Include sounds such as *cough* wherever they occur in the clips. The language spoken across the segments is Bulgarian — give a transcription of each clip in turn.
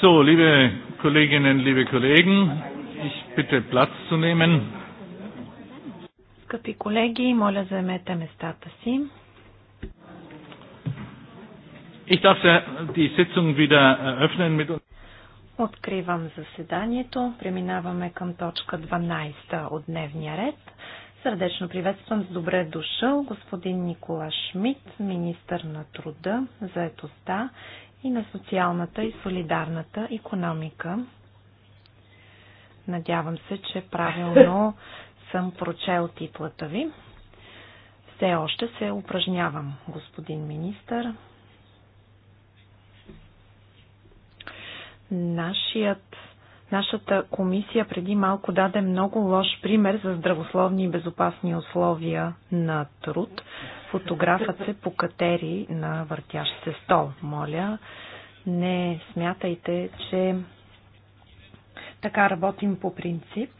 So, liebe Kolleginnen, liebe Kollegen, ich bitte Platz zu nehmen. Скъпи колеги, моля заемете местата си. Ich darf die Sitzung wieder eröffnen mit uns. Откривам заседанието. Преминаваме към точка 12 от дневния ред. Сърдечно приветствам с добре дошъл господин Никола Шмидт, министър на труда, заетостта и на социалната и солидарната економика. Надявам се, че правилно съм прочел титлата ви. Все още се упражнявам, господин министър. Нашият, нашата комисия преди малко даде много лош пример за здравословни и безопасни условия на труд. Фотографът се покатери на въртящ се стол. Моля, не смятайте, че така работим по принцип.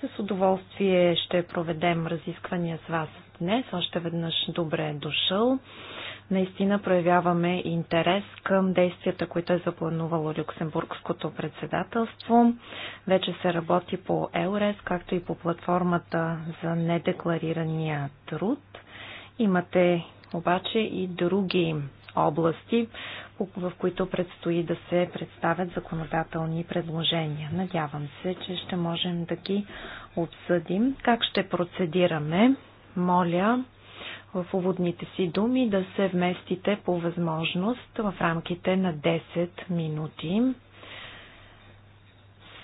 С удоволствие ще проведем разисквания с вас днес. Още веднъж добре е дошъл. Наистина проявяваме интерес към действията, които е запланувало Люксембургското председателство. Вече се работи по ЕОРЕС, както и по платформата за недекларирания труд. Имате обаче и други области, в които предстои да се представят законодателни предложения. Надявам се, че ще можем да ги обсъдим. Как ще процедираме? Моля в уводните си думи да се вместите по възможност в рамките на 10 минути.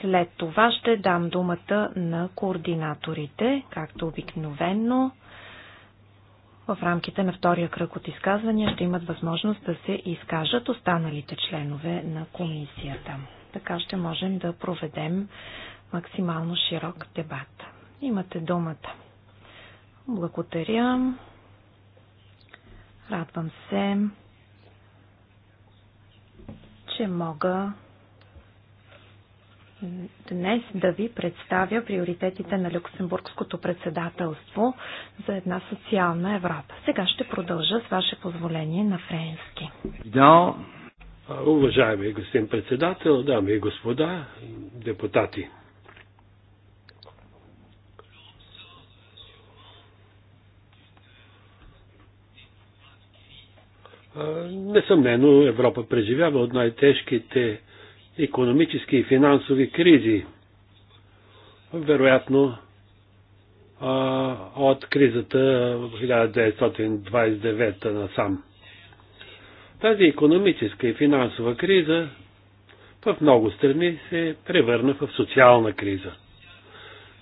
След това ще дам думата на координаторите, както обикновено в рамките на втория кръг от изказвания ще имат възможност да се изкажат останалите членове на комисията. Така ще можем да проведем максимално широк дебат. Имате думата. Благодаря. Радвам се, че мога днес да ви представя приоритетите на Люксембургското председателство за една социална Европа. Сега ще продължа с ваше позволение на френски. Да, уважаеми господин председател, дами и господа, депутати. Несъмнено Европа преживява от най-тежките економически и финансови кризи. Вероятно от кризата 1929 насам. Тази економическа и финансова криза в много страни се превърна в социална криза.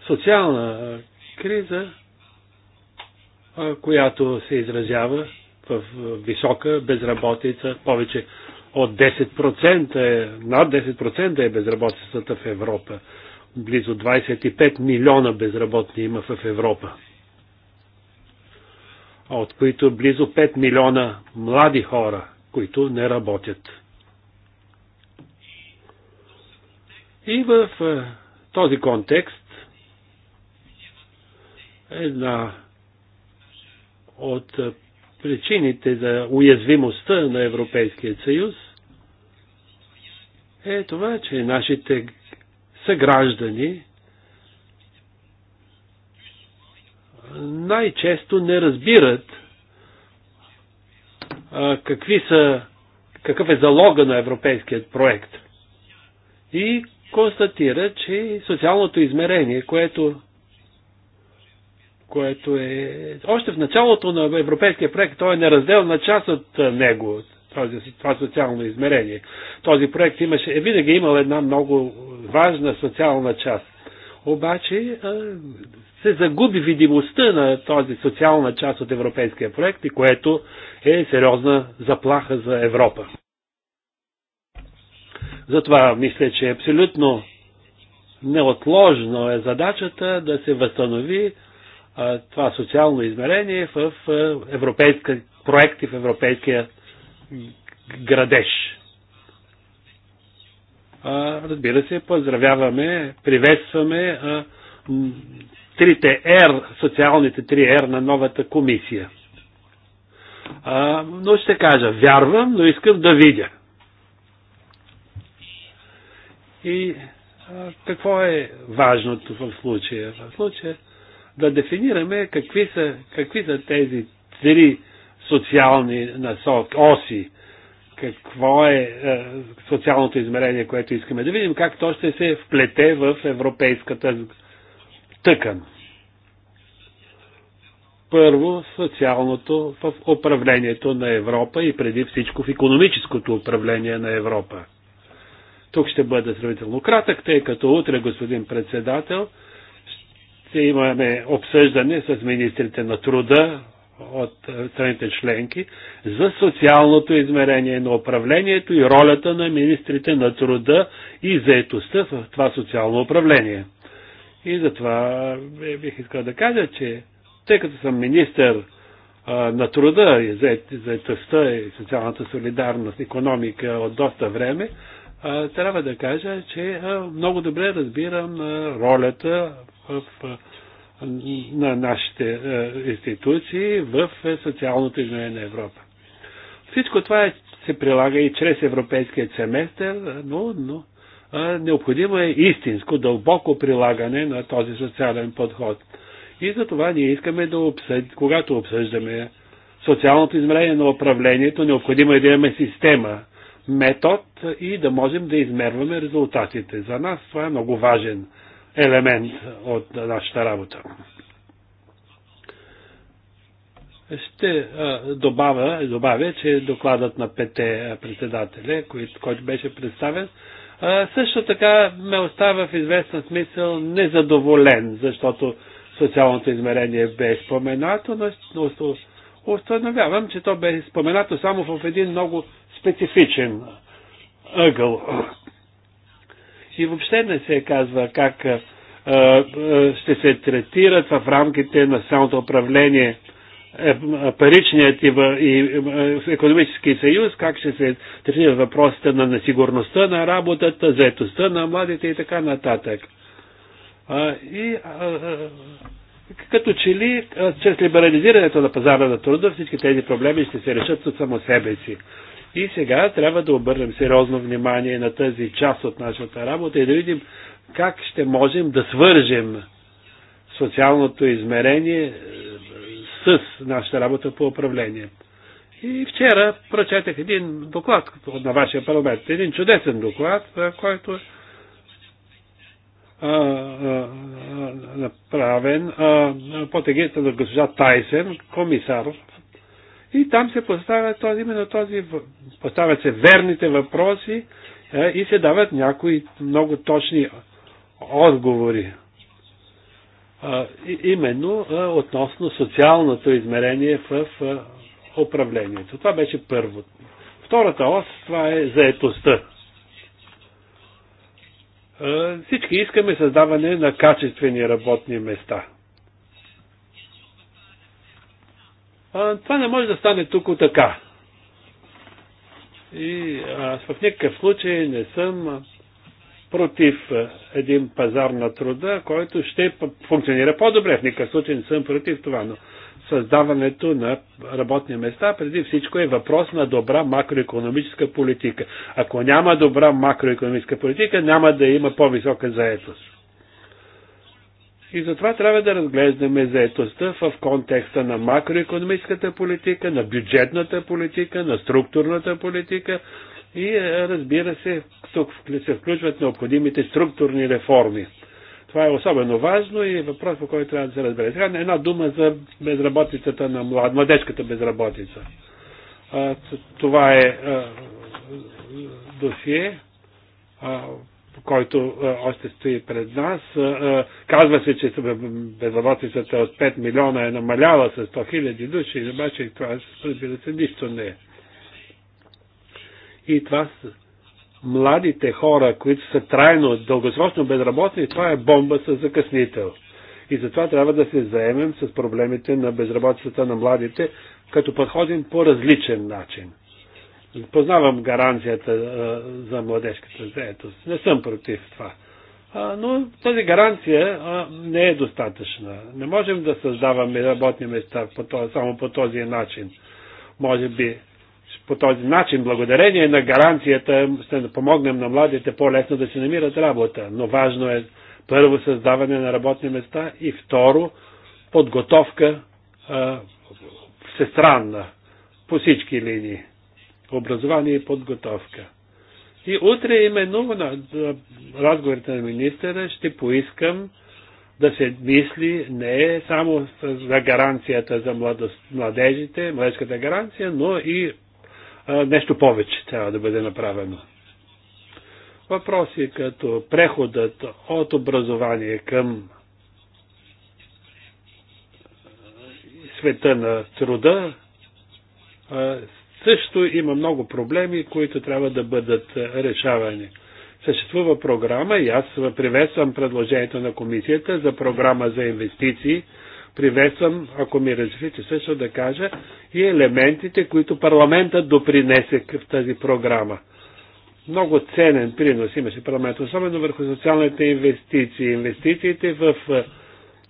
Социална криза, която се изразява в висока безработица, повече от 10%, е, над 10% е безработицата в Европа. Близо 25 милиона безработни има в Европа. От които близо 5 милиона млади хора, които не работят. И в е, този контекст една от е, причините за уязвимостта на Европейския съюз е това, че нашите съграждани най-често не разбират а, какви са, какъв е залога на европейският проект. И констатира, че социалното измерение, което което е още в началото на европейския проект, той е неразделна част от него, този, това социално измерение. Този проект имаше, е винаги е имал една много важна социална част. Обаче се загуби видимостта на този социална част от европейския проект и което е сериозна заплаха за Европа. Затова мисля, че е абсолютно неотложно е задачата да се възстанови това социално измерение в европейска, проекти в европейския градеж. Разбира се, поздравяваме, приветстваме трите ер, социалните три ер на новата комисия. но ще кажа, вярвам, но искам да видя. И какво е важното в случая? В случая да дефинираме какви са, какви са тези три социални насоки, оси, какво е, е социалното измерение, което искаме да видим, как то ще се вплете в европейската тъкан. Първо, социалното в управлението на Европа и преди всичко в економическото управление на Европа. Тук ще бъда сравнително кратък, тъй като утре, господин председател, ще имаме обсъждане с министрите на труда от страните членки за социалното измерение на управлението и ролята на министрите на труда и заетостта в това социално управление. И затова е, бих искал да кажа, че тъй като съм министър на труда и заетостта и социалната солидарност, економика от доста време, трябва да кажа, че много добре разбирам ролята в, на нашите е, институции в социалното изменение на Европа. Всичко това е, се прилага и чрез европейския семестър, но, но е, необходимо е истинско, дълбоко прилагане на този социален подход. И за това ние искаме да обсъдим, когато обсъждаме социалното измерение на управлението, необходимо е да имаме система, метод и да можем да измерваме резултатите. За нас това е много важен елемент от нашата работа. Ще добавя, добавя, че докладът на пете председателя, който, който беше представен, също така ме оставя в известен смисъл незадоволен, защото социалното измерение бе споменато, но установявам, че то бе споменато само в един много специфичен ъгъл и въобще не се казва как а, а, ще се третират в рамките на самото управление е, паричният и, и економически съюз, как ще се третират въпросите на несигурността на работата, заетостта на младите и така нататък. А, и а, като че ли чрез либерализирането на пазара на труда всички тези проблеми ще се решат от само себе си. И сега трябва да обърнем сериозно внимание на тази част от нашата работа и да видим как ще можем да свържем социалното измерение е, с нашата работа по управление. И вчера прочетах един доклад на вашия парламент, един чудесен доклад, е, който е, е направен а, под егидата на госпожа Тайсен, комисар и там се поставят този, именно този, поставят се верните въпроси е, и се дават някои много точни отговори. Е, именно е, относно социалното измерение в е, управлението. Това беше първо. Втората ос, това е заетостта. Е, всички искаме създаване на качествени работни места – А, това не може да стане тук така. И аз в никакъв случай не съм против един пазар на труда, който ще функционира по-добре. В никакъв случай не съм против това, но създаването на работни места преди всичко е въпрос на добра макроекономическа политика. Ако няма добра макроекономическа политика, няма да има по-висока заетост. И затова трябва да разглеждаме заетостта в контекста на макроекономическата политика, на бюджетната политика, на структурната политика и е, разбира се, тук се включват необходимите структурни реформи. Това е особено важно и е въпрос, по който трябва да се разбере. Сега една дума за безработицата на млад, младежката безработица. Това е досие, който е, още стои пред нас. Е, е, казва се, че безработицата от 5 милиона е намаляла с 100 хиляди души, обаче това, разбира се, нищо не е. И това са младите хора, които са трайно, дългосрочно безработни, това е бомба с закъснител. И затова трябва да се заемем с проблемите на безработицата на младите, като подходим по различен начин. Познавам гаранцията а, за младежката заетост. Не съм против това. А, но тази гаранция а, не е достатъчна. Не можем да създаваме работни места по този, само по този начин. Може би по този начин, благодарение на гаранцията, ще помогнем на младите по-лесно да си намират работа. Но важно е първо създаване на работни места и второ подготовка а, всестранна по всички линии образование и подготовка. И утре именно на разговорите на министъра ще поискам да се мисли не само за гаранцията за младост, младежите, младежката гаранция, но и а, нещо повече трябва да бъде направено. Въпроси е като преходът от образование към света на труда също има много проблеми, които трябва да бъдат е, решавани. Съществува програма и аз приветствам предложението на комисията за програма за инвестиции. Приветствам, ако ми разрешите също да кажа, и елементите, които парламентът допринесе в тази програма. Много ценен принос имаше парламент, особено върху социалните инвестиции. Инвестициите в е,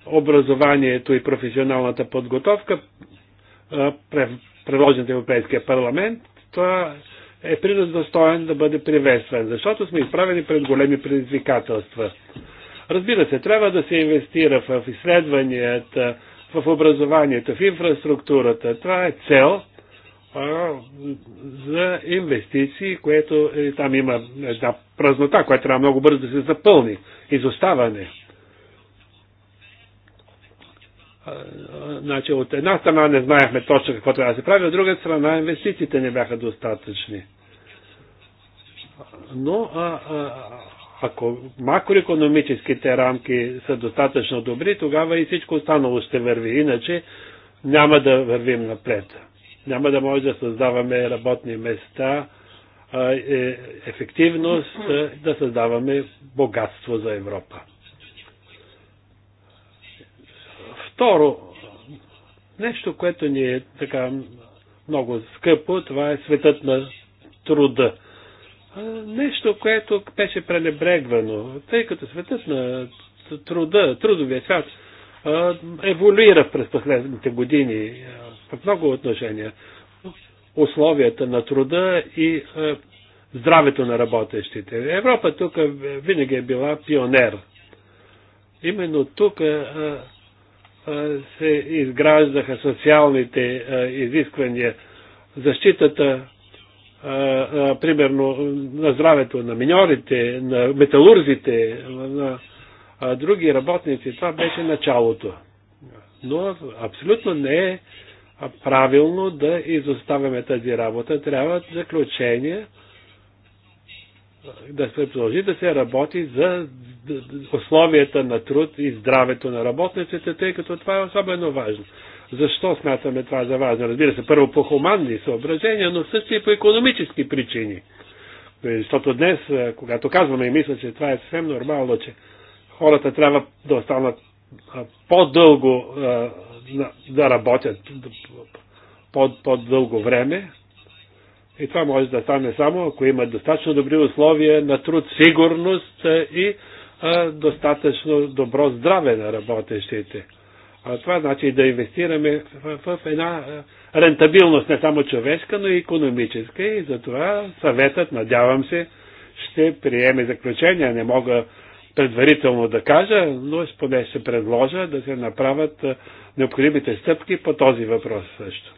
образованието и професионалната подготовка е, предложен от Европейския парламент, това е принос достоен да бъде приветстван, защото сме изправени пред големи предизвикателства. Разбира се, трябва да се инвестира в изследванията, в образованието, в инфраструктурата. Това е цел а, за инвестиции, което е, там има една празнота, която трябва много бързо да се запълни. Изоставане. Значи, от една страна не знаехме точно какво трябва да се прави, от друга страна инвестициите не бяха достатъчни. Но а, а, ако макроекономическите рамки са достатъчно добри, тогава и всичко останало ще върви. Иначе няма да вървим напред. Няма да може да създаваме работни места, е, ефективност, да създаваме богатство за Европа. Второ, нещо, което ни е така много скъпо, това е светът на труда. Нещо, което беше пренебрегвано, тъй като светът на труда, трудовия свят, еволюира през последните години в много отношения. Условията на труда и здравето на работещите. Европа тук винаги е била пионер. Именно тук се изграждаха социалните изисквания, защитата, примерно, на здравето на миньорите, на металурзите, на други работници. Това беше началото. Но абсолютно не е правилно да изоставяме тази работа. Трябва заключение да се продължи да се работи за условията на труд и здравето на работниците, тъй като това е особено важно. Защо смятаме това за важно? Разбира се, първо по хуманни съображения, но също и по економически причини. Е, защото днес, е, когато казваме и мисля, че това е съвсем нормално, че хората трябва да останат е, по-дълго да работят по-дълго време, и това може да стане само ако има достатъчно добри условия на труд, сигурност и а, достатъчно добро здраве на работещите. А това значи да инвестираме в, в, в една рентабилност, не само човешка, но и економическа. И затова съветът, надявам се, ще приеме заключение. Не мога предварително да кажа, но поне ще предложа да се направят необходимите стъпки по този въпрос също.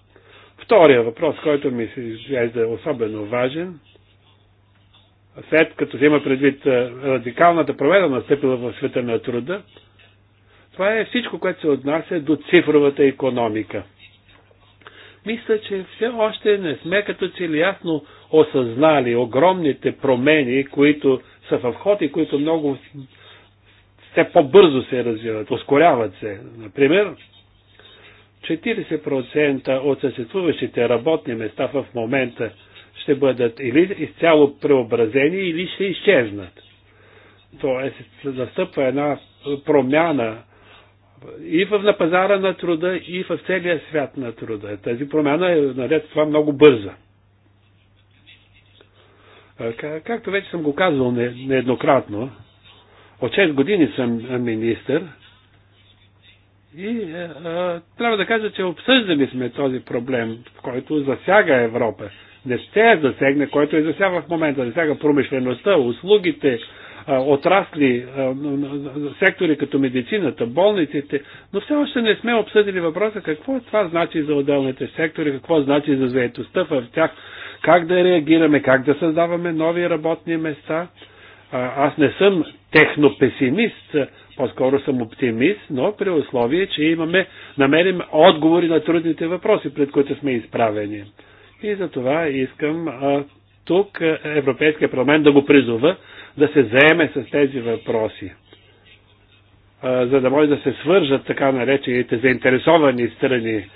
Втория въпрос, който ми се изглежда особено важен, след като се има предвид е, радикалната промена настъпила в света на труда, това е всичко, което се отнася до цифровата економика. Мисля, че все още не сме като че ли ясно осъзнали огромните промени, които са в ход и които много все по-бързо се развиват, ускоряват се. Например, 40% от съществуващите работни места в момента ще бъдат или изцяло преобразени, или ще изчезнат. Тоест, настъпва една промяна и в, на пазара на труда, и в целия свят на труда. Тази промяна е наред това много бърза. Както вече съм го казвал нееднократно, от 6 години съм министър и е, е, трябва да кажа, че обсъждали сме този проблем, който засяга Европа. Не ще засегне, който и е засяга в момента. Засяга промишлеността, услугите, е, отрасли, сектори като медицината, болниците, но все още не сме обсъдили въпроса какво това значи за отделните сектори, какво значи за заетостта в тях, как да реагираме, как да създаваме нови работни места. Аз не съм технопесимист, по-скоро съм оптимист, но при условие, че имаме, намерим отговори на трудните въпроси, пред които сме изправени. И за това искам а, тук Европейския парламент да го призова да се заеме с тези въпроси, а, за да може да се свържат така наречените заинтересовани страни,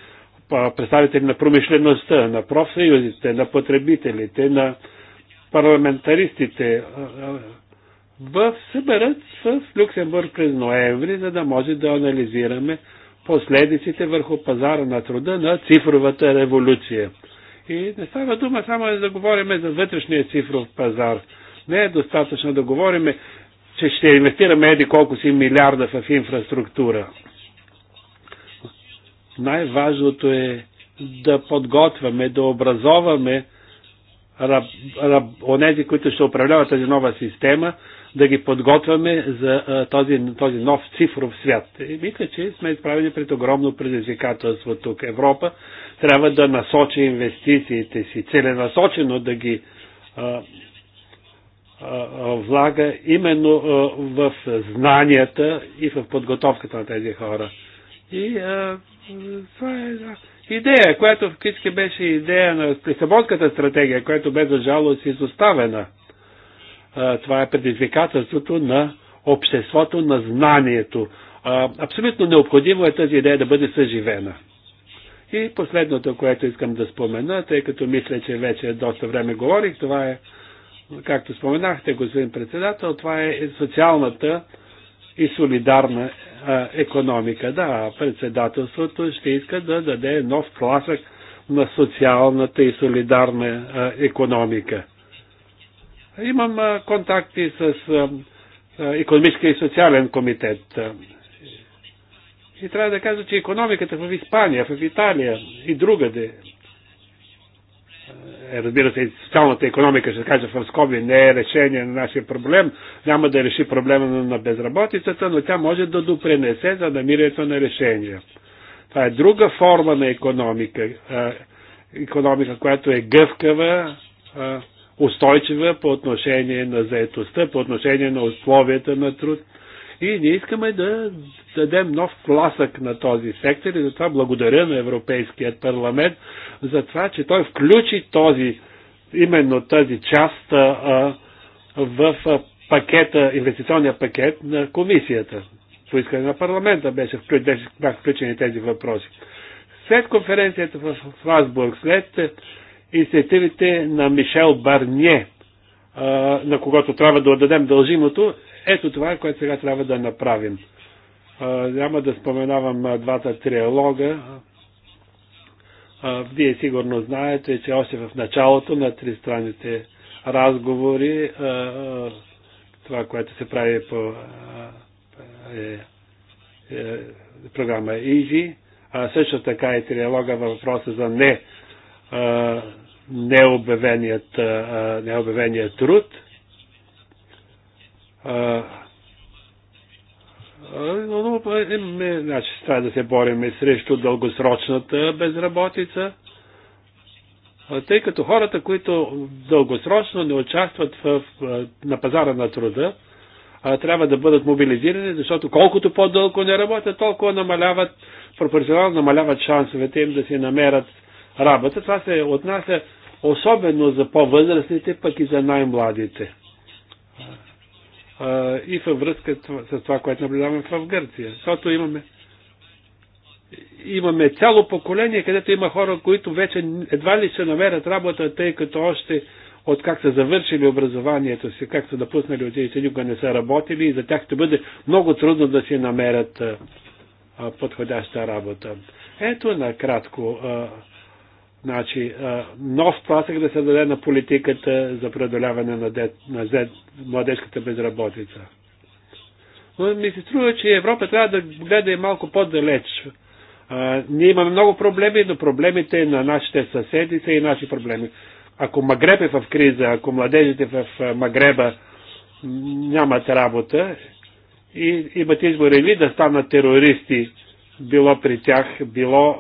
представители на промишлеността, на профсъюзите, на потребителите, на парламентаристите, в съберат в Люксембург през ноември, за да може да анализираме последиците върху пазара на труда на цифровата революция. И не става дума само да говорим за вътрешния цифров пазар. Не е достатъчно да говорим, че ще инвестираме еди колко си милиарда в инфраструктура. Най-важното е да подготвяме, да образоваме раб, раб, онези, които ще управляват тази нова система, да ги подготвяме за този, този нов цифров свят. И мисля, че сме изправени пред огромно предизвикателство тук. Европа трябва да насочи инвестициите си, целенасочено да ги а, а, влага именно а, в знанията и в подготовката на тези хора. И а, това е идея, която Китски беше идея на Лисабонската стратегия, която бе за жалост изоставена. Това е предизвикателството на обществото на знанието. Абсолютно необходимо е тази идея да бъде съживена. И последното, което искам да спомена, тъй като мисля, че вече доста време говорих, това е, както споменахте, господин председател, това е социалната и солидарна економика. Да, председателството ще иска да даде нов класък на социалната и солидарна економика. Имам контакти с економическия и социален комитет. И трябва да кажа, че економиката в Испания, в Италия и другаде, е, разбира се, социалната економика, ще кажа в скоби, не е решение на нашия проблем, няма да реши проблема на безработицата, но тя може да допренесе за намирането на решения. Това е друга форма на економика, економика, която е гъвкава, устойчива по отношение на заетостта, по отношение на условията на труд. И ние искаме да дадем нов класък на този сектор и затова благодаря на Европейският парламент за това, че той включи този, именно тази част а, в пакета, инвестиционния пакет на комисията. По искане на парламента беше, бяха включени тези въпроси. След конференцията в Фрасбург, след инициативите на Мишел Барние, на когото трябва да отдадем дължимото, ето това е, което сега трябва да направим. Няма да споменавам двата триалога. Вие сигурно знаете, че още в началото на тристранните разговори това, което се прави по е, е, програма ИЖИ, а също така и триалога във въпроса за не необявеният, необявеният труд. Но, е, е, е, значи, трябва да се и срещу дългосрочната безработица, тъй като хората, които дългосрочно не участват в, на пазара на труда, трябва да бъдат мобилизирани, защото колкото по-дълго не работят, толкова намаляват, пропорционално намаляват шансовете им да си намерят работа. Това се отнася особено за по-възрастните, пък и за най-младите. И във връзка с това, което наблюдаваме в Гърция. Защото имаме имаме цяло поколение, където има хора, които вече едва ли се намерят работа, тъй като още от как са завършили образованието си, как са напуснали училище, никога не са работили и за тях ще бъде много трудно да си намерят подходяща работа. Ето накратко Значи, нов тласък да се даде на политиката за преодоляване на, дет, на зет, младежката безработица. Но ми се струва, че Европа трябва да гледа и малко по-далеч. ние имаме много проблеми, но проблемите на нашите съседи са и наши проблеми. Ако Магреб е в криза, ако младежите в Магреба нямат работа и имат избор или да станат терористи било при тях, било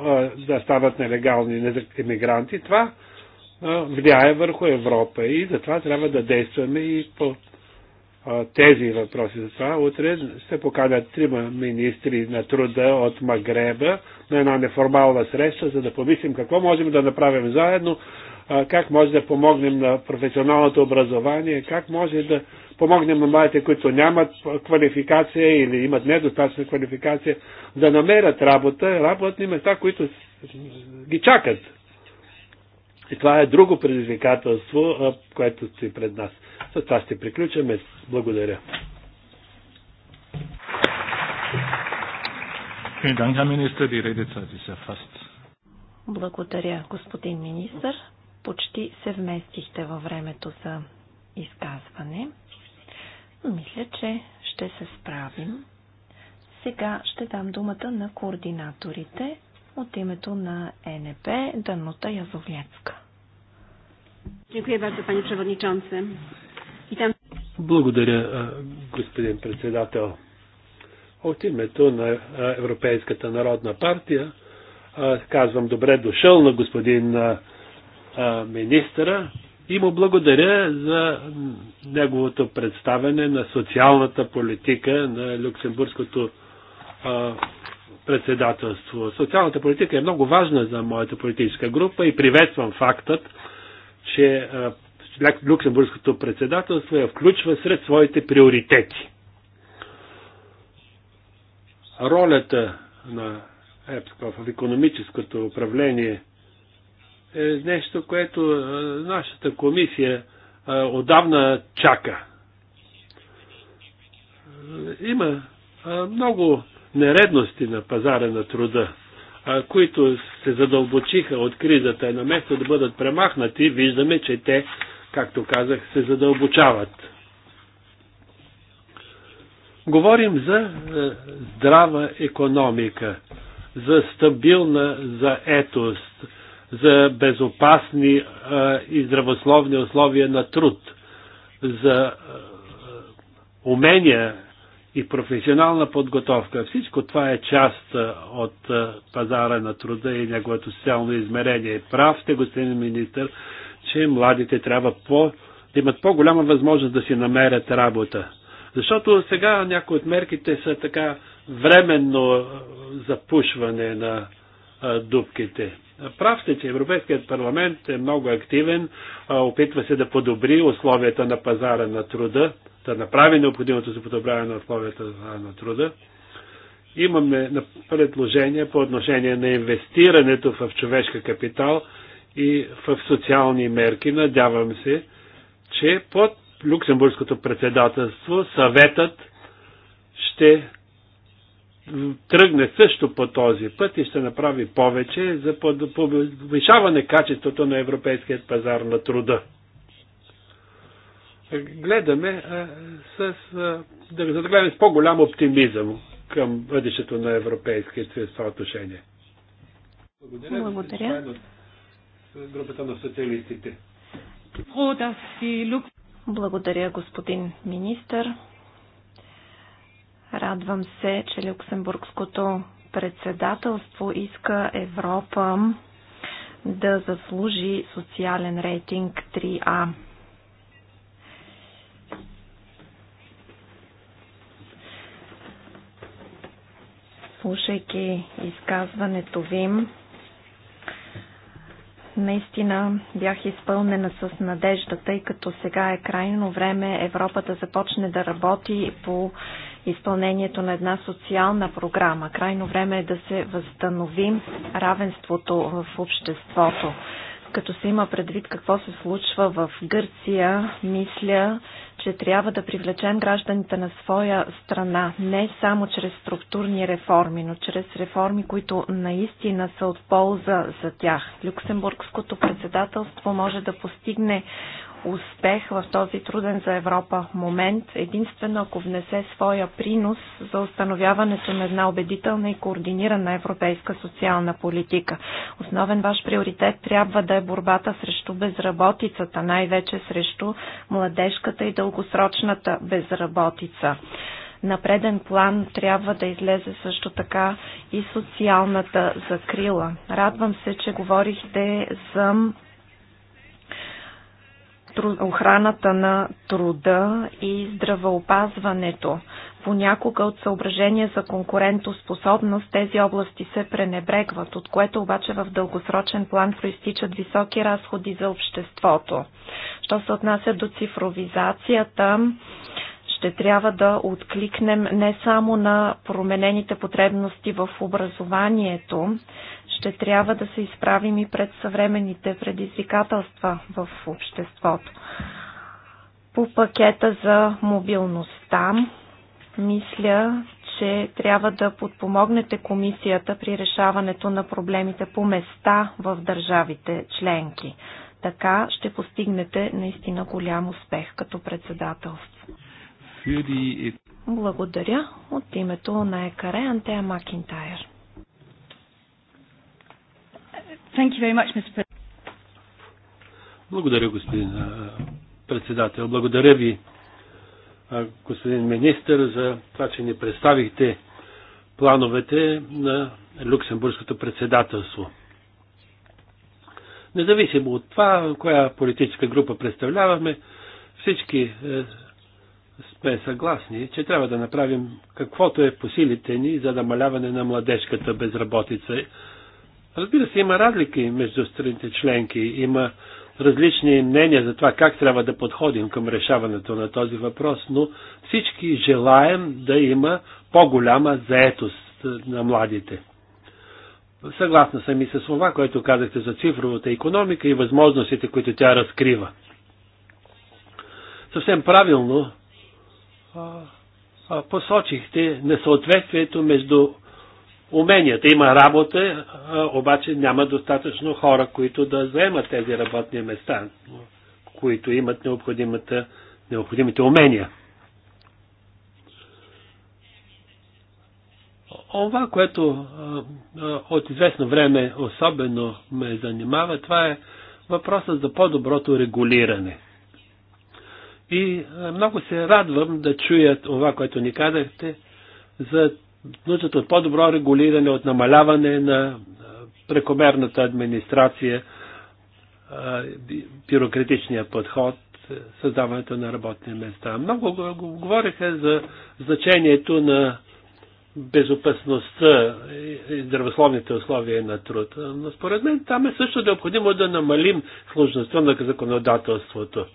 да стават нелегални иммигранти, това влияе върху Европа и затова трябва да действаме и по тези въпроси. Затова утре ще поканят трима министри на труда от Магреба на една неформална среща, за да помислим какво можем да направим заедно, как може да помогнем на професионалното образование, как може да помогнем на младите, които нямат квалификация или имат недостатъчна квалификация, да намерят работа, работни места, които ги чакат. И това е друго предизвикателство, което стои пред нас. С това ще приключаме. Благодаря. Благодаря, господин министр. Почти се вместихте във времето за изказване. Мисля, че ще се справим. Сега ще дам думата на координаторите от името на НП Данута Язовлецка. Благодаря, господин председател. От името на Европейската народна партия казвам добре дошъл на господин министъра и му благодаря за неговото представене на социалната политика на Люксембургското а, председателство. Социалната политика е много важна за моята политическа група и приветствам фактът, че а, Люксембургското председателство я включва сред своите приоритети. Ролята на в економическото управление – е нещо, което е, нашата комисия е, отдавна чака. Е, има много нередности на пазара на труда, които се задълбочиха от кризата и на место да бъдат премахнати, виждаме, че те, както казах, се задълбочават. Говорим за здрава економика, за стабилна заетост, за безопасни и здравословни условия на труд, за умения и професионална подготовка. Всичко това е част от пазара на труда и неговото социално измерение. Прав сте, господин министр, че младите трябва по, да имат по-голяма възможност да си намерят работа. Защото сега някои от мерките са така временно запушване на дупките. Прав сте, че Европейският парламент е много активен, опитва се да подобри условията на пазара на труда, да направи необходимото за подобряване на условията на труда. Имаме предложение по отношение на инвестирането в човешка капитал и в социални мерки. Надявам се, че под Люксембургското председателство съветът ще тръгне също по този път и ще направи повече за повишаване качеството на европейският пазар на труда. Гледаме а, с, а, да, гледаме с по-голям оптимизъм към бъдещето на Европейския съюз това отношение. Благодаря. Благодаря. Групата на социалистите. Благодаря, господин министър. Радвам се, че Люксембургското председателство иска Европа да заслужи социален рейтинг 3А. Слушайки изказването ви, Наистина бях изпълнена с надежда, тъй като сега е крайно време Европа да започне да работи по изпълнението на една социална програма. Крайно време е да се възстановим равенството в обществото. Като се има предвид какво се случва в Гърция, мисля, че трябва да привлечем гражданите на своя страна не само чрез структурни реформи, но чрез реформи, които наистина са от полза за тях. Люксембургското председателство може да постигне успех в този труден за Европа момент, единствено ако внесе своя принос за установяването на една убедителна и координирана европейска социална политика. Основен ваш приоритет трябва да е борбата срещу безработицата, най-вече срещу младежката и дългосрочната безработица на преден план трябва да излезе също така и социалната закрила. Радвам се, че говорихте за охраната на труда и здравеопазването. Понякога от съображения за конкурентоспособност тези области се пренебрегват, от което обаче в дългосрочен план проистичат високи разходи за обществото. Що се отнася до цифровизацията, ще трябва да откликнем не само на променените потребности в образованието, ще трябва да се изправим и пред съвременните предизвикателства в обществото. По пакета за мобилността, мисля, че трябва да подпомогнете комисията при решаването на проблемите по места в държавите членки. Така ще постигнете наистина голям успех като председателство. Благодаря от името на Екаре Антея Макинтайр. Thank you very much, Mr. President. Благодаря, господин председател. Благодаря ви, господин министр, за това, че ни представихте плановете на Люксембургското председателство. Независимо от това, коя политическа група представляваме, всички е, сме съгласни, че трябва да направим каквото е по силите ни за намаляване на младежката безработица Разбира се, има разлики между страните членки, има различни мнения за това как трябва да подходим към решаването на този въпрос, но всички желаем да има по-голяма заетост на младите. Съгласна съм и с това, което казахте за цифровата економика и възможностите, които тя разкрива. Съвсем правилно посочихте несъответствието между уменията. Има работа, обаче няма достатъчно хора, които да заемат тези работни места, които имат необходимите умения. Това, което от известно време особено ме занимава, това е въпросът за по-доброто регулиране. И много се радвам да чуят това, което ни казахте за нуждата от по-добро регулиране, от намаляване на прекомерната администрация, бюрократичния подход, е, създаването на работни места. Много говориха за значението на безопасността и здравословните условия на труд. Но според мен там е също необходимо да намалим сложността на законодателството.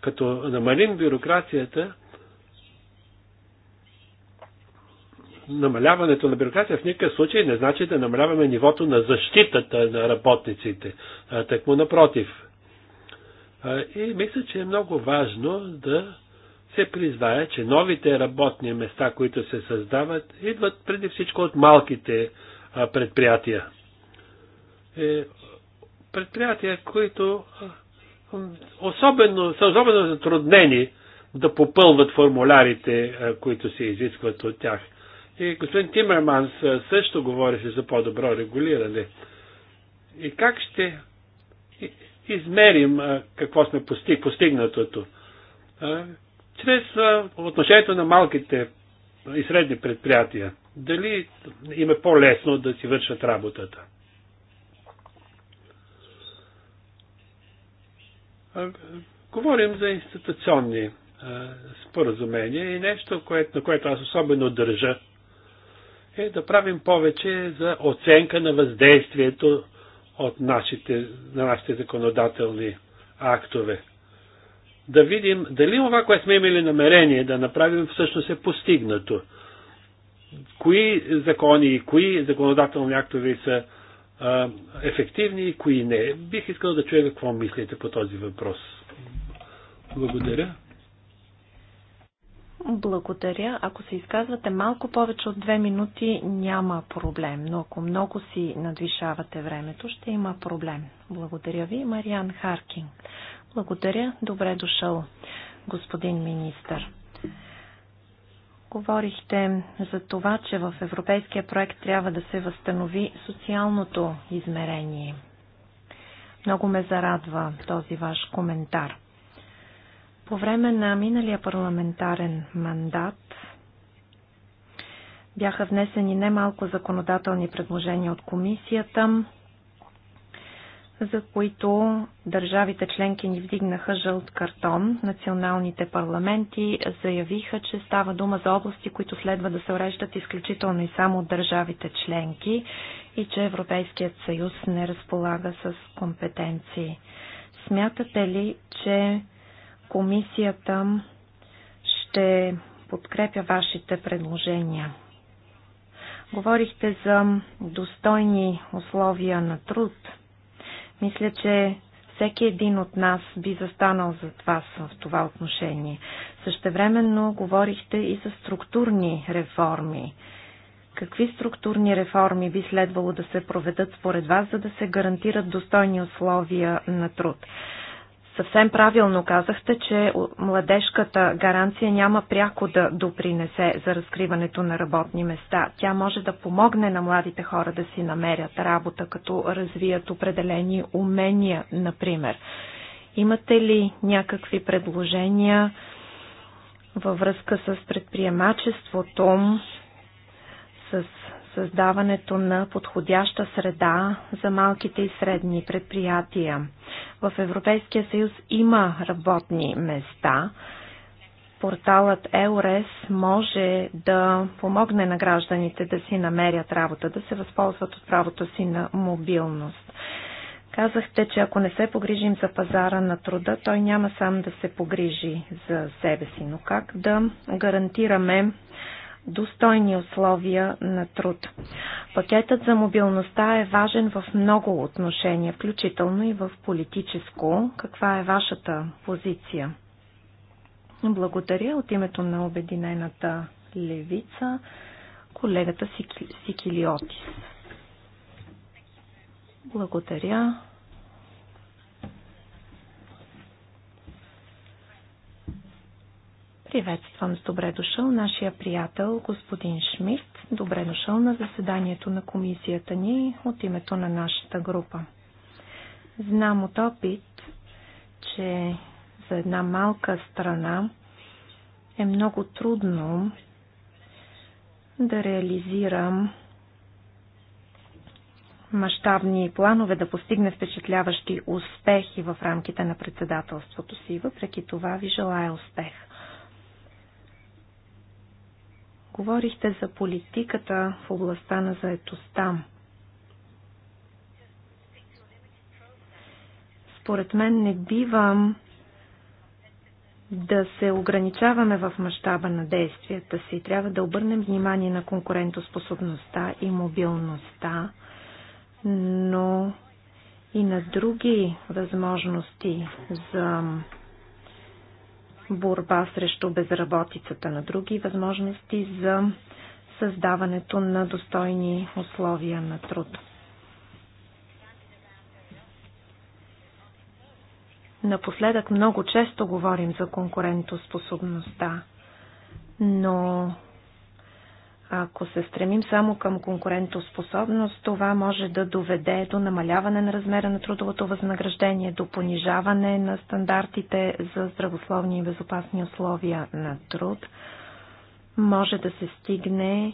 Като намалим бюрокрацията, намаляването на бюрокрация в никакъв случай не значи да намаляваме нивото на защитата на работниците. Так му напротив. И мисля, че е много важно да се признае, че новите работни места, които се създават, идват преди всичко от малките предприятия. Е, предприятия, които особено, са особено затруднени да попълват формулярите, които се изискват от тях. И господин Тимерманс също говореше за по-добро регулиране. И как ще измерим какво сме постиг, постигнатото? Чрез отношението на малките и средни предприятия. Дали им е по-лесно да си вършат работата? Говорим за институционни споразумения и нещо, на което аз особено държа е да правим повече за оценка на въздействието от нашите, на нашите законодателни актове. Да видим дали това, което сме имали намерение да направим, всъщност е постигнато. Кои закони и кои законодателни актове са а, ефективни и кои не. Бих искал да чуя какво мислите по този въпрос. Благодаря. Благодаря. Ако се изказвате малко повече от две минути, няма проблем. Но ако много си надвишавате времето, ще има проблем. Благодаря ви, Мариан Харкин. Благодаря. Добре дошъл, господин министър. Говорихте за това, че в европейския проект трябва да се възстанови социалното измерение. Много ме зарадва този ваш коментар. По време на миналия парламентарен мандат бяха внесени немалко законодателни предложения от комисията, за които държавите членки ни вдигнаха жълт картон. Националните парламенти заявиха, че става дума за области, които следва да се уреждат изключително и само от държавите членки и че Европейският съюз не разполага с компетенции. Смятате ли, че Комисията ще подкрепя вашите предложения. Говорихте за достойни условия на труд. Мисля, че всеки един от нас би застанал зад вас в това отношение. Същевременно говорихте и за структурни реформи. Какви структурни реформи би следвало да се проведат според вас, за да се гарантират достойни условия на труд? Съвсем правилно казахте, че младежката гаранция няма пряко да допринесе за разкриването на работни места. Тя може да помогне на младите хора да си намерят работа, като развият определени умения, например. Имате ли някакви предложения във връзка с предприемачеството създаването на подходяща среда за малките и средни предприятия. В Европейския съюз има работни места. Порталът EURES може да помогне на гражданите да си намерят работа, да се възползват от правото си на мобилност. Казахте, че ако не се погрижим за пазара на труда, той няма сам да се погрижи за себе си. Но как да гарантираме достойни условия на труд. Пакетът за мобилността е важен в много отношения, включително и в политическо. Каква е вашата позиция? Благодаря от името на Обединената левица колегата Сикилиотис. Благодаря. Приветствам с добре дошъл нашия приятел господин Шмидт. Добре дошъл на заседанието на комисията ни от името на нашата група. Знам от опит, че за една малка страна е много трудно да реализирам мащабни планове да постигне впечатляващи успехи в рамките на председателството си. Въпреки това ви желая успех. Говорихте за политиката в областта на заетостта. Според мен не бивам да се ограничаваме в мащаба на действията си. Трябва да обърнем внимание на конкурентоспособността и мобилността, но и на други възможности за борба срещу безработицата, на други възможности за създаването на достойни условия на труд. Напоследък много често говорим за конкурентоспособността, но ако се стремим само към конкурентоспособност, това може да доведе до намаляване на размера на трудовото възнаграждение, до понижаване на стандартите за здравословни и безопасни условия на труд. Може да се стигне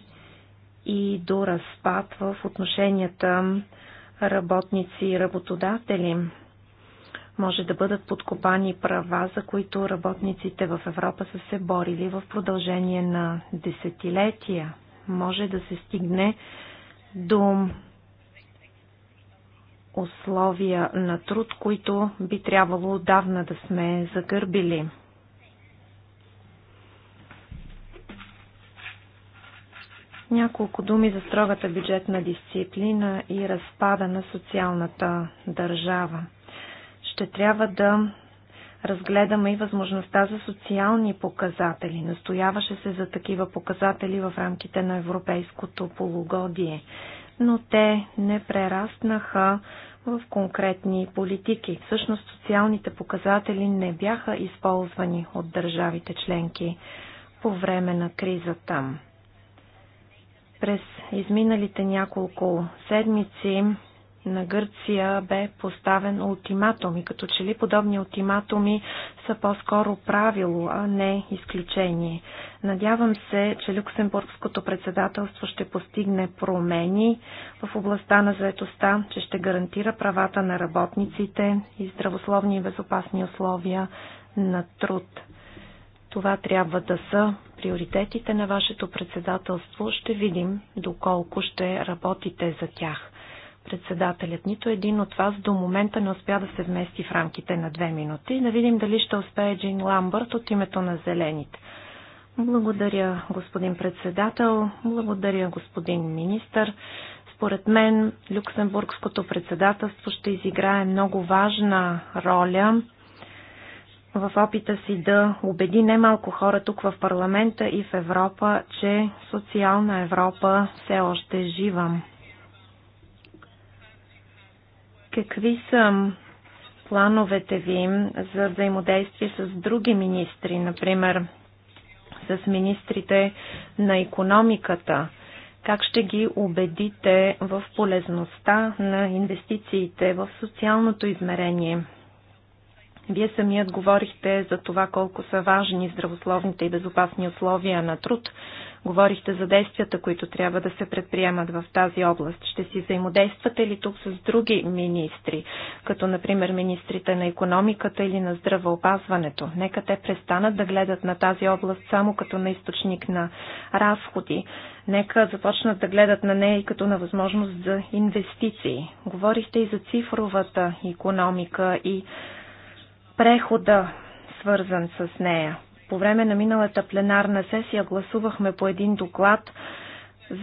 и до разпад в отношенията работници и работодатели. Може да бъдат подкопани права, за които работниците в Европа са се борили в продължение на десетилетия може да се стигне до условия на труд, които би трябвало отдавна да сме загърбили. Няколко думи за строгата бюджетна дисциплина и разпада на социалната държава. Ще трябва да разгледаме и възможността за социални показатели. Настояваше се за такива показатели в рамките на европейското полугодие, но те не прераснаха в конкретни политики. Всъщност социалните показатели не бяха използвани от държавите членки по време на кризата. През изминалите няколко седмици на Гърция бе поставен ултиматум и като че ли подобни ултиматуми са по-скоро правило, а не изключение. Надявам се, че Люксембургското председателство ще постигне промени в областта на заетостта, че ще гарантира правата на работниците и здравословни и безопасни условия на труд. Това трябва да са приоритетите на вашето председателство. Ще видим доколко ще работите за тях. Председателят нито един от вас до момента не успя да се вмести в рамките на две минути. Да видим дали ще успее Джин Ламбърт от името на Зелените. Благодаря, господин председател. Благодаря, господин министър. Според мен, Люксембургското председателство ще изиграе много важна роля в опита си да убеди немалко хора тук в парламента и в Европа, че социална Европа все още е жива. Какви са плановете ви за взаимодействие с други министри, например с министрите на економиката? Как ще ги убедите в полезността на инвестициите в социалното измерение? Вие самият говорихте за това колко са важни здравословните и безопасни условия на труд, Говорихте за действията, които трябва да се предприемат в тази област. Ще си взаимодействате ли тук с други министри, като например министрите на економиката или на здравеопазването? Нека те престанат да гледат на тази област само като на източник на разходи. Нека започнат да гледат на нея и като на възможност за инвестиции. Говорихте и за цифровата економика и прехода, свързан с нея. По време на миналата пленарна сесия гласувахме по един доклад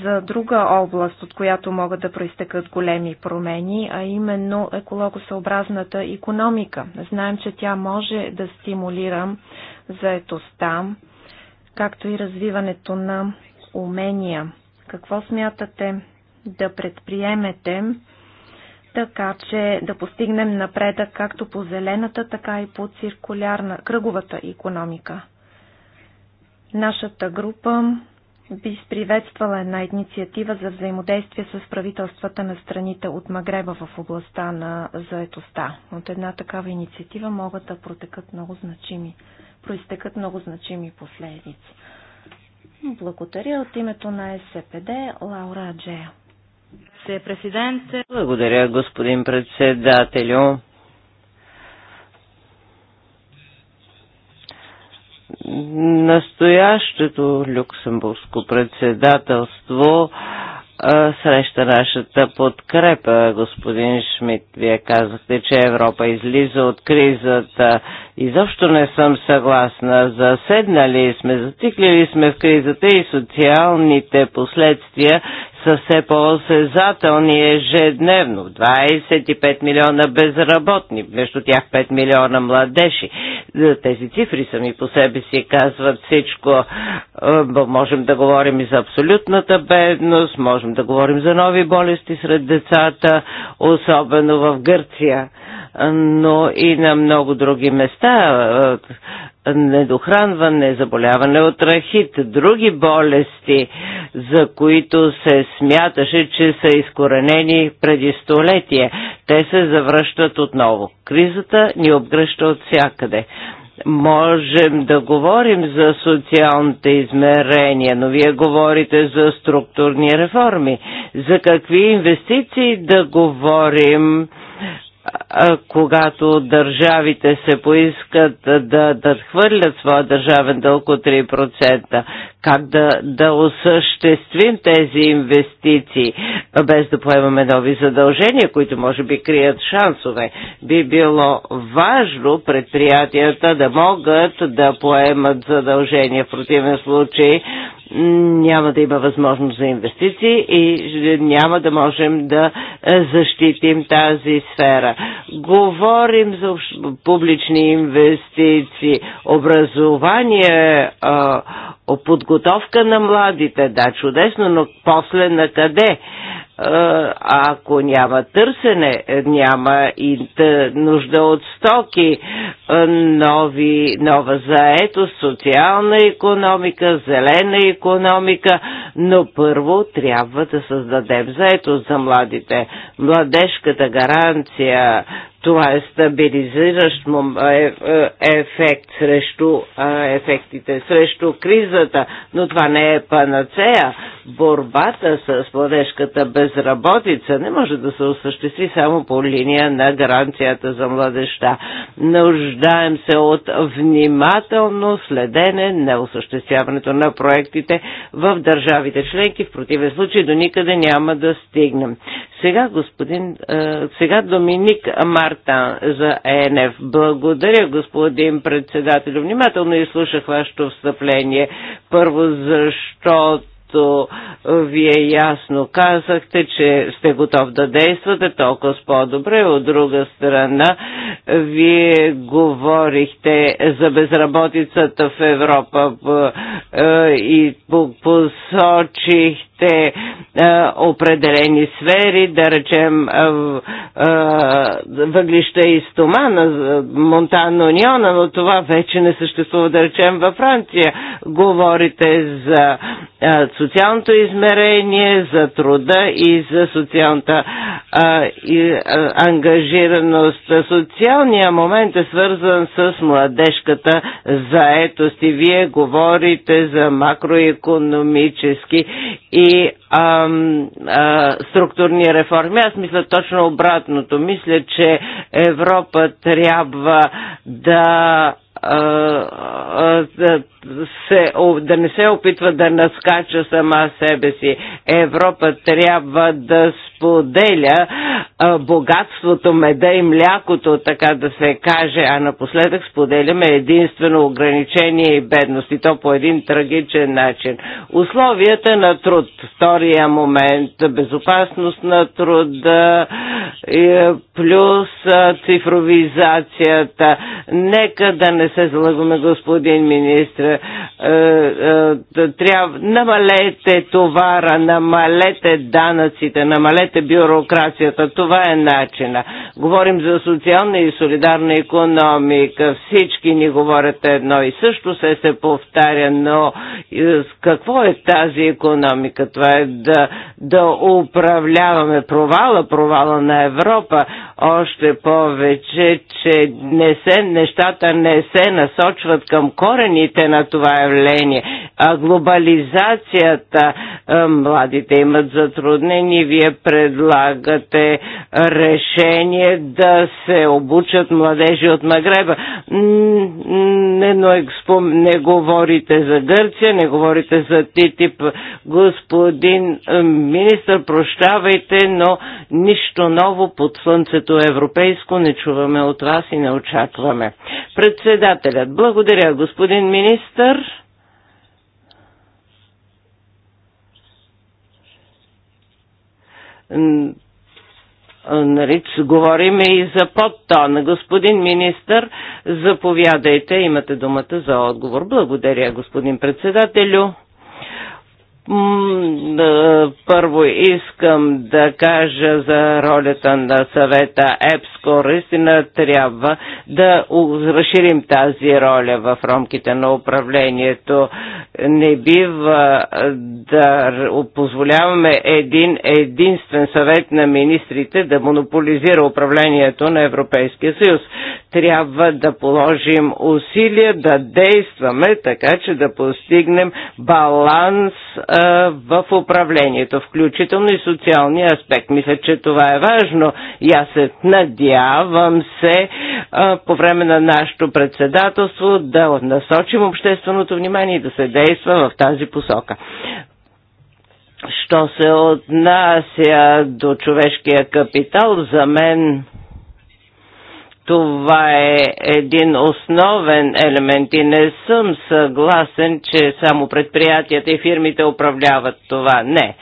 за друга област, от която могат да проистекат големи промени, а именно екологосъобразната економика. Знаем, че тя може да стимулира заетостта, както и развиването на умения. Какво смятате да предприемете, така че да постигнем напредък както по зелената, така и по циркулярна, кръговата економика? Нашата група би приветствала една инициатива за взаимодействие с правителствата на страните от Магреба в областта на заетостта. От една такава инициатива могат да протекат много значими, проистекат много значими последици. Благодаря от името на СПД Лаура Аджея. Благодаря, господин председателю. настоящето люксембургско председателство среща нашата подкрепа, господин Шмидт. Вие казахте, че Европа излиза от кризата. Изобщо не съм съгласна. Заседнали сме, затикли сме в кризата и социалните последствия са все по-осезателни ежедневно. 25 милиона безработни, между тях 5 милиона младежи. Тези цифри сами по себе си казват всичко. Е, можем да говорим и за абсолютната бедност, можем да говорим за нови болести сред децата, особено в Гърция, но и на много други места е, недохранване, заболяване от рахит, други болести, за които се смяташе, че са изкоренени преди столетие. Те се завръщат отново. Кризата ни обгръща от всякъде. Можем да говорим за социалните измерения, но вие говорите за структурни реформи. За какви инвестиции да говорим? когато държавите се поискат да да хвърлят своя държавен дълг от 3% как да, да осъществим тези инвестиции, без да поемаме нови задължения, които може би крият шансове. Би било важно предприятията да могат да поемат задължения. В противен случай няма да има възможност за инвестиции и няма да можем да защитим тази сфера. Говорим за публични инвестиции, образование, подготовка подготовка на младите. Да, чудесно, но после на къде? ако няма търсене, няма и нужда от стоки, нови, нова заетост, социална економика, зелена економика, но първо трябва да създадем заетост за младите. Младежката гаранция, това е стабилизиращ е, е, ефект срещу ефектите, срещу кризата, но това не е панацея борбата с младежката безработица не може да се осъществи само по линия на гаранцията за младеща. Нуждаем се от внимателно следене на осъществяването на проектите в държавите членки. В противен случай до никъде няма да стигнем. Сега, господин, е, сега Доминик Марта за ЕНФ. Благодаря, господин председател. Внимателно изслушах вашето встъпление. Първо, защото Както вие ясно казахте, че сте готов да действате толкова с по-добре. От друга страна, вие говорихте за безработицата в Европа и посочихте те е, определени сфери, да речем е, е, въглища и стомана, Монтан Униона, но това вече не съществува, да речем, във Франция. Говорите за социалното измерение, за труда и за социалната ангажираност. Социалният момент е свързан с младежката заетост и вие говорите за макроекономически и ам, а, структурни реформи. Аз мисля точно обратното. Мисля, че Европа трябва да се, да не се опитва да наскача сама себе си. Европа трябва да споделя богатството, меда и млякото, така да се каже, а напоследък споделяме единствено ограничение и бедност и то по един трагичен начин. Условията на труд, втория момент, безопасност на труда, плюс цифровизацията. Нека да не не се залагаме, господин министр. Е, е, Трябва, намалете товара, намалете данъците, намалете бюрокрацията. Това е начина. Говорим за социална и солидарна економика. Всички ни говорят едно и също се се повтаря, но е, какво е тази економика? Това е да, да управляваме провала, провала на Европа, още повече, че не се, нещата не се насочват към корените на това явление, а глобализацията е, младите имат затруднени. Вие предлагате решение да се обучат младежи от Магреба. Не, но експо, не говорите за Гърция, не говорите за ТИТИП. Господин е, министр, прощавайте, но нищо ново под слънцето европейско не чуваме от вас и не очакваме. Председателят, благодаря, господин министър. Нарич, говориме и за подтона. Господин министър, заповядайте, имате думата за отговор. Благодаря, господин председателю. Е, първо искам да кажа за ролята на съвета ЕПСКО. Истина трябва да разширим тази роля в рамките на управлението. Не бива е, да позволяваме един единствен съвет на министрите да монополизира управлението на Европейския съюз. Трябва да положим усилия да действаме така, че да постигнем баланс е, в управлението, включително и социалния аспект. Мисля, че това е важно и аз се надявам се по време на нашето председателство да насочим общественото внимание и да се действа в тази посока. Що се отнася до човешкия капитал, за мен това е един основен елемент и не съм съгласен, че само предприятията и фирмите управляват това. Не.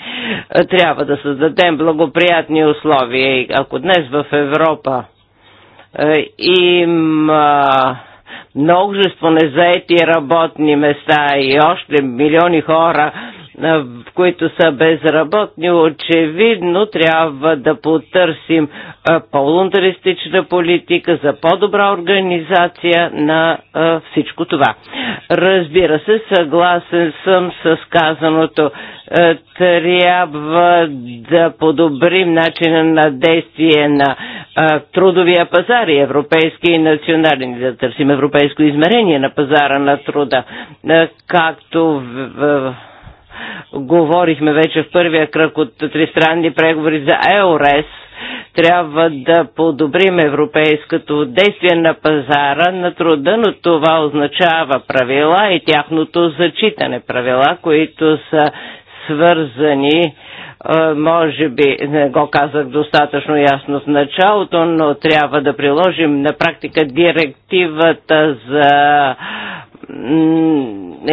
Трябва да създадем благоприятни условия. И ако днес в Европа е, има множество незаети работни места и още милиони хора които са безработни, очевидно трябва да потърсим по-лунтаристична политика за по-добра организация на всичко това. Разбира се, съгласен съм с казаното. Трябва да подобрим начина на действие на трудовия пазар и европейски и национален, да търсим европейско измерение на пазара на труда, както в Говорихме вече в първия кръг от тристранни преговори за ЕОРЕС, трябва да подобрим европейското действие на пазара на труда, но това означава правила и тяхното зачитане. Правила, които са свързани, е, може би не го казах достатъчно ясно в началото, но трябва да приложим на практика директивата за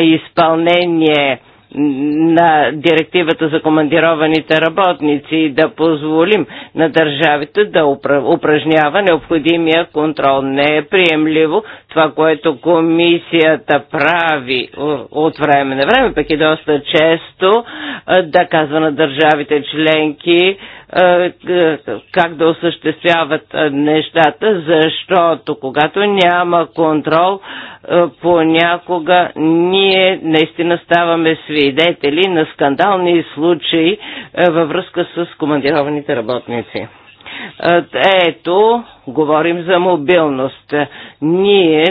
изпълнение на директивата за командированите работници и да позволим на държавите да упражнява необходимия контрол. Не е приемливо това, което комисията прави от време на време, пък и доста често да казва на държавите членки, е, е, как да осъществяват е, нещата, защото когато няма контрол, понякога ние наистина ставаме свидетели на скандални случаи във връзка с командированите работници. Ето, говорим за мобилност. Ние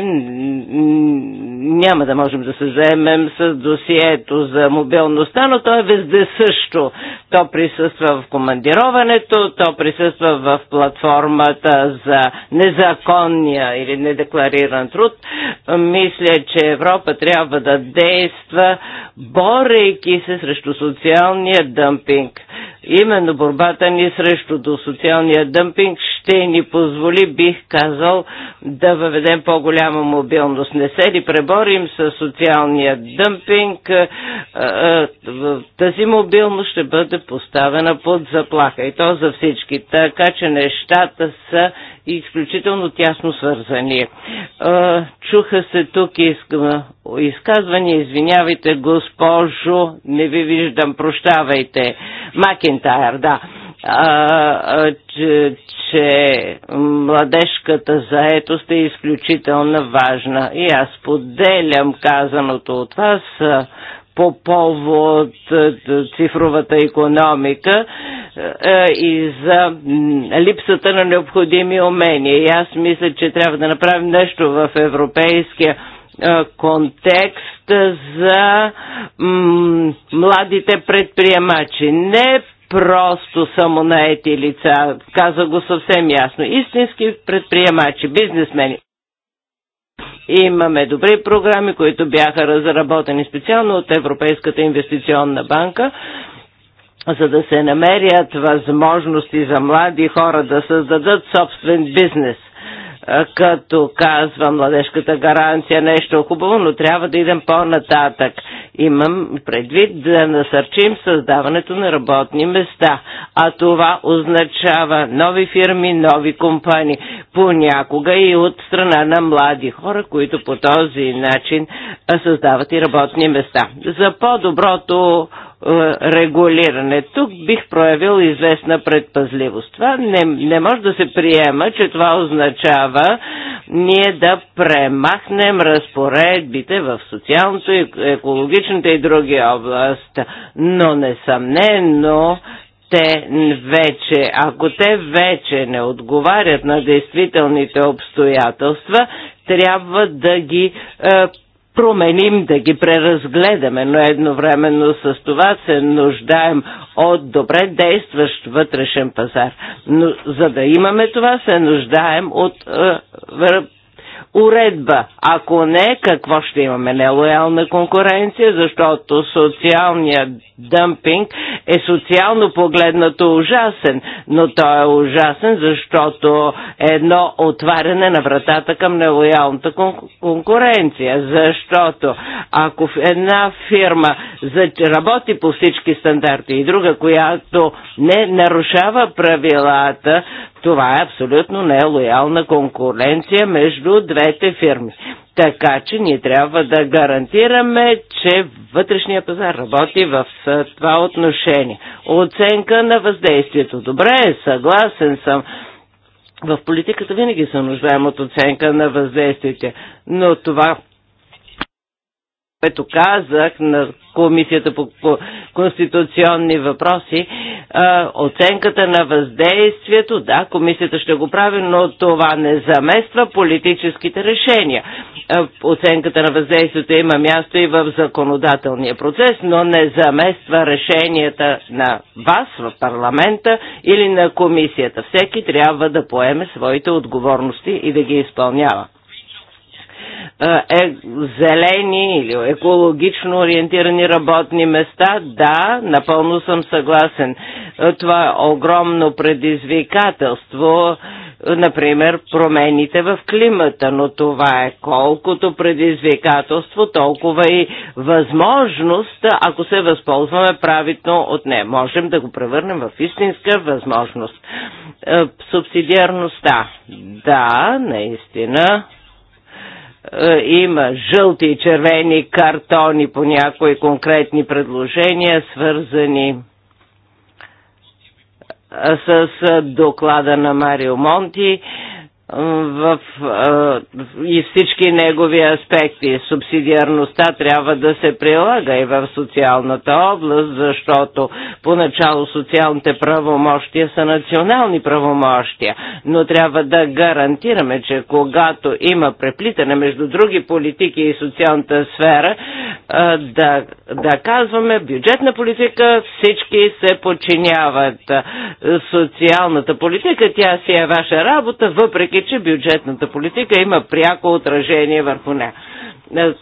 няма да можем да се заемем с досието за мобилността, но то е везде също. То присъства в командироването, то присъства в платформата за незаконния или недеклариран труд. Мисля, че Европа трябва да действа, борейки се срещу социалния дъмпинг. Именно борбата ни срещу до социалния дъмпинг ще ни позволи позволи, бих казал, да въведем по-голяма мобилност. Не се ли преборим с социалния дъмпинг, тази мобилност ще бъде поставена под заплаха и то за всички. Така че нещата са изключително тясно свързани. Чуха се тук изказвания, извинявайте, госпожо, не ви виждам, прощавайте. Макентайр, да а, че, че младежката заетост е изключително важна. И аз поделям казаното от вас по повод цифровата економика и за липсата на необходими умения. И аз мисля, че трябва да направим нещо в европейския контекст за младите предприемачи. Не просто самонаети лица. Каза го съвсем ясно. Истински предприемачи, бизнесмени. Имаме добри програми, които бяха разработени специално от Европейската инвестиционна банка, за да се намерят възможности за млади хора да създадат собствен бизнес като казва младежката гаранция нещо хубаво, но трябва да идем по-нататък. Имам предвид да насърчим създаването на работни места, а това означава нови фирми, нови компании, понякога и от страна на млади хора, които по този начин създават и работни места. За по-доброто е, регулиране. Тук бих проявил известна предпазливост. Това не, не може да се приема, че това означава ние да премахнем разпоредбите в социалното, екологичната и други област. Но несъмнено те вече, ако те вече не отговарят на действителните обстоятелства, трябва да ги е, променим, да ги преразгледаме, но едновременно с това се нуждаем от добре действащ вътрешен пазар. Но за да имаме това, се нуждаем от е, уредба. Ако не, какво ще имаме? Нелоялна конкуренция, защото социалният дъмпинг е социално погледнато ужасен, но той е ужасен, защото е едно отваряне на вратата към нелоялната конкуренция. Защото ако една фирма работи по всички стандарти и друга, която не нарушава правилата, това е абсолютно нелоялна конкуренция между двете фирми. Така че ние трябва да гарантираме, че вътрешния пазар работи в това отношение. Оценка на въздействието. Добре, съгласен съм. В политиката винаги се нуждаем от оценка на въздействието. но това което казах на Комисията по конституционни въпроси, оценката на въздействието, да, комисията ще го прави, но това не замества политическите решения. оценката на въздействието има място и в законодателния процес, но не замества решенията на вас в парламента или на комисията. Всеки трябва да поеме своите отговорности и да ги изпълнява. Е, е, зелени или екологично ориентирани работни места. Да, напълно съм съгласен. Е, това е огромно предизвикателство е, например, промените в климата, но това е колкото предизвикателство, толкова и възможност, ако се възползваме правилно от нея. Можем да го превърнем в истинска възможност. Субсидиарността. Да, наистина е, има жълти и червени картони по някои конкретни предложения, свързани е, с доклада на Марио Монти в, в, и всички негови аспекти. Субсидиарността трябва да се прилага и в социалната област, защото поначало социалните правомощия са национални правомощия, но трябва да гарантираме, че когато има преплитане между други политики и социалната сфера, да, да казваме бюджетна политика, всички се подчиняват. Социалната политика, тя си е ваша работа, въпреки че бюджетната политика има пряко отражение върху нея.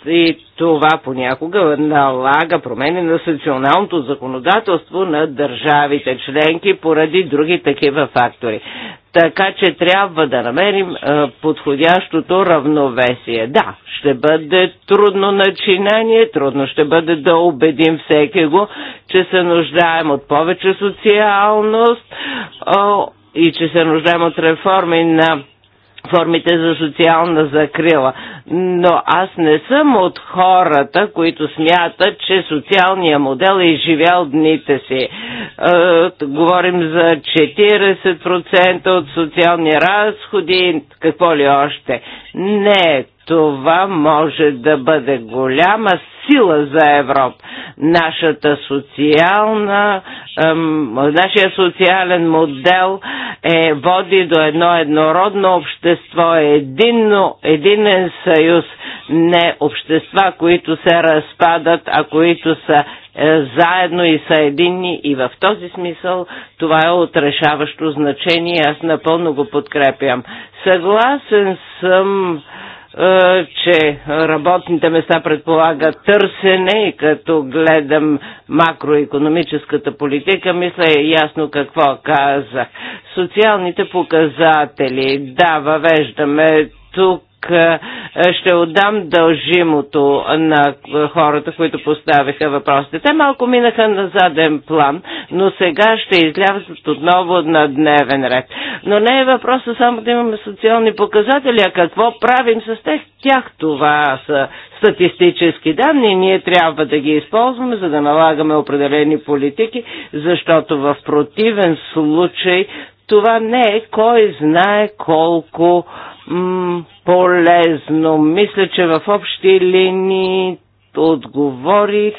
И това понякога налага промени на националното законодателство на държавите членки поради други такива фактори. Така че трябва да намерим подходящото равновесие. Да, ще бъде трудно начинание, трудно ще бъде да убедим всеки го, че се нуждаем от повече социалност и че се нуждаем от реформи на формите за социална закрила. Но аз не съм от хората, които смятат, че социалния модел е изживял дните си. Е, говорим за 40% от социални разходи, какво ли още. Не, това може да бъде голяма сила за Европа. Нашата социална, ем, нашия социален модел е, води до едно еднородно общество, единно, единен съюз, не общества, които се разпадат, а които са е, заедно и са единни. И в този смисъл това е отрешаващо значение. Аз напълно го подкрепям. Съгласен съм е, че работните места предполагат търсене и като гледам макроекономическата политика, мисля е ясно какво каза. Социалните показатели, да, въвеждаме тук е, е, ще отдам дължимото на хората, които поставиха въпросите. Те малко минаха на заден план, но сега ще излязат отново на дневен ред. Но не е въпросът само да имаме социални показатели, а какво правим с тях. Тях това са статистически данни, ние трябва да ги използваме, за да налагаме определени политики, защото в противен случай това не е кой знае колко а, полезно. Мисля, че в общи линии отговорих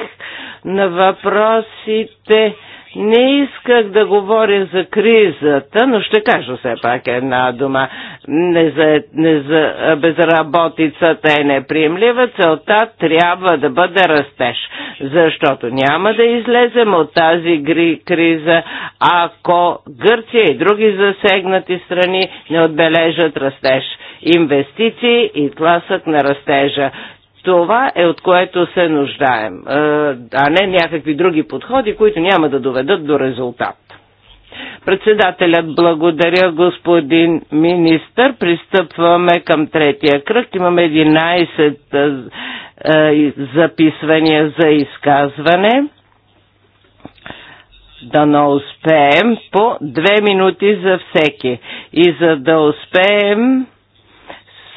на въпросите. Не исках да говоря за кризата, но ще кажа все пак една дума. Не за, не за, безработицата е неприемлива, целта трябва да бъде растеж, защото няма да излезем от тази гри, криза, ако Гърция и други засегнати страни не отбележат растеж. Инвестиции и тласък на растежа. Това е от което се нуждаем, а не някакви други подходи, които няма да доведат до резултат. Председателят благодаря господин министър. Пристъпваме към третия кръг. Имаме 11 записвания за изказване. Да не успеем по две минути за всеки. И за да успеем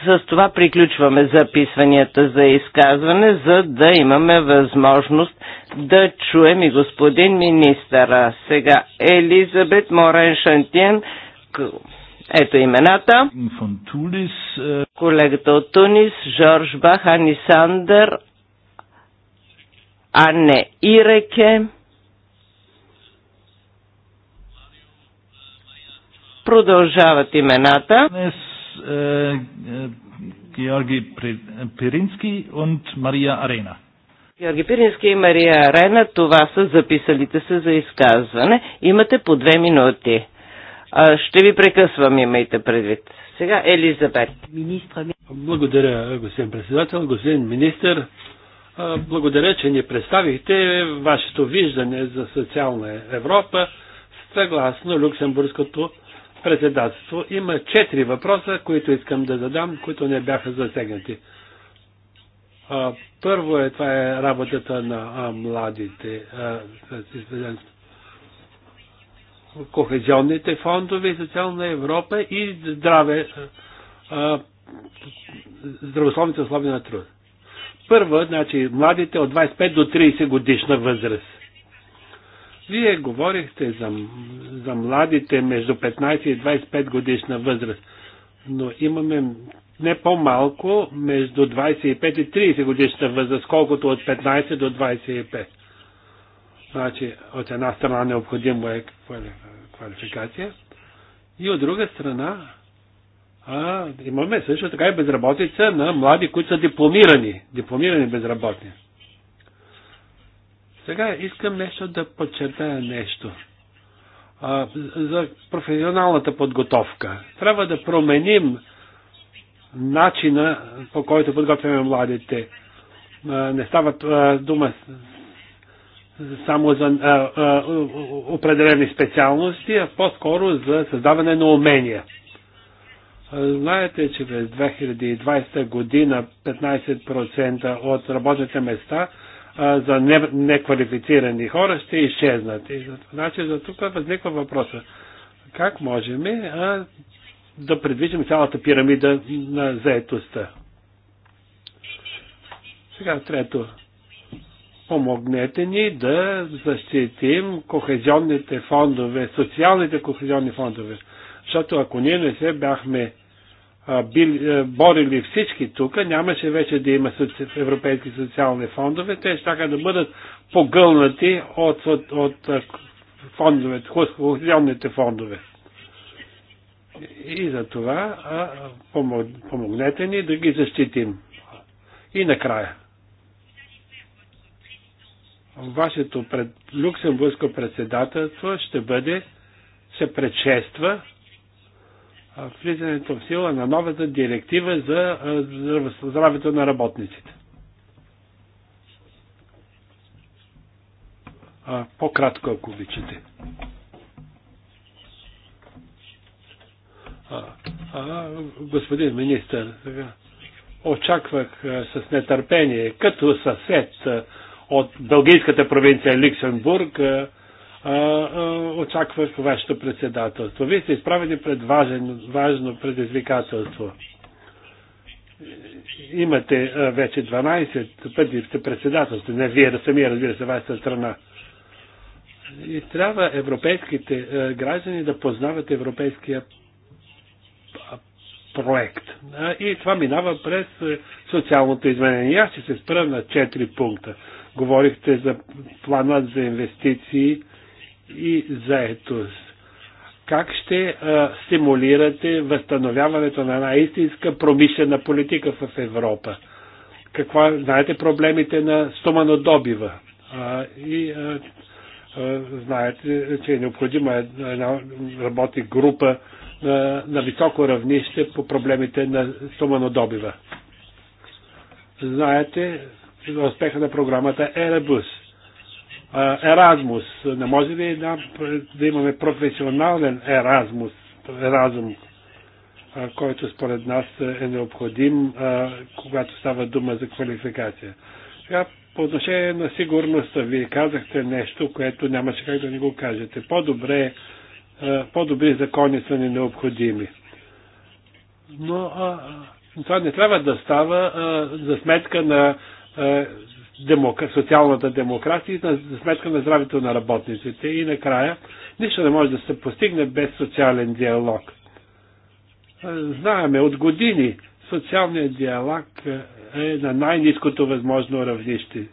с това приключваме записванията за изказване, за да имаме възможност да чуем и господин министъра. Сега Елизабет Морен Шантиен, ето имената. Е, Колегата от Тунис, Жорж Бах, Ани Сандър, Анне Иреке. Продължават имената äh, Georgi Pirinski und Maria Arena. Георги Пирински и Мария Арена, това са записалите се за изказване. Имате по две минути. ще ви прекъсвам, имайте предвид. Сега Елизабет. Министра... Благодаря, господин председател, господин министр. Благодаря, че ни представихте вашето виждане за социална Европа съгласно Люксембургското председателство. Има четири въпроса, които искам да задам, които не бяха засегнати. А, първо е, това е работата на а, младите, кохезионните фондове, социална Европа и здраве, здравословните условия на труд. Първо, значи, младите от 25 до 30 годишна възраст. Вие говорихте за, за младите между 15 и 25 годишна възраст, но имаме не по-малко между 25 и 30 годишна възраст, колкото от 15 до 25. Значи, от една страна необходимо е квалификация и от друга страна а, имаме също така и безработица на млади, които са дипломирани, дипломирани безработни. Сега искам нещо да подчертая нещо. А, за професионалната подготовка. Трябва да променим начина по който подготвяме младите. А, не става а, дума само за а, а, определени специалности, а по-скоро за създаване на умения. Знаете, че през 2020 година 15% от работните места за неквалифицирани хора ще изчезнат. И за, значи за тук възниква въпроса. Как можем а, да предвижим цялата пирамида на заетостта? Сега трето. Помогнете ни да защитим кохезионните фондове, социалните кохезионни фондове. Защото ако ние не се бяхме били, е, борили всички тук, нямаше вече да има европейски социални фондове, те ще да бъдат погълнати от, от, от е, фондовете, хозяйните фондове. И за това помогнете ни да ги защитим. И накрая. Вашето пред, люксембургско председателство ще бъде, ще предшества влизането в сила на новата директива за здравето на работниците. По-кратко, ако обичате. господин министър, очаквах с нетърпение, като съсед от бългийската провинция Люксембург, очаквах вашето председателство. Вие сте изправени пред важен, важно предизвикателство. Имате вече 12 пъти сте председателство. Не вие да самия, разбира се, вашата страна. И трябва европейските граждани да познават европейския проект. И това минава през социалното изменение. Аз ще се спра на 4 пункта. Говорихте за планът за инвестиции, и заетост. Как ще а, стимулирате възстановяването на една истинска промишлена политика в Европа? Каква, знаете проблемите на стоманодобива? А, и а, а, знаете, че е необходима една работи група а, на високо равнище по проблемите на стоманодобива. Знаете, успеха на програмата Еребус – Еразмус. Не може ли да, да имаме професионален Еразмус, Еразум, който според нас е необходим, когато става дума за квалификация? Сега, по отношение на сигурността, вие казахте нещо, което нямаше как да ни го кажете. По-добре, по-добри закони са ни необходими. Но а, това не трябва да става а, за сметка на демокра... социалната демокрация за сметка на здравето на работниците. И накрая, нищо не може да се постигне без социален диалог. Знаеме, от години социалният диалог е на най-низкото възможно равнище.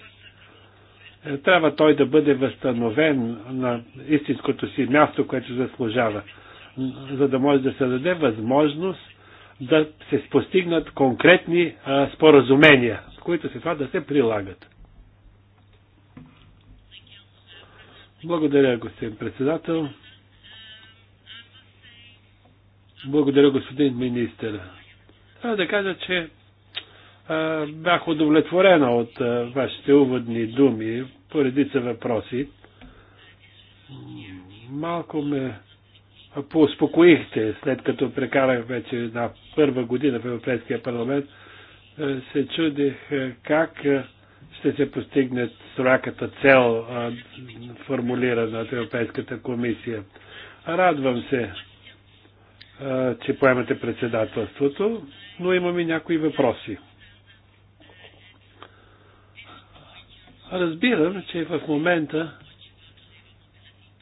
Е, трябва той да бъде възстановен на истинското си място, което заслужава, за да може да се даде възможност да се постигнат конкретни а, споразумения, които след това да се прилагат. Благодаря, господин председател. Благодаря, господин министър. Трябва да кажа, че а, бях удовлетворена от а, вашите уводни думи по редица въпроси. Малко ме поуспокоихте, след като прекарах вече една първа година в Европейския парламент. Е, се чудих е, как е, ще се постигне сраката цел, формулирана от Европейската комисия. Радвам се, че поемате председателството, но имам и някои въпроси. Разбирам, че в момента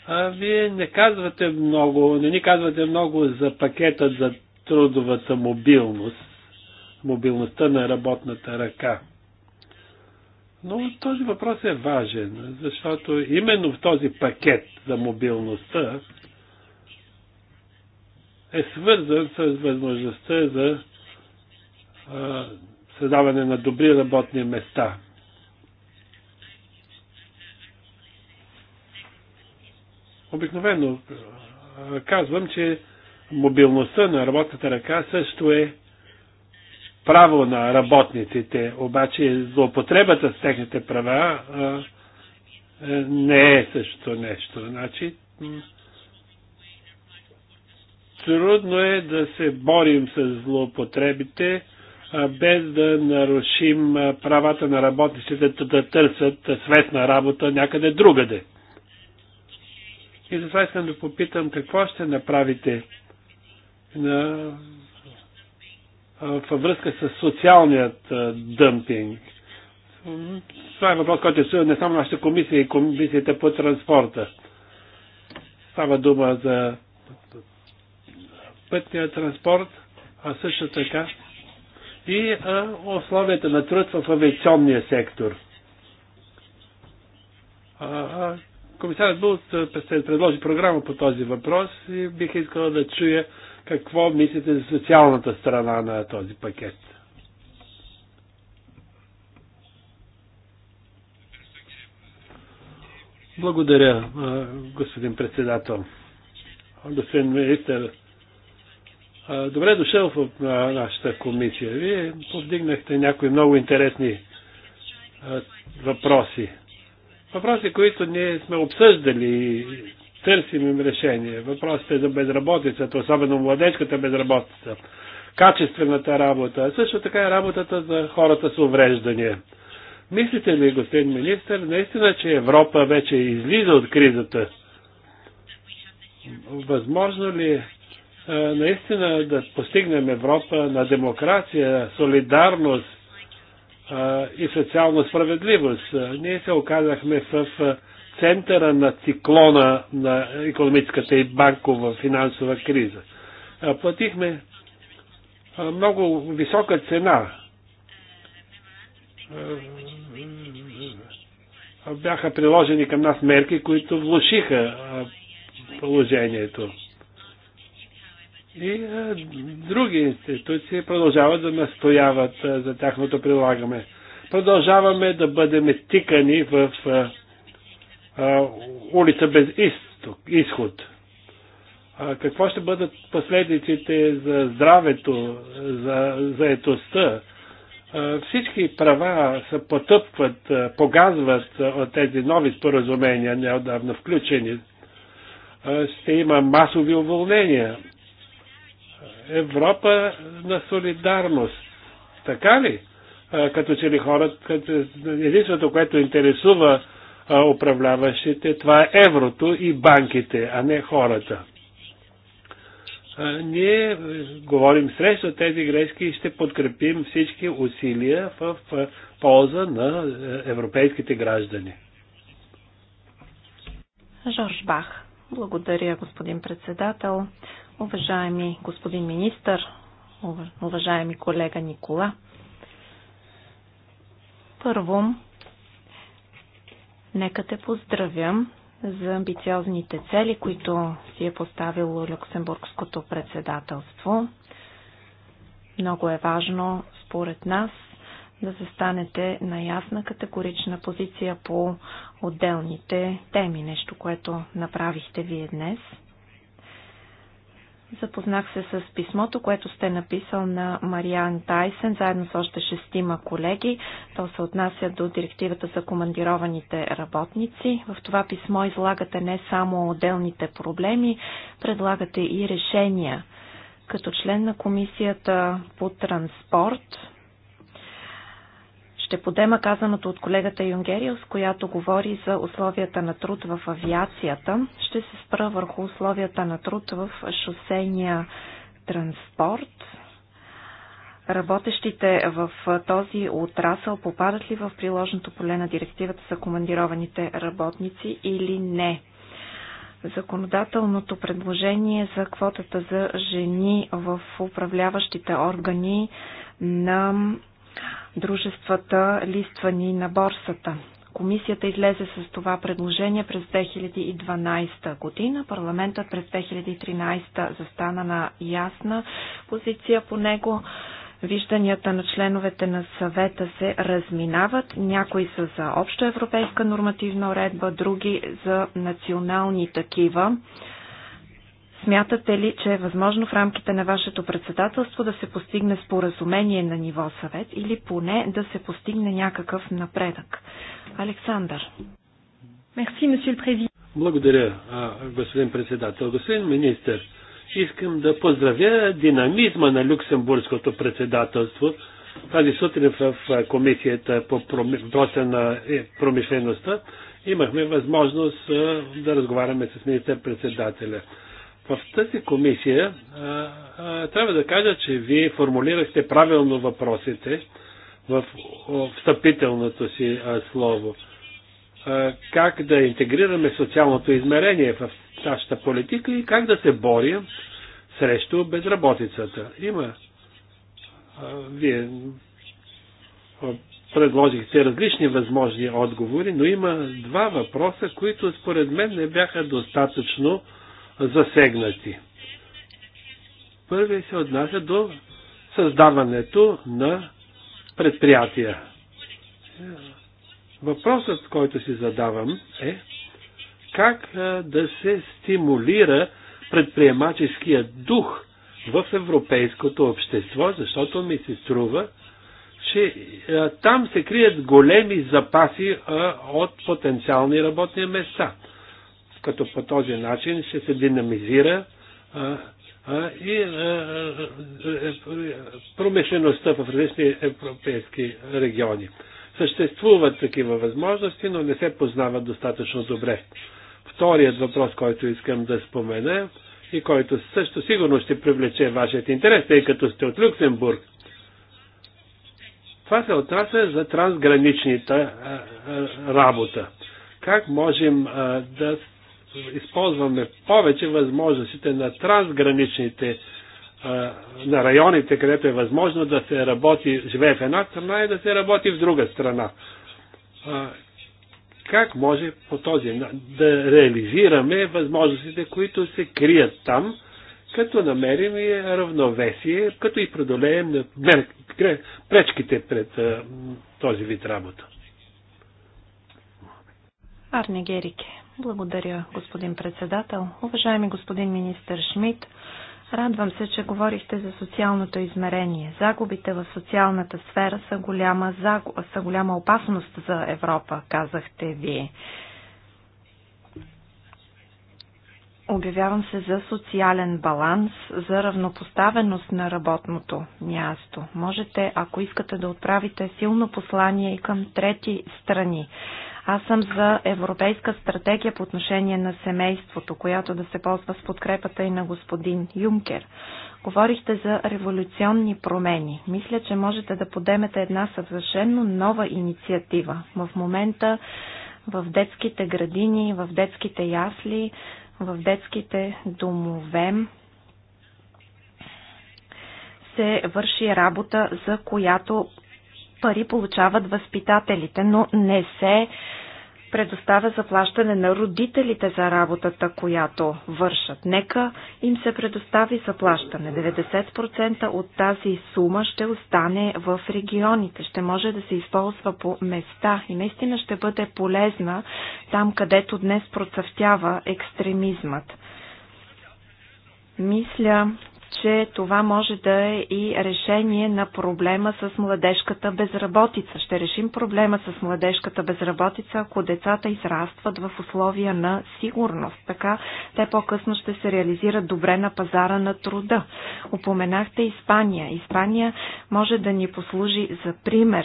а, вие не казвате много, не ни казвате много за пакетът за трудовата мобилност, мобилността на работната ръка. Но този въпрос е важен, защото именно в този пакет за мобилността е свързан с възможността за а, създаване на добри работни места. Обикновено казвам, че мобилността на работната ръка също е право на работниците, обаче злоупотребата с техните права е, не е също нещо. Значи, трудно е да се борим с злоупотребите, без да нарушим правата на работниците да търсят светна работа някъде другаде. И затова искам да попитам какво ще направите на във връзка с социалният дъмпинг. Това е въпрос, който е не само нашата комисия и комисията по транспорта. Става дума за пътния транспорт, а също така и условията на труд в авиационния сектор. комисарът Булт предложи програма по този въпрос и бих искал да чуя какво мислите за социалната страна на този пакет? Благодаря, господин председател. Господин министр, добре дошъл в нашата комисия. Вие повдигнахте някои много интересни въпроси. Въпроси, които ние сме обсъждали търсим им решение. Въпросът е за безработицата, особено младежката безработица, качествената работа, също така и работата за хората с увреждания. Мислите ли, господин министр, наистина, че Европа вече излиза от кризата? Възможно ли е, наистина да постигнем Европа на демокрация, солидарност и социална справедливост? Ние се оказахме в центъра на циклона на економическата и банкова финансова криза. Платихме много висока цена. Бяха приложени към нас мерки, които влушиха положението. И други институции продължават да настояват за тяхното прилагане. Продължаваме да бъдем тикани в улица без изток, изход. Какво ще бъдат последиците за здравето, за заетостта? Всички права се потъпват, погазват от тези нови споразумения, неодавна включени. Ще има масови уволнения. Европа на солидарност. Така ли? Като че ли хората, единственото, което интересува управляващите. Това е еврото и банките, а не хората. Ние е, говорим срещу тези грешки и ще подкрепим всички усилия в полза на е, европейските граждани. Жорж Бах. Благодаря, господин председател. Уважаеми господин министър, уважаеми колега Никола. Първо, Нека те поздравя за амбициозните цели, които си е поставило Люксембургското председателство. Много е важно, според нас, да застанете на ясна категорична позиция по отделните теми, нещо, което направихте вие днес – Запознах се с писмото, което сте написал на Мариан Тайсен, заедно с още шестима колеги. То се отнася до директивата за командированите работници. В това писмо излагате не само отделните проблеми, предлагате и решения. Като член на комисията по транспорт, ще подема казаното от колегата Юнгериус, която говори за условията на труд в авиацията. Ще се спра върху условията на труд в шосейния транспорт. Работещите в този отрасъл попадат ли в приложното поле на директивата за командированите работници или не? Законодателното предложение за квотата за жени в управляващите органи на дружествата листвани на борсата. Комисията излезе с това предложение през 2012 година. Парламентът през 2013 застана на ясна позиция по него. Вижданията на членовете на съвета се разминават. Някои са за обща европейска нормативна уредба, други за национални такива. Смятате ли, че е възможно в рамките на вашето председателство да се постигне споразумение на ниво съвет или поне да се постигне някакъв напредък? Александър. Мерси, Благодаря, господин председател. Господин министр, искам да поздравя динамизма на люксембургското председателство. Тази сутрин в комисията по въпроса на е, промишлеността имахме възможност да разговаряме с министър-председателя. В тази комисия трябва да кажа, че вие формулирахте правилно въпросите в встъпителното си слово. как да интегрираме социалното измерение в нашата политика и как да се борим срещу безработицата. Има. вие предложихте различни възможни отговори, но има два въпроса, които според мен не бяха достатъчно засегнати. Първи се отнася до създаването на предприятия. Въпросът, който си задавам е как да се стимулира предприемаческия дух в европейското общество, защото ми се струва, че там се крият големи запаси от потенциални работни места като по този начин ще се динамизира а, а, и а, е, промишлеността в различни европейски региони. Съществуват такива възможности, но не се познават достатъчно добре. Вторият въпрос, който искам да спомена и който също сигурно ще привлече вашият интерес, тъй като сте от Люксембург. Това се отнася за трансграничната работа. Как можем а, да използваме повече възможностите на трансграничните, на районите, където е възможно да се работи, живее в една страна и да се работи в друга страна. Как може по този да реализираме възможностите, които се крият там, като намерим и равновесие, като и продолеем пречките пред този вид работа? Арне Герике. Благодаря, господин председател. Уважаеми господин министър Шмидт, радвам се, че говорихте за социалното измерение. Загубите в социалната сфера са голяма, са голяма опасност за Европа, казахте вие. Обявявам се за социален баланс, за равнопоставеност на работното място. Можете, ако искате да отправите силно послание и към трети страни, аз съм за европейска стратегия по отношение на семейството, която да се ползва с подкрепата и на господин Юнкер. Говорихте за революционни промени. Мисля, че можете да подемете една съвършенно нова инициатива. В момента в детските градини, в детските ясли, в детските домове се върши работа, за която пари получават възпитателите, но не се предоставя заплащане на родителите за работата, която вършат. Нека им се предостави заплащане. 90% от тази сума ще остане в регионите, ще може да се използва по места и наистина ще бъде полезна там, където днес процъфтява екстремизмът. Мисля, че това може да е и решение на проблема с младежката безработица. Ще решим проблема с младежката безработица, ако децата израстват в условия на сигурност. Така те по-късно ще се реализират добре на пазара на труда. Упоменахте Испания. Испания може да ни послужи за пример.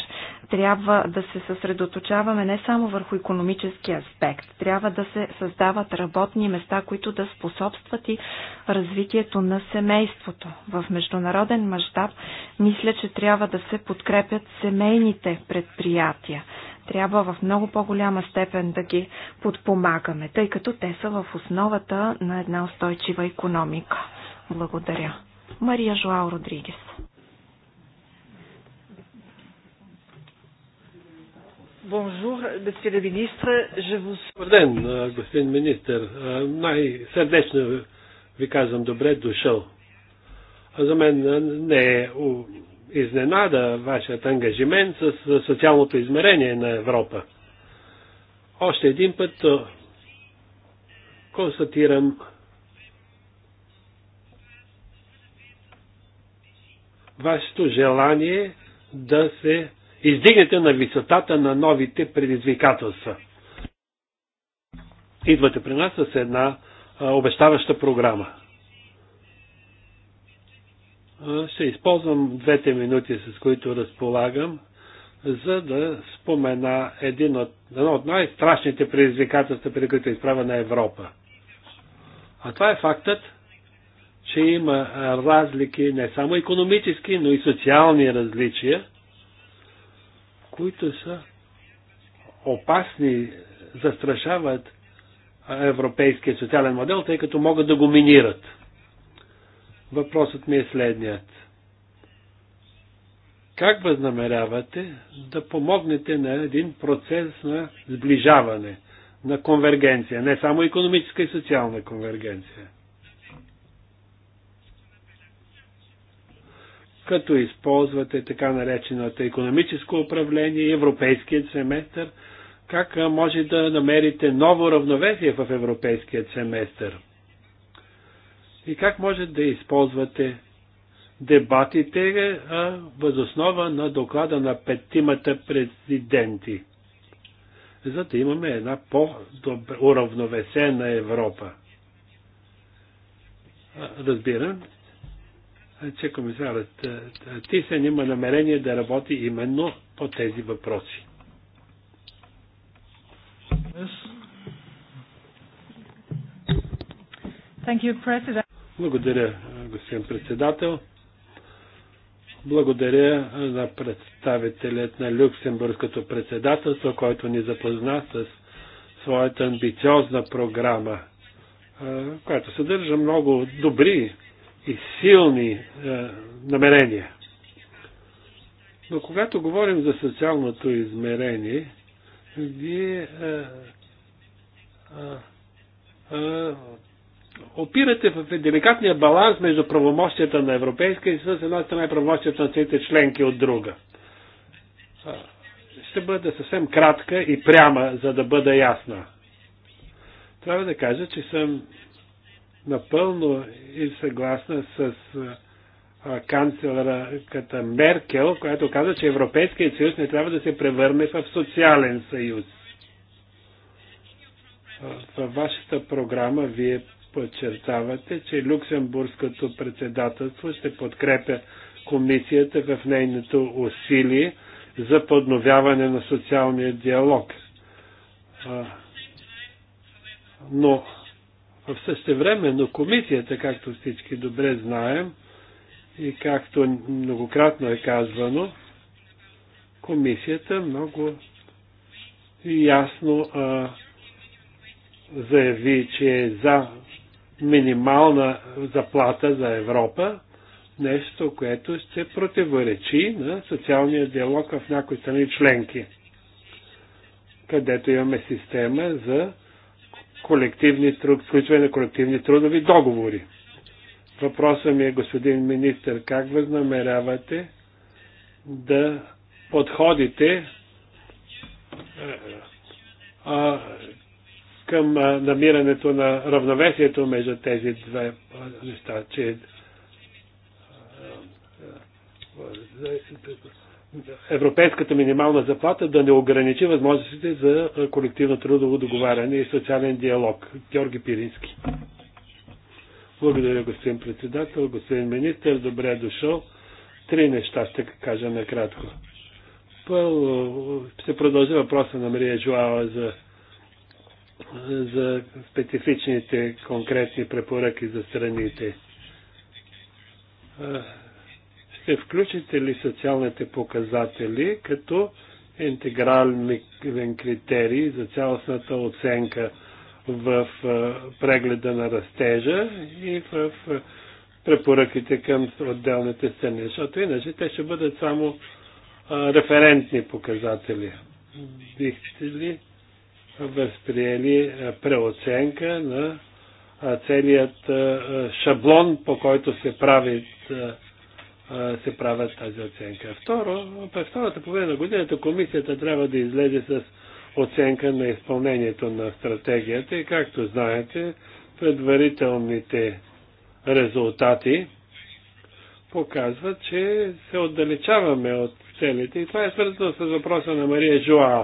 Трябва да се съсредоточаваме не само върху економически аспект. Трябва да се създават работни места, които да способстват и развитието на семейството семейството. В международен мащаб мисля, че трябва да се подкрепят семейните предприятия. Трябва в много по-голяма степен да ги подпомагаме, тъй като те са в основата на една устойчива економика. Благодаря. Мария Жоао Родригес. Бонжур, господин министр, je vous... Добър ден, господин министр. Най-сърдечно ви казвам добре дошъл. За мен не е изненада вашият ангажимент с социалното измерение на Европа. Още един път констатирам вашето желание да се издигнете на висотата на новите предизвикателства. Идвате при нас с една обещаваща програма. Е, ще използвам двете минути, с които разполагам, за да спомена един от, едно от най-страшните предизвикателства, при които е изправена Европа. А това е фактът, че има разлики не само економически, но и социални различия, които са опасни, застрашават европейския социален модел, тъй като могат да го минират. Въпросът ми е следният. Как възнамерявате да помогнете на един процес на сближаване, на конвергенция, не само економическа и социална конвергенция? като използвате така нареченото економическо управление и европейският семестър, как може да намерите ново равновесие в европейският семестър? и как може да използвате дебатите е, възоснова на доклада на петимата президенти, за да имаме една по-уравновесена Европа. Разбирам, че комисарът е, е, Тисен има намерение да работи именно по тези въпроси. Thank you, President. Благодаря, господин председател. Благодаря на представителят на Люксембургското председателство, който ни запозна с своята амбициозна програма, която съдържа много добри и силни намерения. Но когато говорим за социалното измерение, вие опирате в деликатния баланс между правомощията на Европейския съюз с една страна и правомощията на целите членки от друга. Ще бъда съвсем кратка и пряма, за да бъда ясна. Трябва да кажа, че съм напълно и съгласна с канцлерката Меркел, която каза, че Европейският съюз не трябва да се превърне в социален съюз. Във вашата програма вие подчертавате, че Люксембургското председателство ще подкрепя комисията в нейното усилие за подновяване на социалния диалог. Но в но комисията, както всички добре знаем и както многократно е казвано, комисията много ясно а, заяви, че е за минимална заплата за Европа, нещо, което ще противоречи на социалния диалог в някои страни членки, където имаме система за колективни включване на колективни трудови договори. Въпросът ми е, господин министр, как възнамерявате да подходите към намирането на равновесието между тези две неща, че европейската минимална заплата да не ограничи възможностите за колективно трудово договаряне и социален диалог. Георги Пирински. Благодаря, господин председател, господин министр, добре дошъл. Три неща ще кажа накратко. Първо, ще продължи въпроса на Мария Жуала за за специфичните конкретни препоръки за страните. Ще включите ли социалните показатели като интегрален критерий за цялостната оценка в прегледа на растежа и в препоръките към отделните страни, защото иначе те ще бъдат само референтни показатели. Бихте ли възприели е, преоценка на е, целият е, шаблон, по който се прави се правят тази оценка. Второ, през втората половина на годината комисията трябва да излезе с оценка на изпълнението на стратегията и както знаете, предварителните резултати показват, че се отдалечаваме от целите и това е свързано с въпроса на Мария Жуао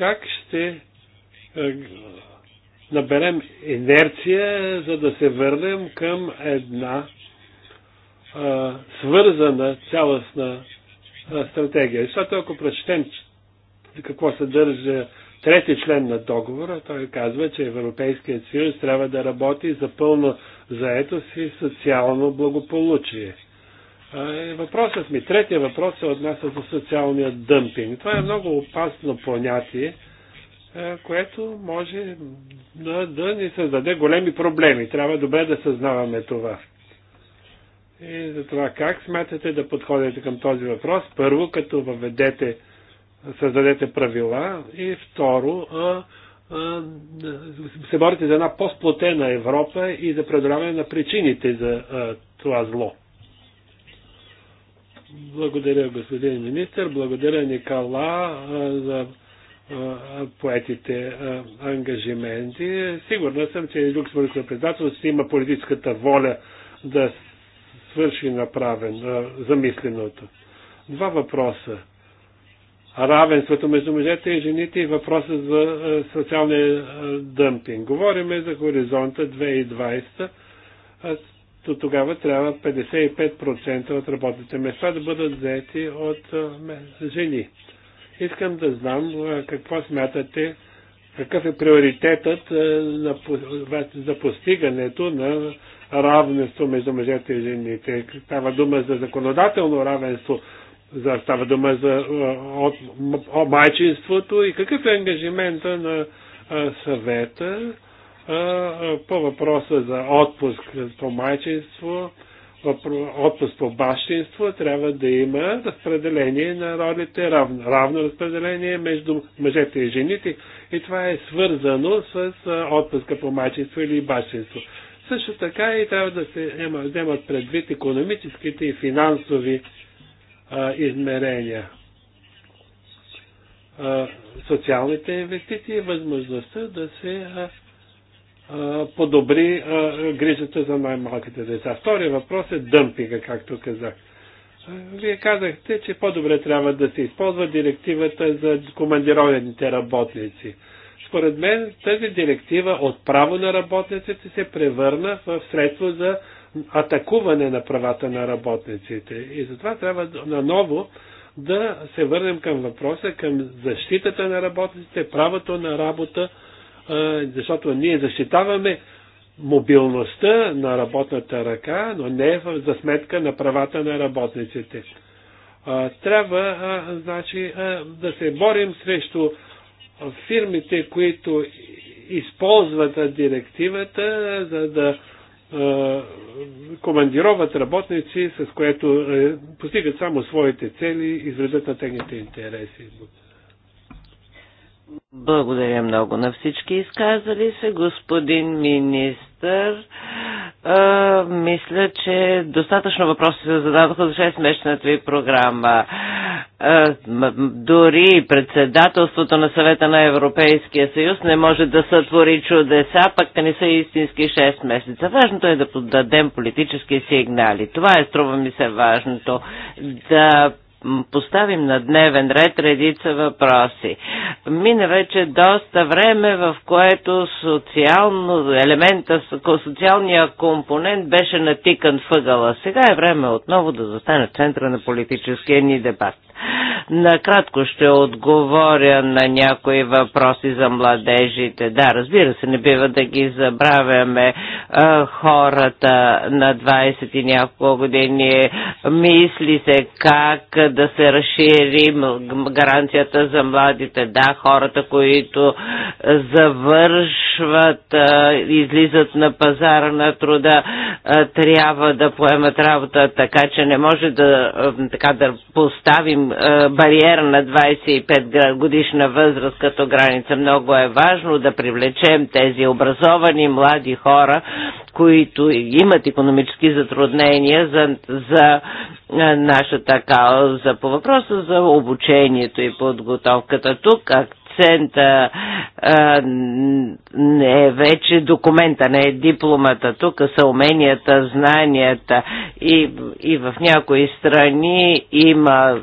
как ще е, наберем инерция, за да се върнем към една е, свързана цялостна е, стратегия. Защото ако прочетем какво съдържа трети член на договора, той казва, че Европейският съюз трябва да работи за пълно заето си социално благополучие. Въпросът ми, третия въпрос се отнася за социалния дъмпинг. Това е много опасно понятие, е, което може да, да ни създаде големи проблеми. Трябва добре да съзнаваме това. И за това как смятате да подходите към този въпрос? Първо, като въведете, създадете правила и второ, а, а, се борите за една по-сплотена Европа и за преодоляване на причините за а, това зло. Благодаря, господин министр. Благодаря, Никола, за поетите ангажименти. Сигурна съм, че Люксембургското председателство ще има политическата воля да свърши направен, замисленото. Два въпроса. Равенството между мъжете и жените и въпроса за социалния дъмпинг. Говориме за хоризонта 2020 то тогава трябва 55% от работните места да бъдат заети от жени. Искам да знам какво смятате, какъв е приоритетът за постигането на равенство между мъжете и жените. Става дума за законодателно равенство, за, става дума за от, от майчинството и какъв е ангажимента на съвета по въпроса за отпуск по майчинство, отпуск по бащинство, трябва да има разпределение на ролите, равно, равно разпределение между мъжете и жените и това е свързано с отпуска по майчинство или бащинство. Също така и трябва да се вземат предвид економическите и финансови а, измерения. А, социалните инвестиции и възможността да се а, подобри грижата за най-малките деца. Втория въпрос е дъмпинга, както казах. Вие казахте, че по-добре трябва да се използва директивата за командированите работници. Според мен тази директива от право на работниците се превърна в средство за атакуване на правата на работниците. И затова трябва наново да се върнем към въпроса, към защитата на работниците, правото на работа, защото ние защитаваме мобилността на работната ръка, но не за сметка на правата на работниците. Трябва, значи, да се борим срещу фирмите, които използват директивата, за да командироват работници, с което е, постигат само своите цели и вредят на техните интереси. Благодаря много на всички изказали се. Господин министър, а, мисля, че достатъчно въпроси се зададоха за 6-месечната ви програма. А, дори председателството на съвета на Европейския съюз не може да сътвори чудеса, пък те не са истински 6 месеца. Важното е да подадем политически сигнали. Това е, струва ми се, важното. Да поставим на дневен ред редица въпроси. Мина вече доста време, в което социално елемента, социалния компонент беше натикан въгъла. Сега е време отново да застане в центъра на политическия ни дебат. Накратко ще отговоря на някои въпроси за младежите. Да, разбира се, не бива да ги забравяме. Хората на 20 и няколко години мисли се как да се разшири гаранцията за младите. Да, хората, които завършват, излизат на пазара на труда, трябва да поемат работа, така че не може да, така, да поставим бариера на 25 годишна възраст като граница. Много е важно да привлечем тези образовани млади хора, които имат економически затруднения за, за нашата кауза. По въпроса за обучението и подготовката тук, акцента не е вече документа, не е дипломата. Тук са уменията, знанията и, и в някои страни има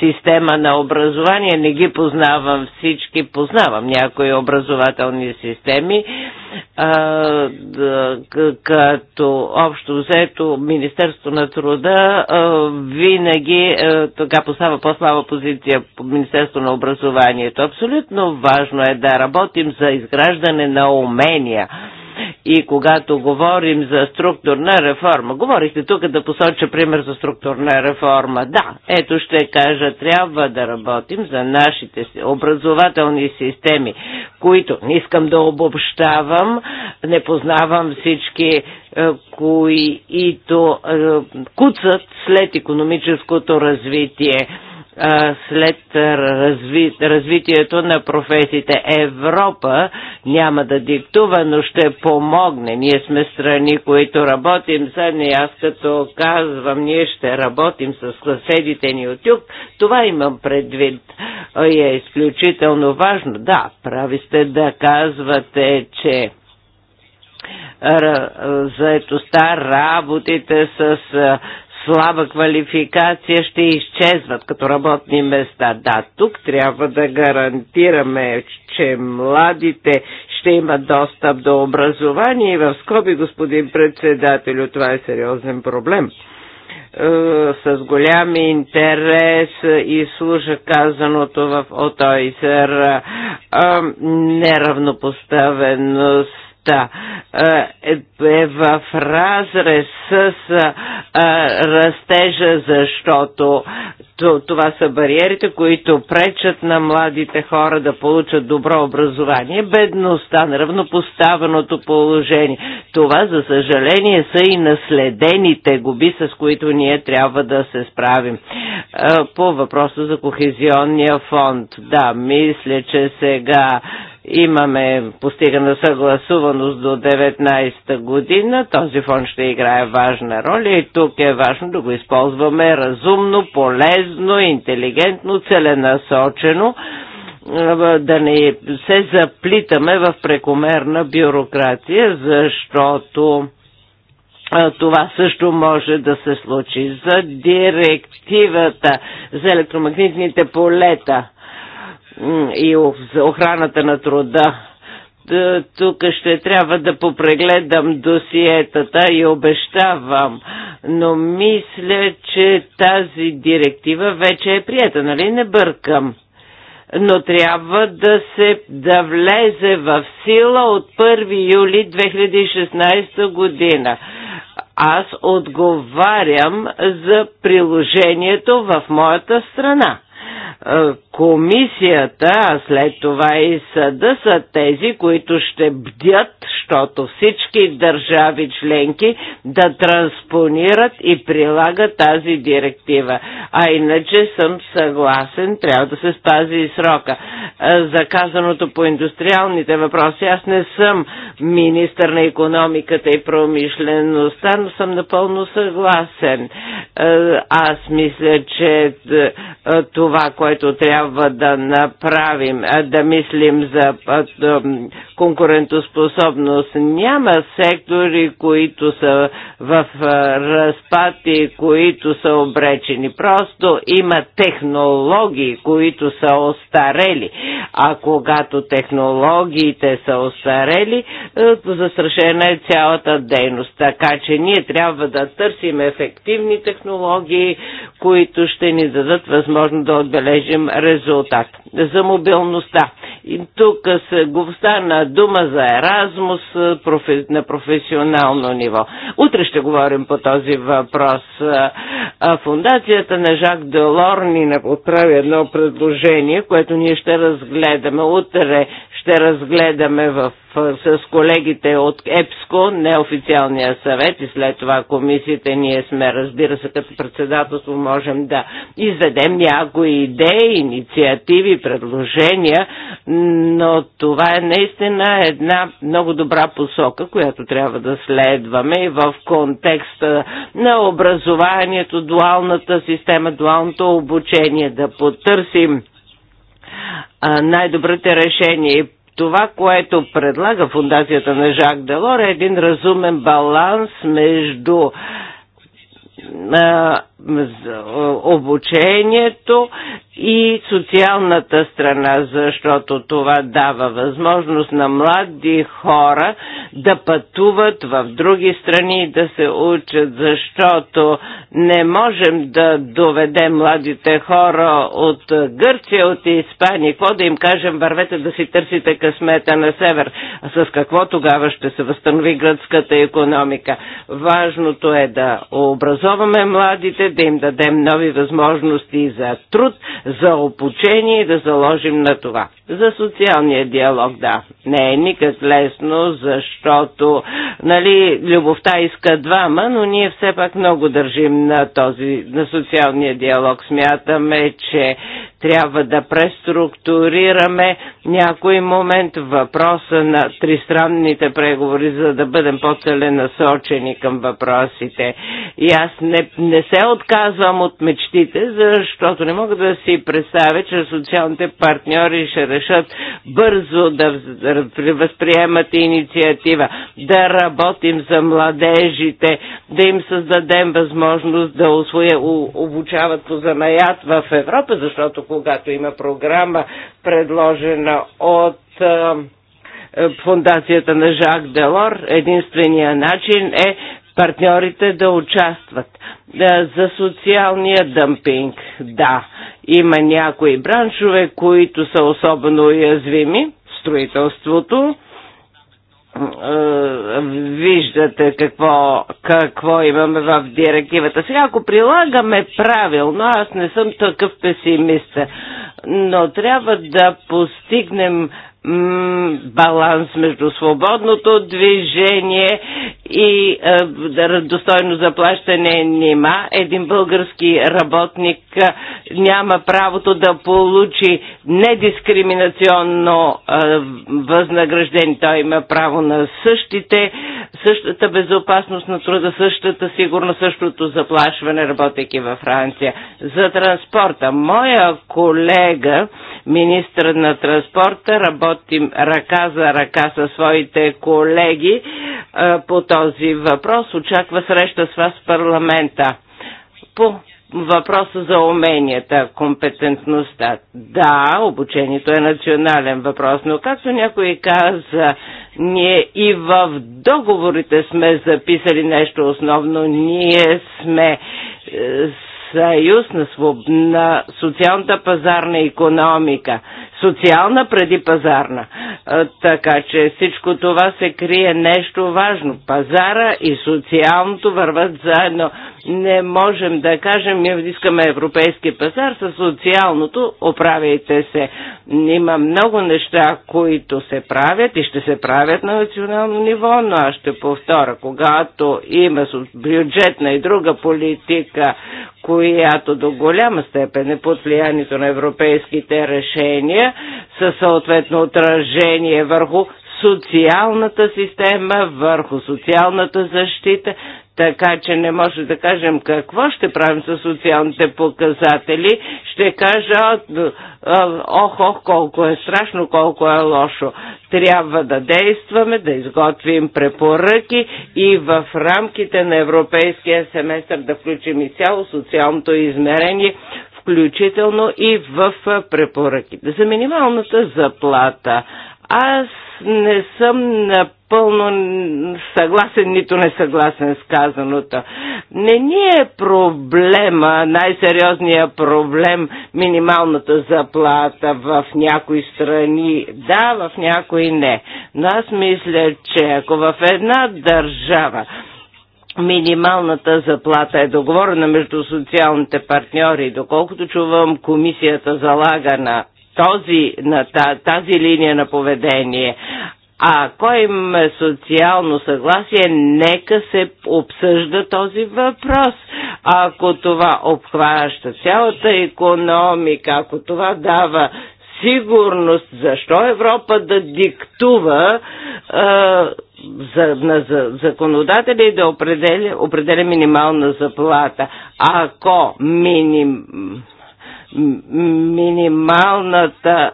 система на образование. Не ги познавам всички, познавам някои образователни системи, като общо взето Министерство на труда винаги тога поставя по-слаба позиция по Министерство на образование образованието. Абсолютно важно е да работим за изграждане на умения. И когато говорим за структурна реформа, говорихте тук да посоча пример за структурна реформа. Да, ето ще кажа, трябва да работим за нашите образователни системи, които не искам да обобщавам, не познавам всички, е, които е, куцат след економическото развитие след разви, развитието на професиите. Европа няма да диктува, но ще помогне. Ние сме страни, които работим за не аз като казвам, ние ще работим с съседите ни от юг. Това имам предвид. И е изключително важно. Да, прави сте да казвате, че заедостта, работите с слаба квалификация ще изчезват като работни места. Да, тук трябва да гарантираме, че младите ще имат достъп до образование и в скоби, господин председателю, това е сериозен проблем е, с голям интерес и служа казаното в от е, е, неравнопоставеност бюджета е, е в разрез с е, растежа, защото това са бариерите, които пречат на младите хора да получат добро образование, бедността, неравнопоставеното положение. Това, за съжаление, са и наследените губи, с които ние трябва да се справим. Е, по въпроса за кохезионния фонд, да, мисля, че сега имаме постигана съгласуваност до 19-та година. Този фонд ще играе важна роля и тук е важно да го използваме разумно, полезно, интелигентно, целенасочено да не се заплитаме в прекомерна бюрокрация, защото това също може да се случи. За директивата за електромагнитните полета и охраната на труда. Тук ще трябва да попрегледам досиетата и обещавам, но мисля, че тази директива вече е прията, нали не бъркам? но трябва да се да влезе в сила от 1 юли 2016 година. Аз отговарям за приложението в моята страна. Е, комисията, а след това и съда са тези, които ще бдят, защото всички държави членки да транспонират и прилагат тази директива. А иначе съм съгласен, трябва да се спази и срока. Е, Заказаното по индустриалните въпроси, аз не съм министър на економиката и промишлеността, но съм напълно съгласен. Е, аз мисля, че това, което който трябва да направим, да мислим за конкурентоспособност. Няма сектори, които са в разпад и които са обречени. Просто има технологии, които са остарели а когато технологиите са остарели, е, застрашена е цялата дейност. Така че ние трябва да търсим ефективни технологии, които ще ни дадат възможно да отбележим резултат. За мобилността. И тук се го стана дума за Еразмус на професионално ниво. Утре ще говорим по този въпрос. Фундацията на Жак Делор ни отправи едно предложение, което ние ще разгледаме. Утре ще разгледаме в, с колегите от ЕПСКО, неофициалния съвет и след това комисията. ние сме, разбира се, като председателство можем да изведем някои идеи, инициативи, предложения но това е наистина една много добра посока, която трябва да следваме и в контекста на образованието, дуалната система, дуалното обучение, да потърсим най-добрите решения. Това, което предлага Фундацията на Жак Делор е един разумен баланс между обучението и социалната страна, защото това дава възможност на млади хора да пътуват в други страни и да се учат, защото не можем да доведем младите хора от Гърция, от Испания, какво да им кажем, вървете да си търсите късмета на север, а с какво тогава ще се възстанови гръцката економика. Важното е да образоваме младите, да им дадем нови възможности за труд, за обучение и да заложим на това. За социалния диалог, да. Не е никак лесно, защото, нали, любовта иска двама, но ние все пак много държим на този, на социалния диалог. Смятаме, че трябва да преструктурираме някой момент въпроса на тристранните преговори, за да бъдем по-целенасочени към въпросите. И аз не, не се отказвам от мечтите, защото не мога да си представя, че социалните партньори ще решат бързо да възприемат инициатива, да работим за младежите, да им създадем възможност да освоя, обучават по занаят в Европа, защото когато има програма предложена от е, фундацията на Жак Делор, единствения начин е партньорите да участват. Е, за социалния дъмпинг, да, има някои браншове, които са особено уязвими, строителството, е, виждате какво, какво имаме в директивата. Сега, ако прилагаме правилно, аз не съм такъв песимист, но трябва да постигнем баланс между свободното движение и е, достойно заплащане нима. Един български работник е, няма правото да получи недискриминационно е, възнаграждение. Той има право на същите, същата безопасност на труда, същата сигурност, същото заплашване, работейки във Франция. За транспорта. Моя колега, министър на транспорта, работи работим ръка за ръка със своите колеги е, по този въпрос. Очаква среща с вас в парламента. По въпроса за уменията, компетентността. Да, обучението е национален въпрос, но както някой каза, ние и в договорите сме записали нещо основно. Ние сме е, съюз на, своб... на социалната пазарна економика социална преди пазарна. Така че всичко това се крие нещо важно. Пазара и социалното върват заедно. Не можем да кажем, ние искаме европейски пазар с социалното, оправяйте се. Има много неща, които се правят и ще се правят на национално ниво, но аз ще повторя, когато има бюджетна и друга политика, която до голяма степен е под влиянието на европейските решения, политика със съответно отражение върху социалната система, върху социалната защита, така че не може да кажем какво ще правим с социалните показатели. Ще кажа, ох, ох, колко е страшно, колко е лошо. Трябва да действаме, да изготвим препоръки и в рамките на европейския семестър да включим и цяло социалното измерение включително и в препоръките. За минималната заплата. Аз не съм напълно съгласен, нито не съгласен с казаното. Не ни е проблема, най-сериозният проблем, минималната заплата в някои страни, да, в някои не. Но аз мисля, че ако в една държава Минималната заплата е договорена между социалните партньори. Доколкото чувам, комисията залага на, този, на тази линия на поведение. А ако има социално съгласие, нека се обсъжда този въпрос. Ако това обхваща цялата економика, ако това дава сигурност. Защо Европа да диктува а, за, на за, законодателя и да определя, определя минимална заплата? Ако миним минималната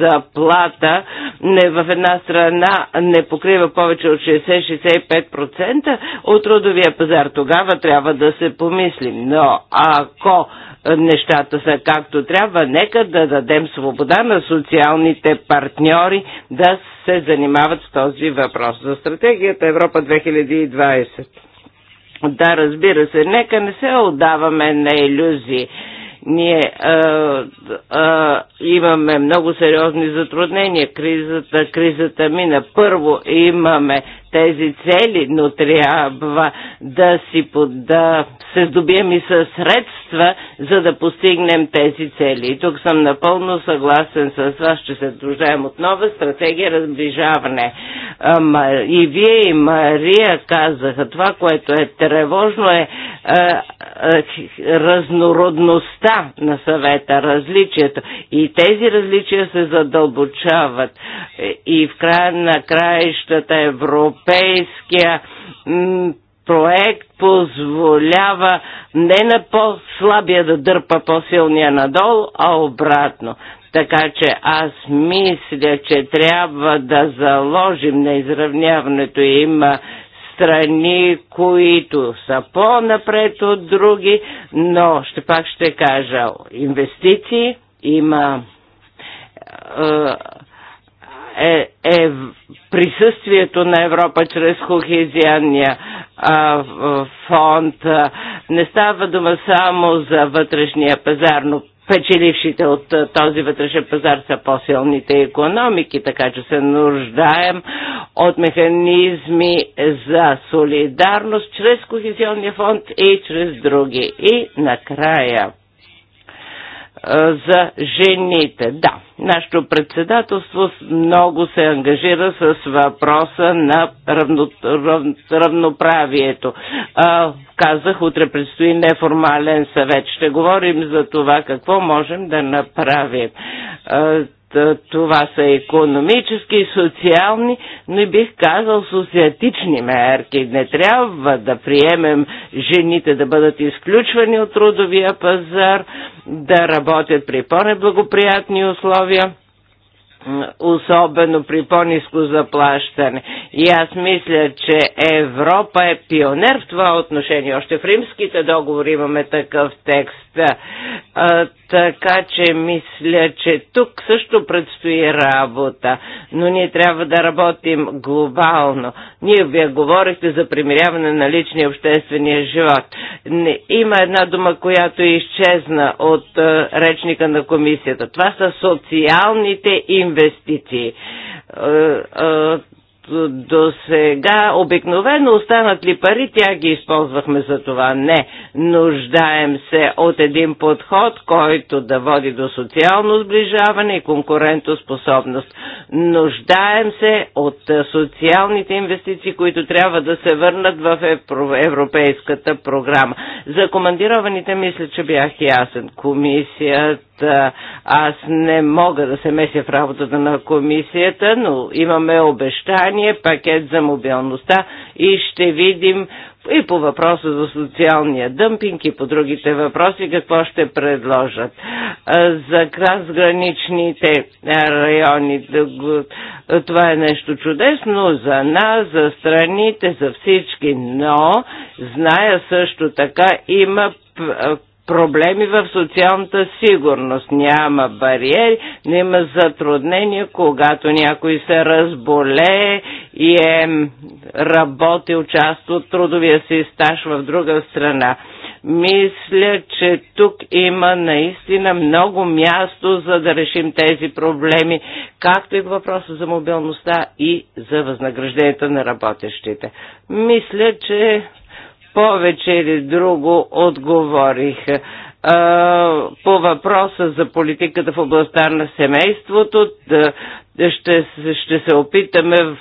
заплата не в една страна не покрива повече от 60-65% от трудовия пазар. Тогава трябва да се помислим. Но ако нещата са както трябва, нека да дадем свобода на социалните партньори да се занимават с този въпрос. За стратегията Европа 2020. Да, разбира се, нека не се отдаваме на иллюзии ние а, е, а, е, имаме много сериозни затруднения. Кризата, кризата мина. Първо имаме тези цели, но трябва да си да се здобием и със средства, за да постигнем тези цели. И тук съм напълно съгласен с вас, че се дружаем от нова стратегия разближаване. И вие и Мария казаха, това, което е тревожно е разнородността на съвета, различието. И тези различия се задълбочават. И в края на краищата Европа европейския проект позволява не на по-слабия да дърпа по-силния надолу, а обратно. Така че аз мисля, че трябва да заложим на изравняването. Има страни, които са по-напред от други, но ще пак ще кажа, инвестиции има. Е, е, е присъствието на Европа чрез кохезионния фонд. Не става дума само за вътрешния пазар, но печелившите от този вътрешен пазар са по-силните економики, така че се нуждаем от механизми за солидарност чрез Кохезионния фонд и чрез други. И накрая за жените. Да, нашето председателство много се ангажира с въпроса на равно, рав, равноправието. А, казах, утре предстои неформален съвет. Ще говорим за това какво можем да направим. А, е, това са економически, социални, но и бих казал социатични мерки. Не трябва да приемем жените да бъдат изключвани от трудовия пазар, да работят при по-неблагоприятни условия особено при по-низко заплащане. И аз мисля, че Европа е пионер в това отношение. Още в римските договори имаме такъв текст. Е, така че мисля, че тук също предстои работа, но ние трябва да работим глобално. Ние вие говорихте за примиряване на личния обществения живот. Има една дума, която изчезна от е, речника на комисията. Това са социалните инвестиции е, е, до сега обикновено останат ли пари, тя ги използвахме за това. Не, нуждаем се от един подход, който да води до социално сближаване и конкурентоспособност. Нуждаем се от е, социалните инвестиции, които трябва да се върнат в европейската програма. За командированите мисля, че бях ясен. Комисията аз не мога да се меся в работата на комисията, но имаме обещание образование, пакет за мобилността и ще видим и по въпроса за социалния дъмпинг и по другите въпроси какво ще предложат. За трансграничните райони това е нещо чудесно за нас, за страните, за всички, но зная също така има проблеми в социалната сигурност. Няма бариери, няма има затруднения, когато някой се разболее и е работил част от трудовия си стаж в друга страна. Мисля, че тук има наистина много място, за да решим тези проблеми, както и въпроса за мобилността и за възнагражденията на работещите. Мисля, че повече или друго отговорих по въпроса за политиката в областта на семейството. Ще, ще се опитаме в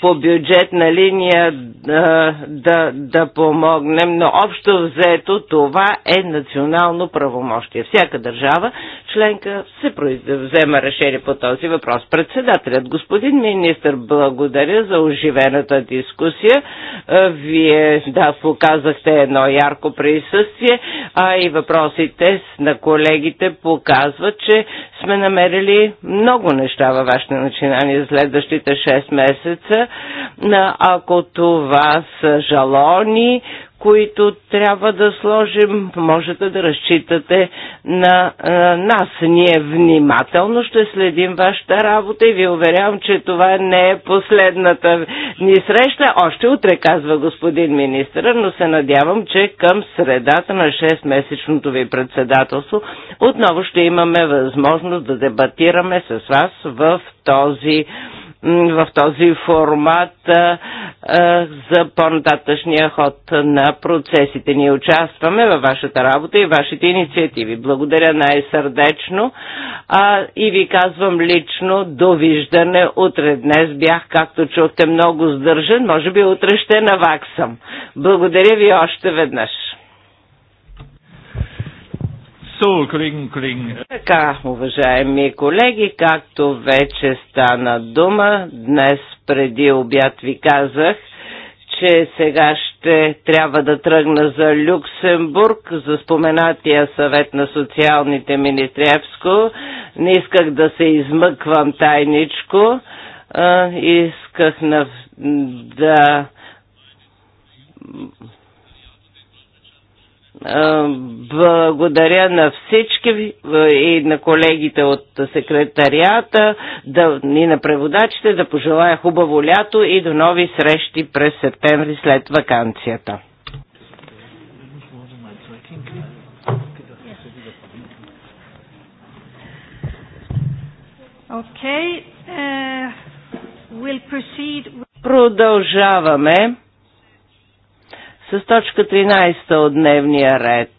по бюджетна линия да, да, да помогнем, но общо взето това е национално правомощие. Всяка държава членка се взема решение по този въпрос. Председателят, господин министр, благодаря за оживената дискусия. Вие, да, показахте едно ярко присъствие, а и въпросите на колегите показват, че сме намерили много неща във вашето начинание за следващите 6 месеца ако това са жалони, които трябва да сложим, можете да разчитате на, на нас. Ние внимателно ще следим вашата работа и ви уверявам, че това не е последната ни среща. Още утре, казва господин министър, но се надявам, че към средата на 6-месечното ви председателство отново ще имаме възможност да дебатираме с вас в този в този формат за по-нататъчния ход на процесите. Ние участваме във вашата работа и вашите инициативи. Благодаря най-сърдечно а, и ви казвам лично довиждане. Утре днес бях, както чухте, много сдържан. Може би утре ще наваксам. Благодаря ви още веднъж. So, колеги, колеги. Така, уважаеми колеги, както вече стана дума, днес преди обяд ви казах, че сега ще трябва да тръгна за Люксембург, за споменатия съвет на социалните министри Не исках да се измъквам тайничко. исках на, да е, благодаря на всички е, и на колегите от секретарията да, и на преводачите да пожелая хубаво лято и до нови срещи през септември след вакансията. Okay, uh, we'll proceed... Продължаваме с точка 13 от дневния ред.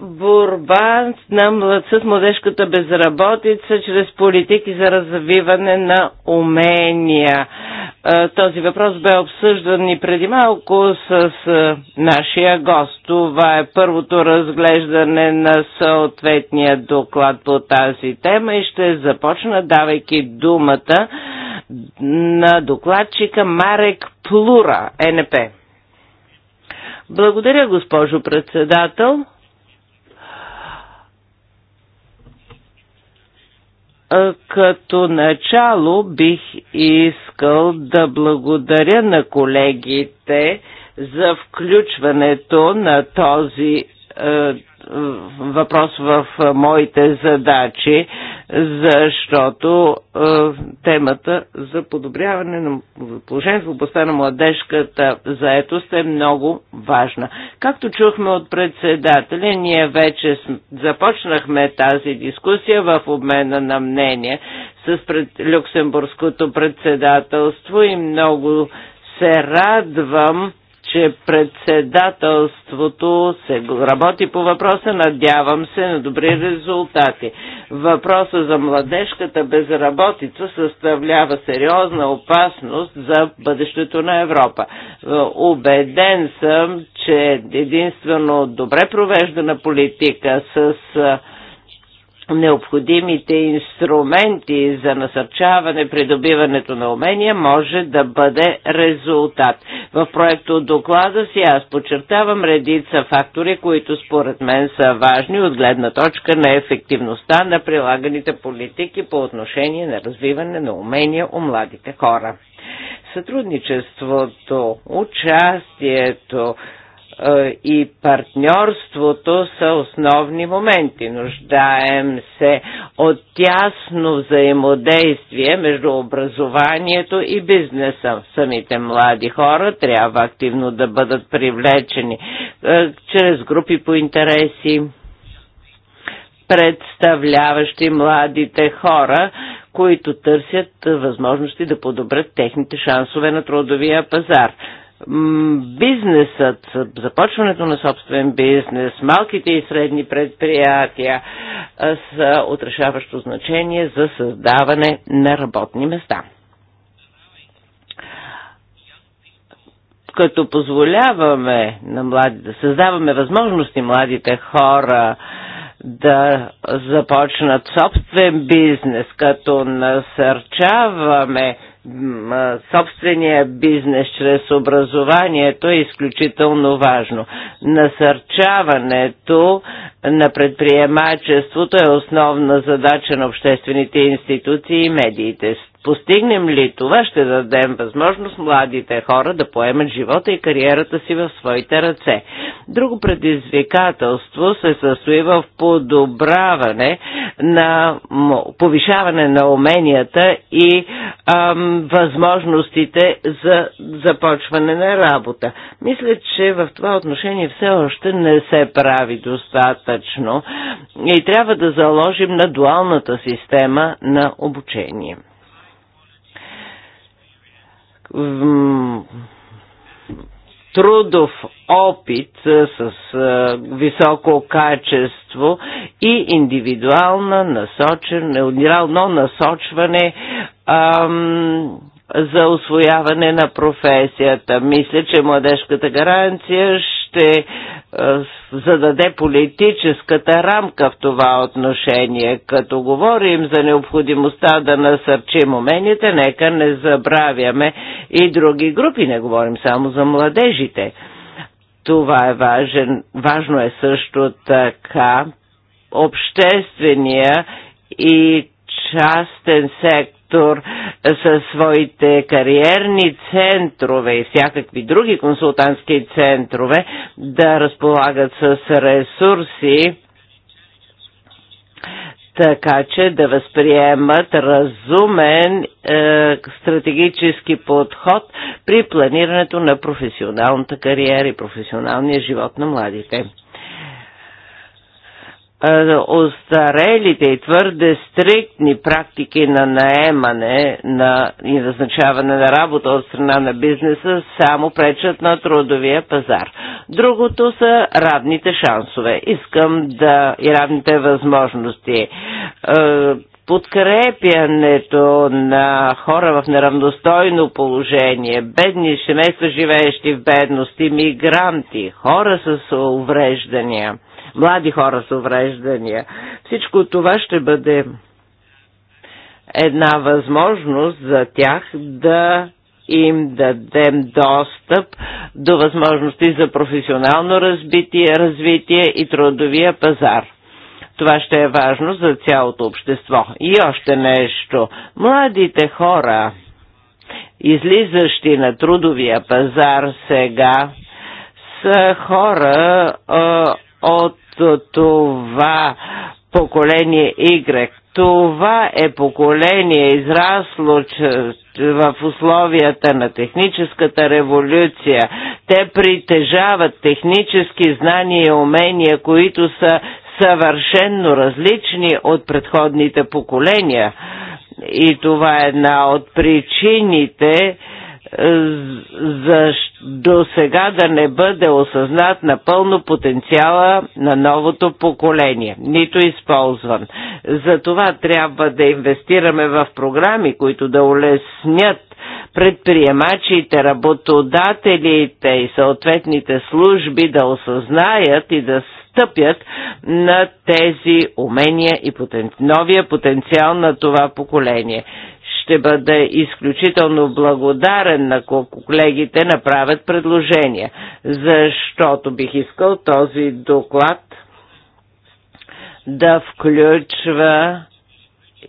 Борба на млад, с младежката безработица чрез политики за развиване на умения. Е, този въпрос бе обсъждан и преди малко с е, нашия гост. Това е първото разглеждане на съответния доклад по тази тема и ще започна давайки думата на докладчика Марек Плура, НП. Благодаря, госпожо председател. Като начало бих искал да благодаря на колегите за включването на този въпрос в моите задачи, защото темата за подобряване на положението в областта на младежката заетост е много важна. Както чухме от председателя, ние вече започнахме тази дискусия в обмена на мнение с пред Люксембургското председателство и много се радвам, че председателството се работи по въпроса, надявам се на добри резултати. Въпроса за младежката безработица съставлява сериозна опасност за бъдещето на Европа. Обеден съм, че единствено добре провеждана политика с необходимите инструменти за насърчаване придобиването на умения може да бъде резултат. В проекто доклада си аз подчертавам редица фактори, които според мен са важни от гледна точка на ефективността на прилаганите политики по отношение на развиване на умения у младите хора сътрудничеството, участието, е, и партньорството са основни моменти. Нуждаем се от тясно взаимодействие между образованието и бизнеса. Самите млади хора трябва активно да бъдат привлечени е, чрез групи по интереси, представляващи младите хора, които търсят възможности да подобрят техните шансове на трудовия пазар бизнесът, започването на собствен бизнес, малките и средни предприятия са отрешаващо значение за създаване на работни места. Като позволяваме на млади, да създаваме възможности младите хора да започнат собствен бизнес, като насърчаваме собствения бизнес чрез образованието е изключително важно. Насърчаването на предприемачеството е основна задача на обществените институции и медиите. Постигнем ли това, ще дадем възможност младите хора да поемат живота и кариерата си в своите ръце. Друго предизвикателство се състои в подобраване на повишаване на уменията и ам, възможностите за започване на работа. Мисля, че в това отношение все още не се прави достатъчно и трябва да заложим на дуалната система на обучение трудов опит с високо качество и индивидуална насочен, индивидуално насочване ам, за освояване на професията. Мисля, че младежката гаранция ще е, зададе политическата рамка в това отношение. Като говорим за необходимостта да насърчим умените, нека не забравяме и други групи, не говорим само за младежите. Това е важен, важно е също така обществения и частен сектор сектор със своите кариерни центрове и всякакви други консултантски центрове да разполагат с ресурси, така че да възприемат разумен е, стратегически подход при планирането на професионалната кариера и професионалния живот на младите. Е, остарелите и твърде стриктни практики на наемане на, и назначаване на работа от страна на бизнеса само пречат на трудовия пазар. Другото са равните шансове. Искам да и равните възможности е, подкрепянето на хора в неравностойно положение, бедни семейства, живеещи в бедности, мигранти, хора с увреждания млади хора с увреждания. Всичко това ще бъде една възможност за тях да им дадем достъп до възможности за професионално разбитие, развитие и трудовия пазар. Това ще е важно за цялото общество. И още нещо. Младите хора, излизащи на трудовия пазар сега, са хора от това поколение Y. Това е поколение израсло в условията на техническата революция. Те притежават технически знания и умения, които са съвършенно различни от предходните поколения. И това е една от причините, за до сега да не бъде осъзнат напълно потенциала на новото поколение, нито използван. това трябва да инвестираме в програми, които да улеснят предприемачите, работодателите и съответните служби да осъзнаят и да стъпят на тези умения и потен... новия потенциал на това поколение ще бъде изключително благодарен на колегите направят предложения, защото бих искал този доклад да включва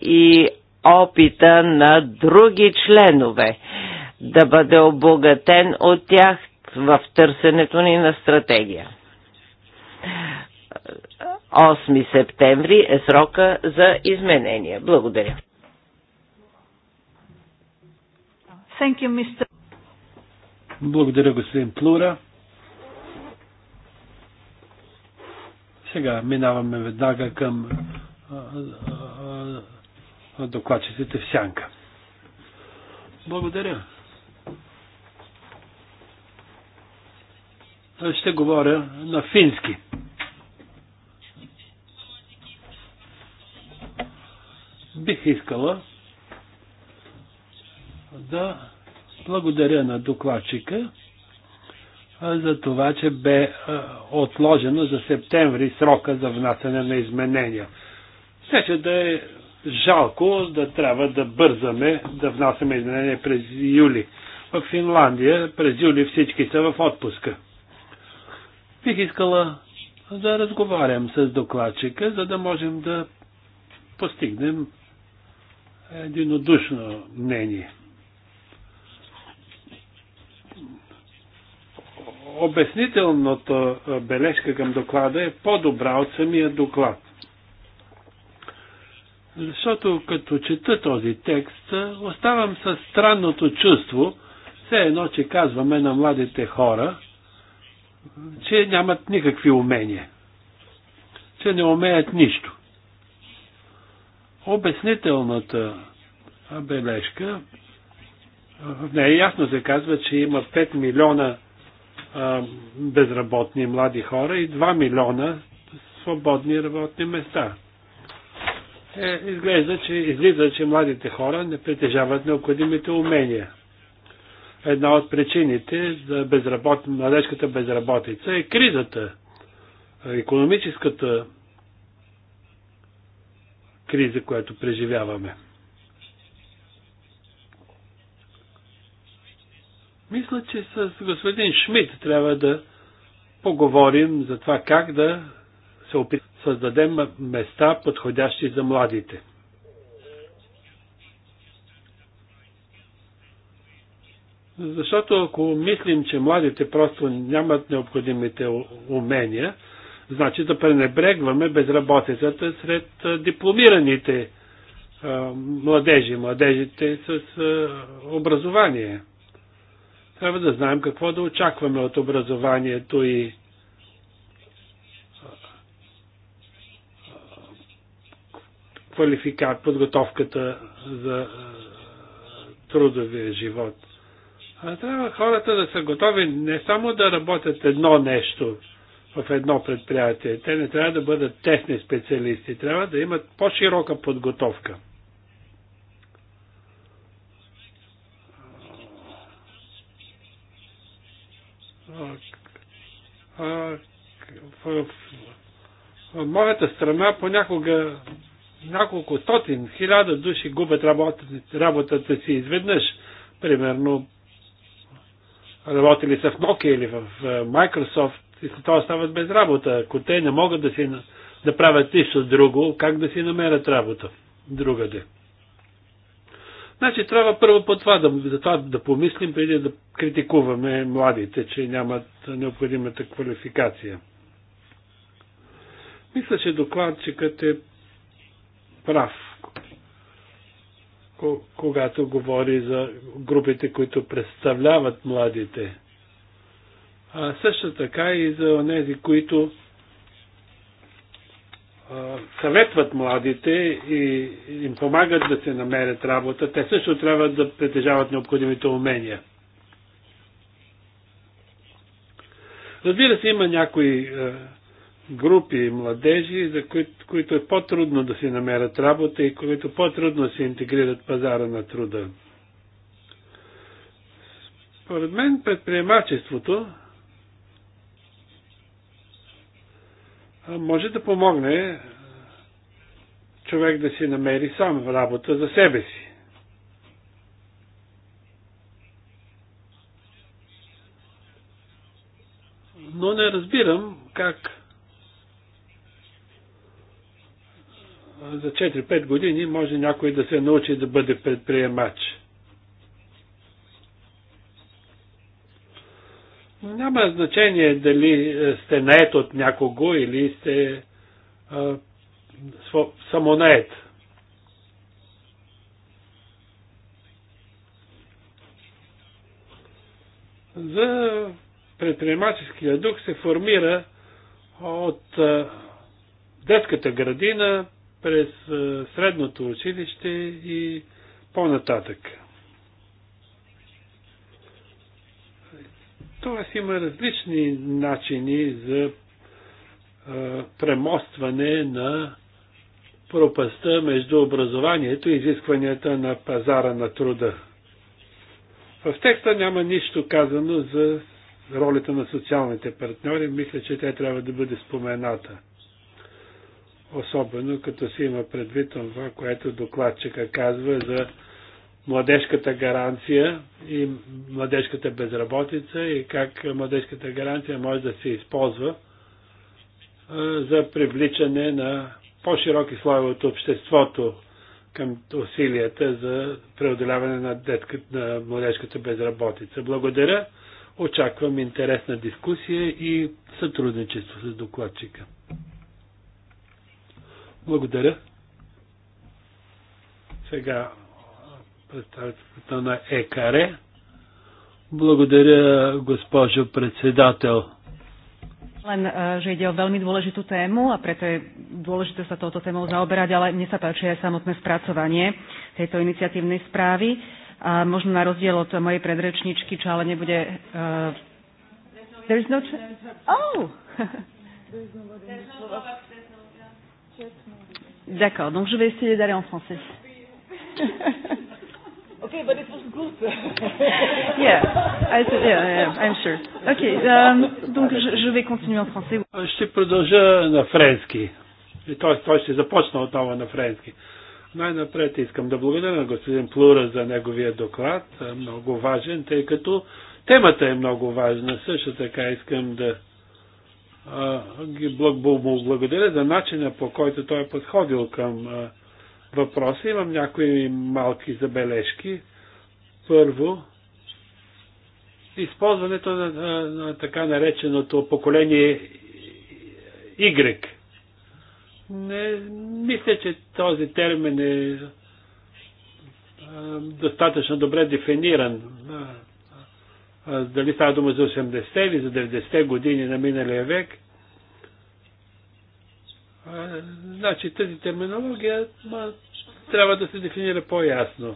и опита на други членове, да бъде обогатен от тях в търсенето ни на стратегия. 8 септември е срока за изменения. Благодаря. Thank you, Mr. Благодаря, господин Плура. Сега минаваме веднага към докладчиците в сянка. Благодаря. Ще говоря на фински. Бих искала да благодаря на докладчика за това, че бе отложено за септември срока за внасяне на изменения. че да е жалко да трябва да бързаме да внасяме изменения през юли. В Финландия през юли всички са в отпуска. Бих искала да разговарям с докладчика, за да можем да постигнем единодушно мнение. обяснителната бележка към доклада е по-добра от самия доклад. Защото като чета този текст, оставам с странното чувство, все едно, че казваме на младите хора, че нямат никакви умения, че не умеят нищо. Обяснителната бележка не, е ясно се казва, че има 5 милиона безработни млади хора и 2 милиона свободни работни места. Е, изглежда, че, излиза, че младите хора не притежават необходимите умения. Една от причините за безработ... младежката безработица е кризата, економическата криза, която преживяваме. Мисля, че с господин Шмидт трябва да поговорим за това как да се опит... създадем места, подходящи за младите. Защото ако мислим, че младите просто нямат необходимите умения, значи да пренебрегваме безработицата сред дипломираните младежи, младежите с образование. Трябва да знаем какво да очакваме от образованието и квалификат, подготовката за трудовия живот. А трябва хората да са готови не само да работят едно нещо в едно предприятие. Те не трябва да бъдат тесни специалисти. Трябва да имат по-широка подготовка. в, в, в моята страна понякога няколко стотин, хиляда души губят работата, работата си изведнъж. Примерно, работили са в Nokia или в Microsoft и след това стават без работа. Ако те не могат да, си, направят нищо друго, как да си намерят работа другаде? Значи трябва първо по това да, за това да помислим, преди да критикуваме младите, че нямат необходимата квалификация. Мисля, че докладчикът е прав, когато говори за групите, които представляват младите. А също така и за тези, които съветват младите и им помагат да се намерят работа, те също трябва да притежават необходимите умения. Разбира се, има някои групи младежи, за които, които е по-трудно да си намерят работа и които по-трудно се интегрират пазара на труда. Според мен предприемачеството може да помогне човек да си намери сам работа за себе си. Но не разбирам как за 4-5 години може някой да се научи да бъде предприемач. Няма значение дали е, сте наед от някого или сте е, самонаед. За предприемаческия дух се формира от е, детската градина през средното училище и по-нататък. Тоест има различни начини за а, премостване на пропаста между образованието и изискванията на пазара на труда. В текста няма нищо казано за ролята на социалните партньори. Мисля, че тя трябва да бъде спомената. Особено като се има предвид това, което докладчика казва за младежката гаранция и младежката безработица и как младежката гаранция може да се използва за привличане на по-широки слоеве от обществото към усилията за преодоляване на, детка, на младежката безработица. Благодаря. Очаквам интересна дискусия и сътрудничество с докладчика. Благодаря. Сега представителството на ЕКАРЕ. Благодаря, госпожо председател. Len, že ide o veľmi dôležitú tému a preto je dôležité sa touto témou zaoberať, ale mne sa páči aj samotné spracovanie tejto iniciatívnej správy. A možno na rozdiel od mojej predrečničky, čo ale nebude... Uh, there's no... Oh! D'accord, donc je vais essayer d'aller en français. Okay, but it was good. *laughs* yeah, I, yeah, yeah, I'm sure. Okay, um, donc je, je vais continuer en français. Euh, je Ще продължа на френски. И той, той ще започна отново на френски. Най-напред искам да благодаря на господин Плура за неговия доклад. Много важен, тъй като темата е много важна. Също така искам да а, ги благ, благодаря за начина по който той е подходил към а, въпроса. Имам някои малки забележки. Първо, използването на, на, на така нареченото поколение Y. Не, мисля, че този термин е а, достатъчно добре дефиниран. А, а, дали става дума за 80 или за 90 години на миналия век – Значи тази терминология ма, трябва да се дефинира по-ясно.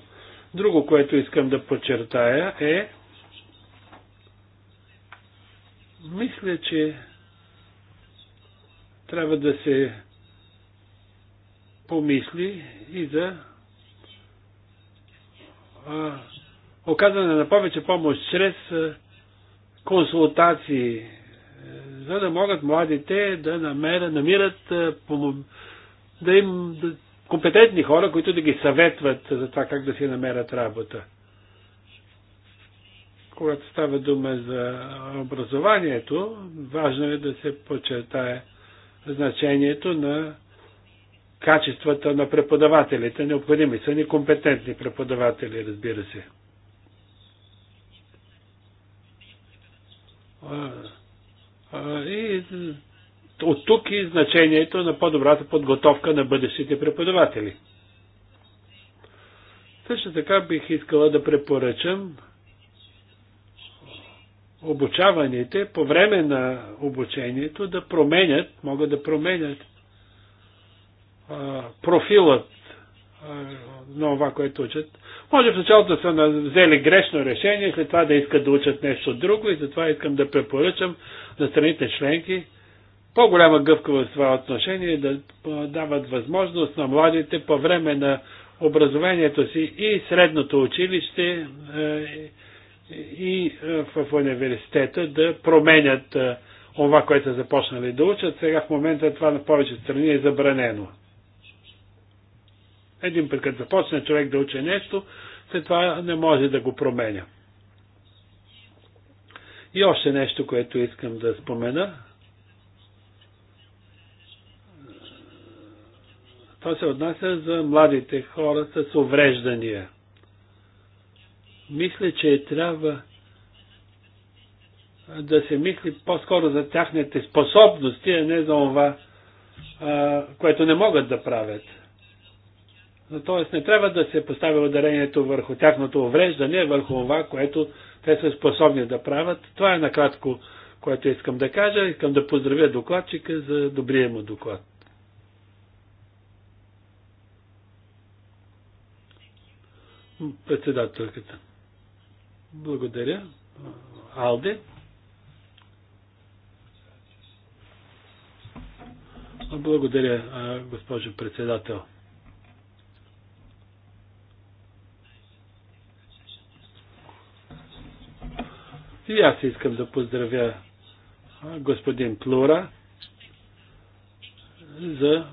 Друго, което искам да подчертая е, мисля, че трябва да се помисли и за а, оказване на повече помощ чрез а, консултации за да могат младите да намерят, намират да им да, компетентни хора, които да ги съветват за това как да си намерят работа. Когато става дума за образованието, важно е да се подчертае значението на качествата на преподавателите. Необходими са ни компетентни преподаватели, разбира се. И от тук и значението на по-добрата подготовка на бъдещите преподаватели. Също така бих искала да препоръчам обучаваните по време на обучението да променят, могат да променят профилът на това, което учат, може в началото да са взели грешно решение, след това да искат да учат нещо друго и затова искам да препоръчам на страните членки по-голяма гъвкавост в това отношение да дават възможност на младите по време на образованието си и средното училище е, и е, в университета да променят това, е, което са започнали да учат. Сега в момента това на повече страни е забранено един път като започне човек да учи нещо, след това не може да го променя. И още нещо, което искам да спомена. То се отнася за младите хора с увреждания. Мисля, че трябва да се мисли по-скоро за тяхните способности, а не за това, което не могат да правят. Тоест не трябва да се поставя ударението върху тяхното увреждане, върху това, което те са способни да правят. Това е накратко, което искам да кажа. Искам да поздравя докладчика за добрия му доклад. Председателката. Благодаря. Алде. Благодаря, госпожо председател. И аз искам да поздравя господин Плура за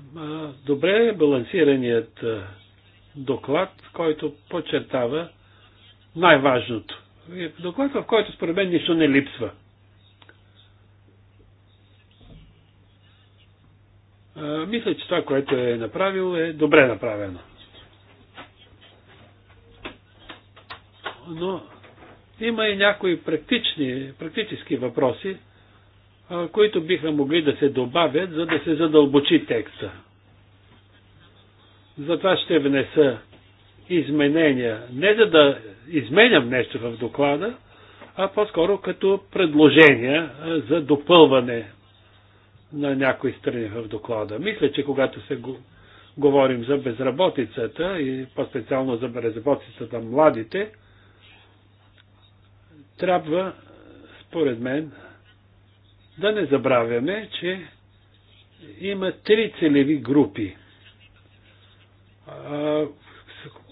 добре балансираният доклад, който подчертава най-важното. Доклад, в който според мен нищо не липсва. Мисля, че това, което е направил, е добре направено. Но има и някои практични, практически въпроси, които биха могли да се добавят, за да се задълбочи текста. Затова ще внеса изменения, не за да изменям нещо в доклада, а по-скоро като предложения за допълване на някои страни в доклада. Мисля, че когато се говорим за безработицата и по-специално за безработицата на младите, трябва, според мен, да не забравяме, че има три целеви групи,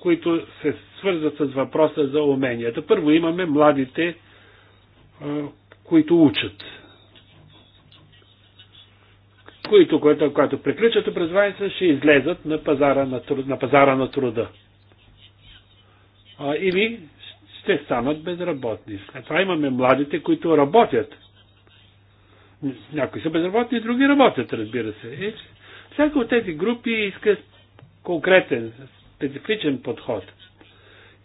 които се свързват с въпроса за уменията. Първо имаме младите, които учат. Които, които когато приключат образованието, ще излезат на пазара на, труд, на, пазара на труда. А, или те станат безработни. А това имаме младите, които работят. Някои са безработни, други работят, разбира се. И всяка от тези групи иска конкретен, специфичен подход.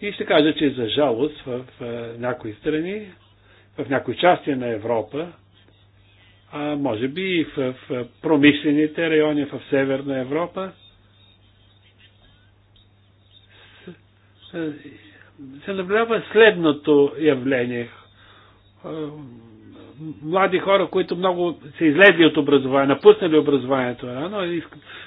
И ще кажа, че за жалост в, в някои страни, в някои части на Европа, а може би и в, в промишлените райони в Северна Европа, се наблюдава следното явление. Е, млади хора, които много са излезли от образование, напуснали образованието рано,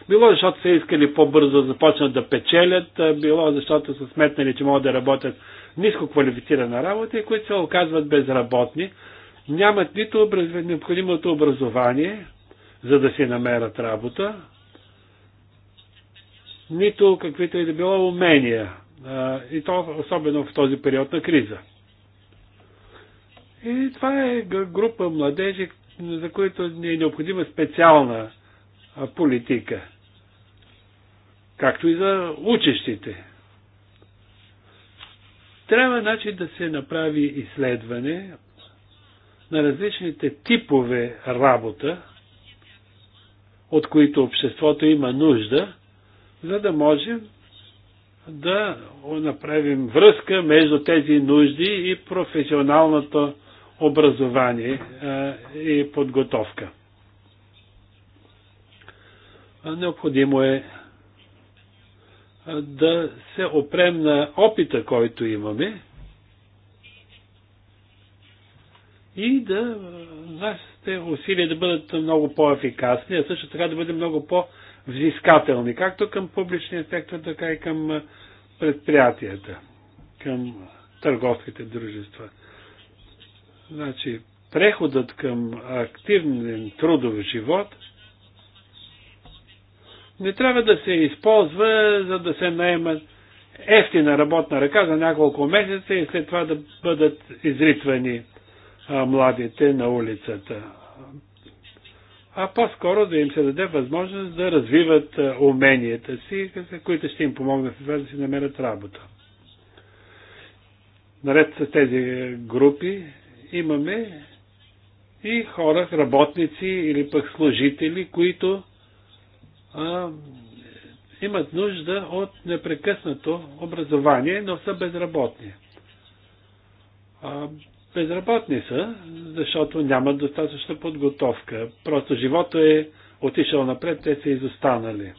било защото са искали по-бързо да започнат да печелят, било защото са сметнали, че могат да работят ниско квалифицирана работа и които се оказват безработни, нямат нито образ... необходимото образование, за да си намерят работа, нито каквито и да било умения и то особено в този период на криза. И това е група младежи, за които ни е необходима специална политика, както и за учещите. Трябва, значи, да се направи изследване на различните типове работа, от които обществото има нужда, за да можем да направим връзка между тези нужди и професионалното образование и подготовка. Необходимо е да се опрем на опита, който имаме и да нашите усилия да бъдат много по-ефикасни, а също така да бъдем много по-ефикасни взискателни, както към публичния сектор, така и към предприятията, към търговските дружества. Значи, преходът към активен трудов живот не трябва да се използва, за да се наемат ефтина работна ръка за няколко месеца и след това да бъдат изритвани а, младите на улицата а по-скоро да им се даде възможност да развиват уменията си, които ще им помогнат това да си намерят работа. Наред с тези групи имаме и хора, работници или пък служители, които а, имат нужда от непрекъснато образование, но са безработни. А, Безработни са, защото нямат достатъчна подготовка. Просто живота е отишъл напред, те са изостанали.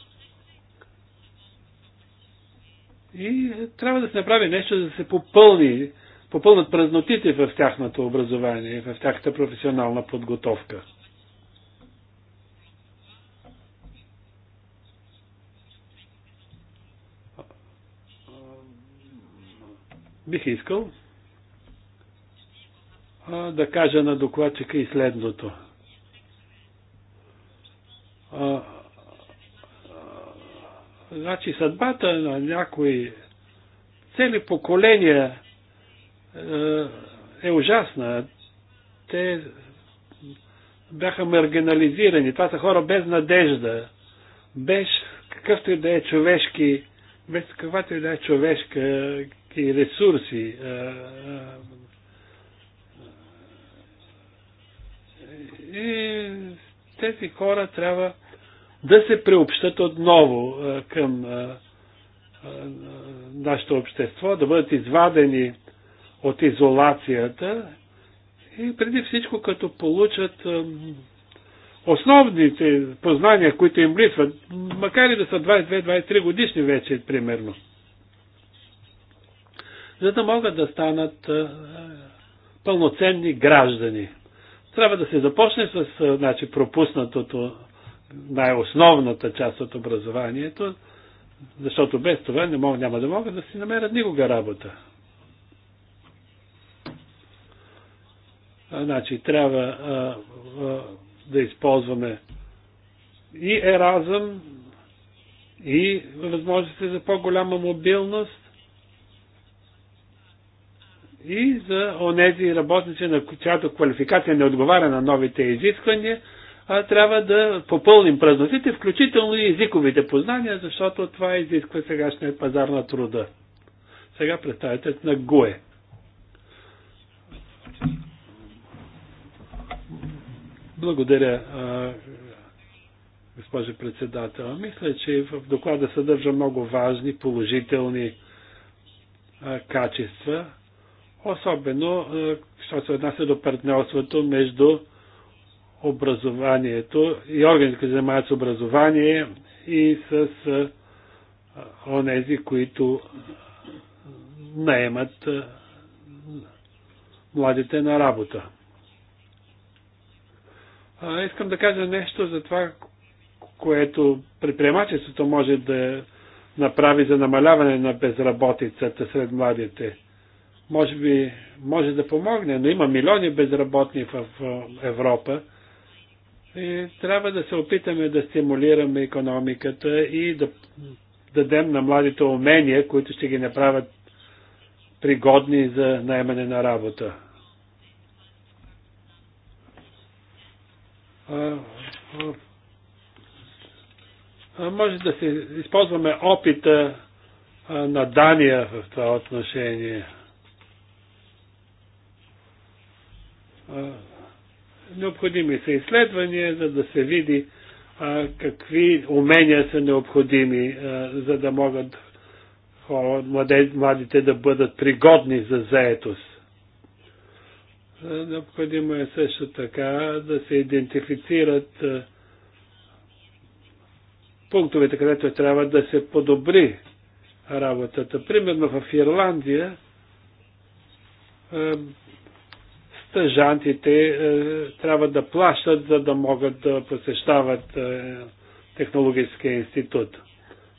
И трябва да се направи нещо, за да се попълни, попълнат празнотите в тяхното образование, в тяхната професионална подготовка. Бих искал да кажа на докладчика и следното. А, значи съдбата на някои цели поколения е, е ужасна. Те бяха маргинализирани. Това са хора без надежда, без какъвто и да е човешки, без каквато и да е човешка и ресурси, и тези хора трябва да се приобщат отново към нашето общество, да бъдат извадени от изолацията и преди всичко като получат основните познания, които им липсват, макар и да са 22-23 годишни вече, примерно, за да могат да станат пълноценни граждани. Трябва да се започне с значи, пропуснатото, най-основната част от образованието, защото без това не мога, няма да могат да си намерят никога работа. Значи, трябва а, а, да използваме и еразъм, и възможности за по-голяма мобилност, и за онези работници, на чиято квалификация не отговаря на новите изисквания, а трябва да попълним празнотите, включително и езиковите познания, защото това изисква сегашния пазар на труда. Сега представете на ГУЕ. Благодаря, госпожо председател. Мисля, че в доклада съдържа много важни, положителни качества, особено, е, що се отнася до партньорството между образованието и органите, които занимават с образование и с е, онези, които наемат е, младите на работа. А, искам да кажа нещо за това, което предприемачеството може да направи за намаляване на безработицата сред младите може би може да помогне, но има милиони безработни в Европа и трябва да се опитаме да стимулираме економиката и да дадем на младите умения, които ще ги направят пригодни за наемане на работа. А, а, може да се използваме опита а, на Дания в това отношение. Необходими са изследвания, за да се види какви умения са необходими, за да могат хора, младите да бъдат пригодни за заетост. Необходимо е също така да се идентифицират пунктовете, където трябва да се подобри работата. Примерно в Ирландия стъжантите е, трябва да плащат, за да могат да посещават е, технологическия институт.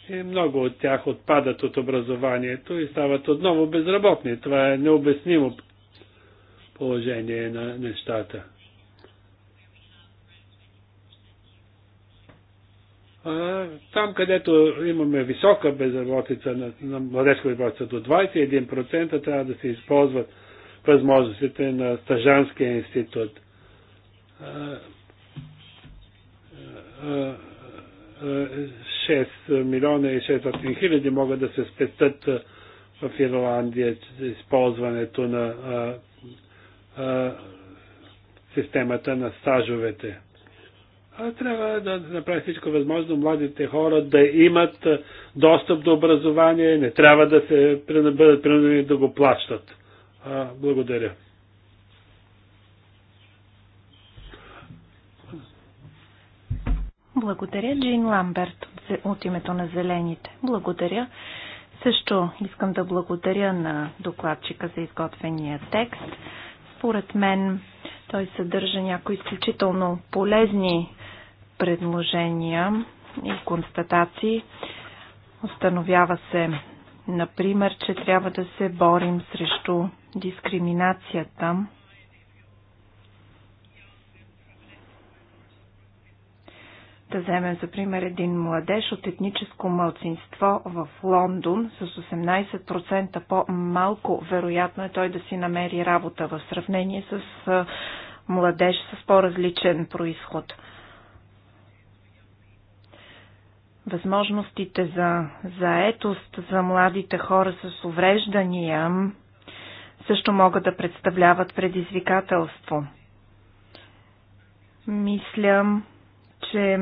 И много от тях отпадат от образованието и стават отново безработни. Това е необяснимо положение на нещата. там, където имаме висока безработица на, на младежка безработица до 21%, трябва да се използват възможностите на Стажанския институт. Шест 6 милиона и 600 хиляди могат да се спестят в Ирландия използването на системата на стажовете. А трябва да направи всичко възможно младите хора да имат достъп до образование, не трябва да се бъдат принудени да го плащат. Благодаря. Благодаря, Джин Ламберт от името на Зелените. Благодаря. Също искам да благодаря на докладчика за изготвения текст. Според мен той съдържа някои изключително полезни предложения и констатации. Установява се, например, че трябва да се борим срещу дискриминацията. Да вземем за пример един младеж от етническо мълцинство в Лондон с 18% по-малко вероятно е той да си намери работа в сравнение с младеж с по-различен происход. Възможностите за заетост за младите хора с увреждания също могат да представляват предизвикателство. Мисля, че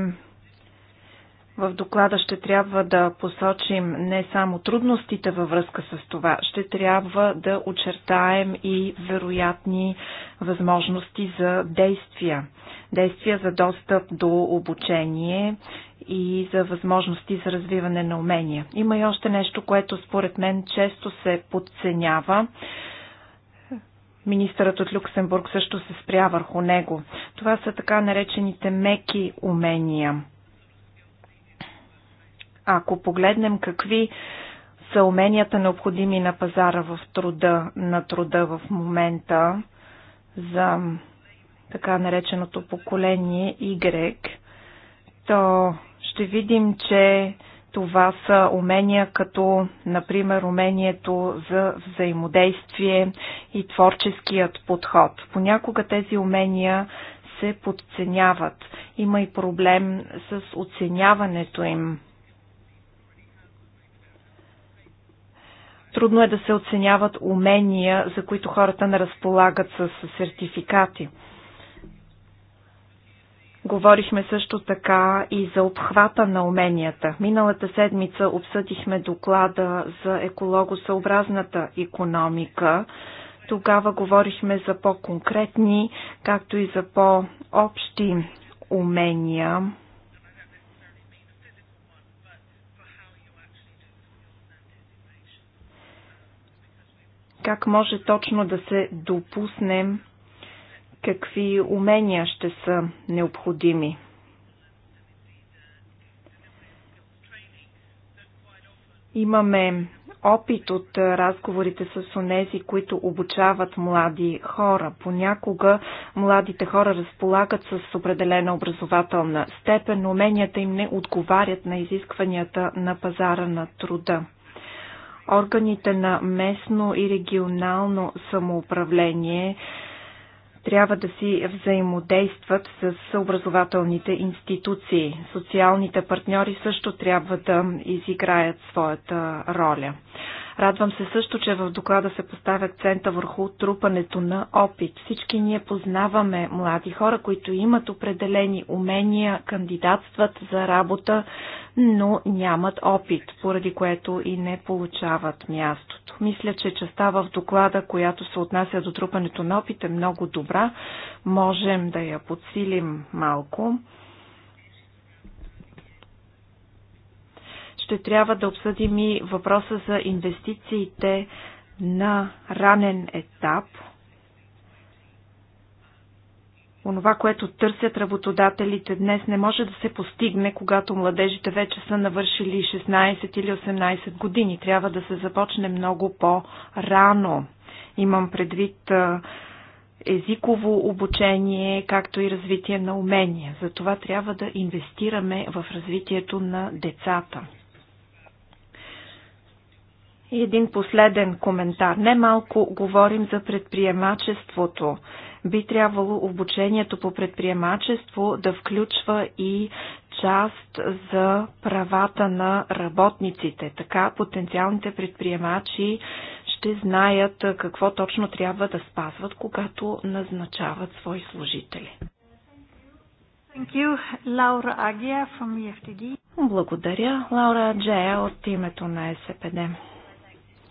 в доклада ще трябва да посочим не само трудностите във връзка с това, ще трябва да очертаем и вероятни възможности за действия. Действия за достъп до обучение и за възможности за развиване на умения. Има и още нещо, което според мен често се подценява. Министърът от Люксембург също се спря върху него. Това са така наречените меки умения. Ако погледнем какви са уменията необходими на пазара в труда, на труда в момента за така нареченото поколение Y, то ще видим, че това са умения като, например, умението за взаимодействие и творческият подход. Понякога тези умения се подценяват. Има и проблем с оценяването им. Трудно е да се оценяват умения, за които хората не разполагат с сертификати. Говорихме също така и за обхвата на уменията. Миналата седмица обсъдихме доклада за екологосъобразната економика. Тогава говорихме за по-конкретни, както и за по-общи умения. Как може точно да се допуснем какви умения ще са необходими. Имаме опит от разговорите с онези, които обучават млади хора. Понякога младите хора разполагат с определена образователна степен, уменията им не отговарят на изискванията на пазара на труда. Органите на местно и регионално самоуправление трябва да си взаимодействат с образователните институции. Социалните партньори също трябва да изиграят своята роля. Радвам се също, че в доклада се поставя акцента върху трупането на опит. Всички ние познаваме млади хора, които имат определени умения, кандидатстват за работа, но нямат опит, поради което и не получават мястото. Мисля, че частта в доклада, която се отнася до трупането на опит е много добра. Можем да я подсилим малко. ще трябва да обсъдим и въпроса за инвестициите на ранен етап. Онова, което търсят работодателите днес, не може да се постигне, когато младежите вече са навършили 16 или 18 години. Трябва да се започне много по-рано. Имам предвид езиково обучение, както и развитие на умения. Затова трябва да инвестираме в развитието на децата. И един последен коментар. Немалко говорим за предприемачеството. Би трябвало обучението по предприемачество да включва и част за правата на работниците. Така потенциалните предприемачи ще знаят какво точно трябва да спазват, когато назначават свои служители. Thank you, Laura Agia from EFTD. Благодаря, Лаура Аджея от името на СПД.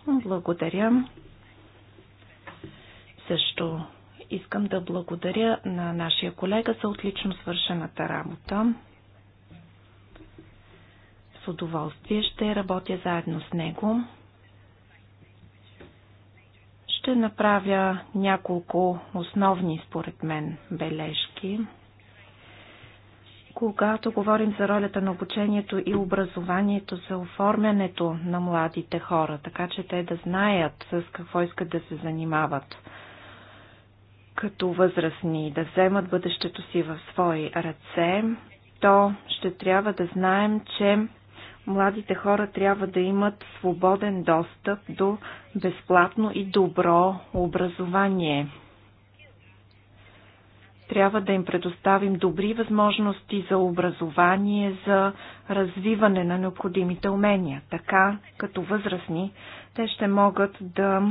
Благодаря. Също искам да благодаря на нашия колега за отлично свършената работа. С удоволствие ще работя заедно с него. Ще направя няколко основни, според мен, бележки когато говорим за ролята на обучението и образованието за оформянето на младите хора, така че те да знаят с какво искат да се занимават като възрастни, да вземат бъдещето си в свои ръце, то ще трябва да знаем, че младите хора трябва да имат свободен достъп до безплатно и добро образование. Трябва да им предоставим добри възможности за образование, за развиване на необходимите умения. Така, като възрастни, те ще могат да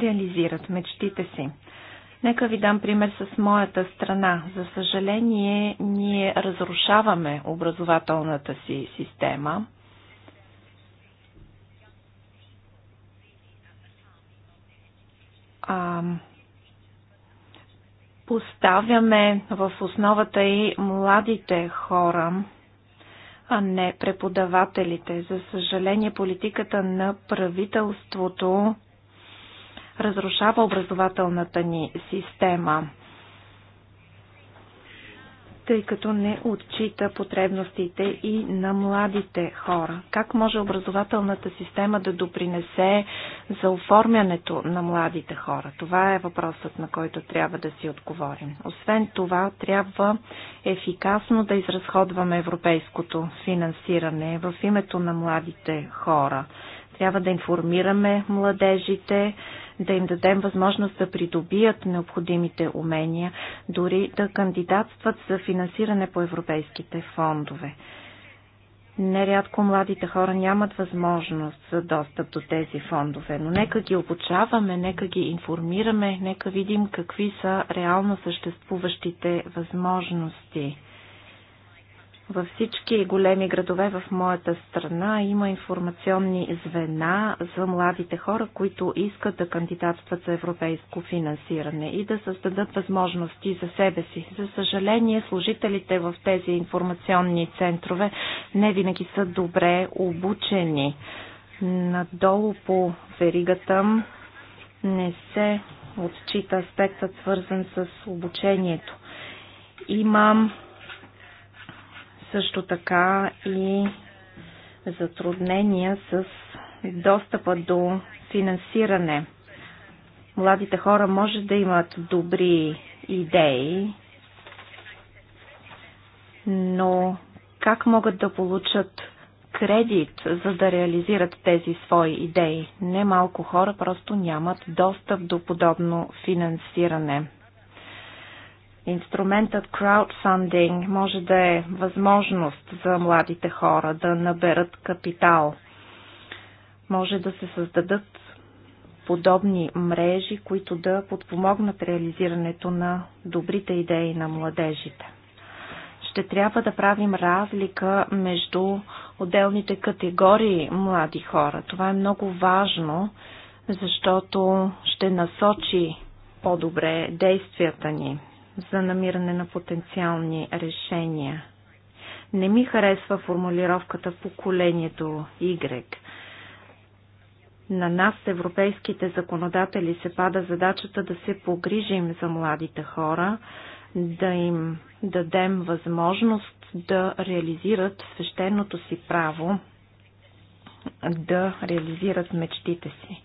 реализират мечтите си. Нека ви дам пример с моята страна. За съжаление, ние разрушаваме образователната си система. А, поставяме в основата и младите хора, а не преподавателите. За съжаление, политиката на правителството разрушава образователната ни система тъй като не отчита потребностите и на младите хора. Как може образователната система да допринесе за оформянето на младите хора? Това е въпросът, на който трябва да си отговорим. Освен това, трябва ефикасно да изразходваме европейското финансиране в името на младите хора. Трябва да информираме младежите, да им дадем възможност да придобият необходимите умения, дори да кандидатстват за финансиране по европейските фондове. Нерядко младите хора нямат възможност за достъп до тези фондове, но нека ги обучаваме, нека ги информираме, нека видим какви са реално съществуващите възможности. Във всички големи градове в моята страна има информационни звена за младите хора, които искат да кандидатстват за европейско финансиране и да създадат възможности за себе си. За съжаление, служителите в тези информационни центрове не винаги са добре обучени. Надолу по веригата не се отчита аспектът свързан с обучението. Имам също така и затруднения с достъпа до финансиране. Младите хора може да имат добри идеи, но как могат да получат кредит, за да реализират тези свои идеи? Немалко хора просто нямат достъп до подобно финансиране. Инструментът краудфандинг може да е възможност за младите хора да наберат капитал. Може да се създадат подобни мрежи, които да подпомогнат реализирането на добрите идеи на младежите. Ще трябва да правим разлика между отделните категории млади хора. Това е много важно, защото ще насочи по-добре действията ни за намиране на потенциални решения. Не ми харесва формулировката поколението Y. На нас, европейските законодатели, се пада задачата да се погрижим за младите хора, да им дадем възможност да реализират свещеното си право, да реализират мечтите си.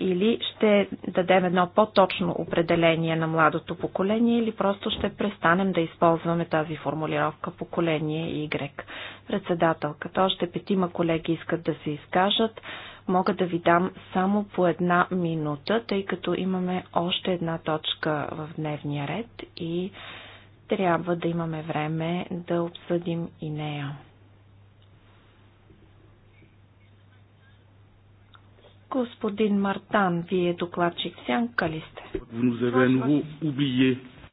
Или ще дадем едно по-точно определение на младото поколение, или просто ще престанем да използваме тази формулировка поколение Y. Председателката, още петима колеги искат да се изкажат. Мога да ви дам само по една минута, тъй като имаме още една точка в дневния ред и трябва да имаме време да обсъдим и нея. Господин Мартан, вие докладчик сянка ли сте?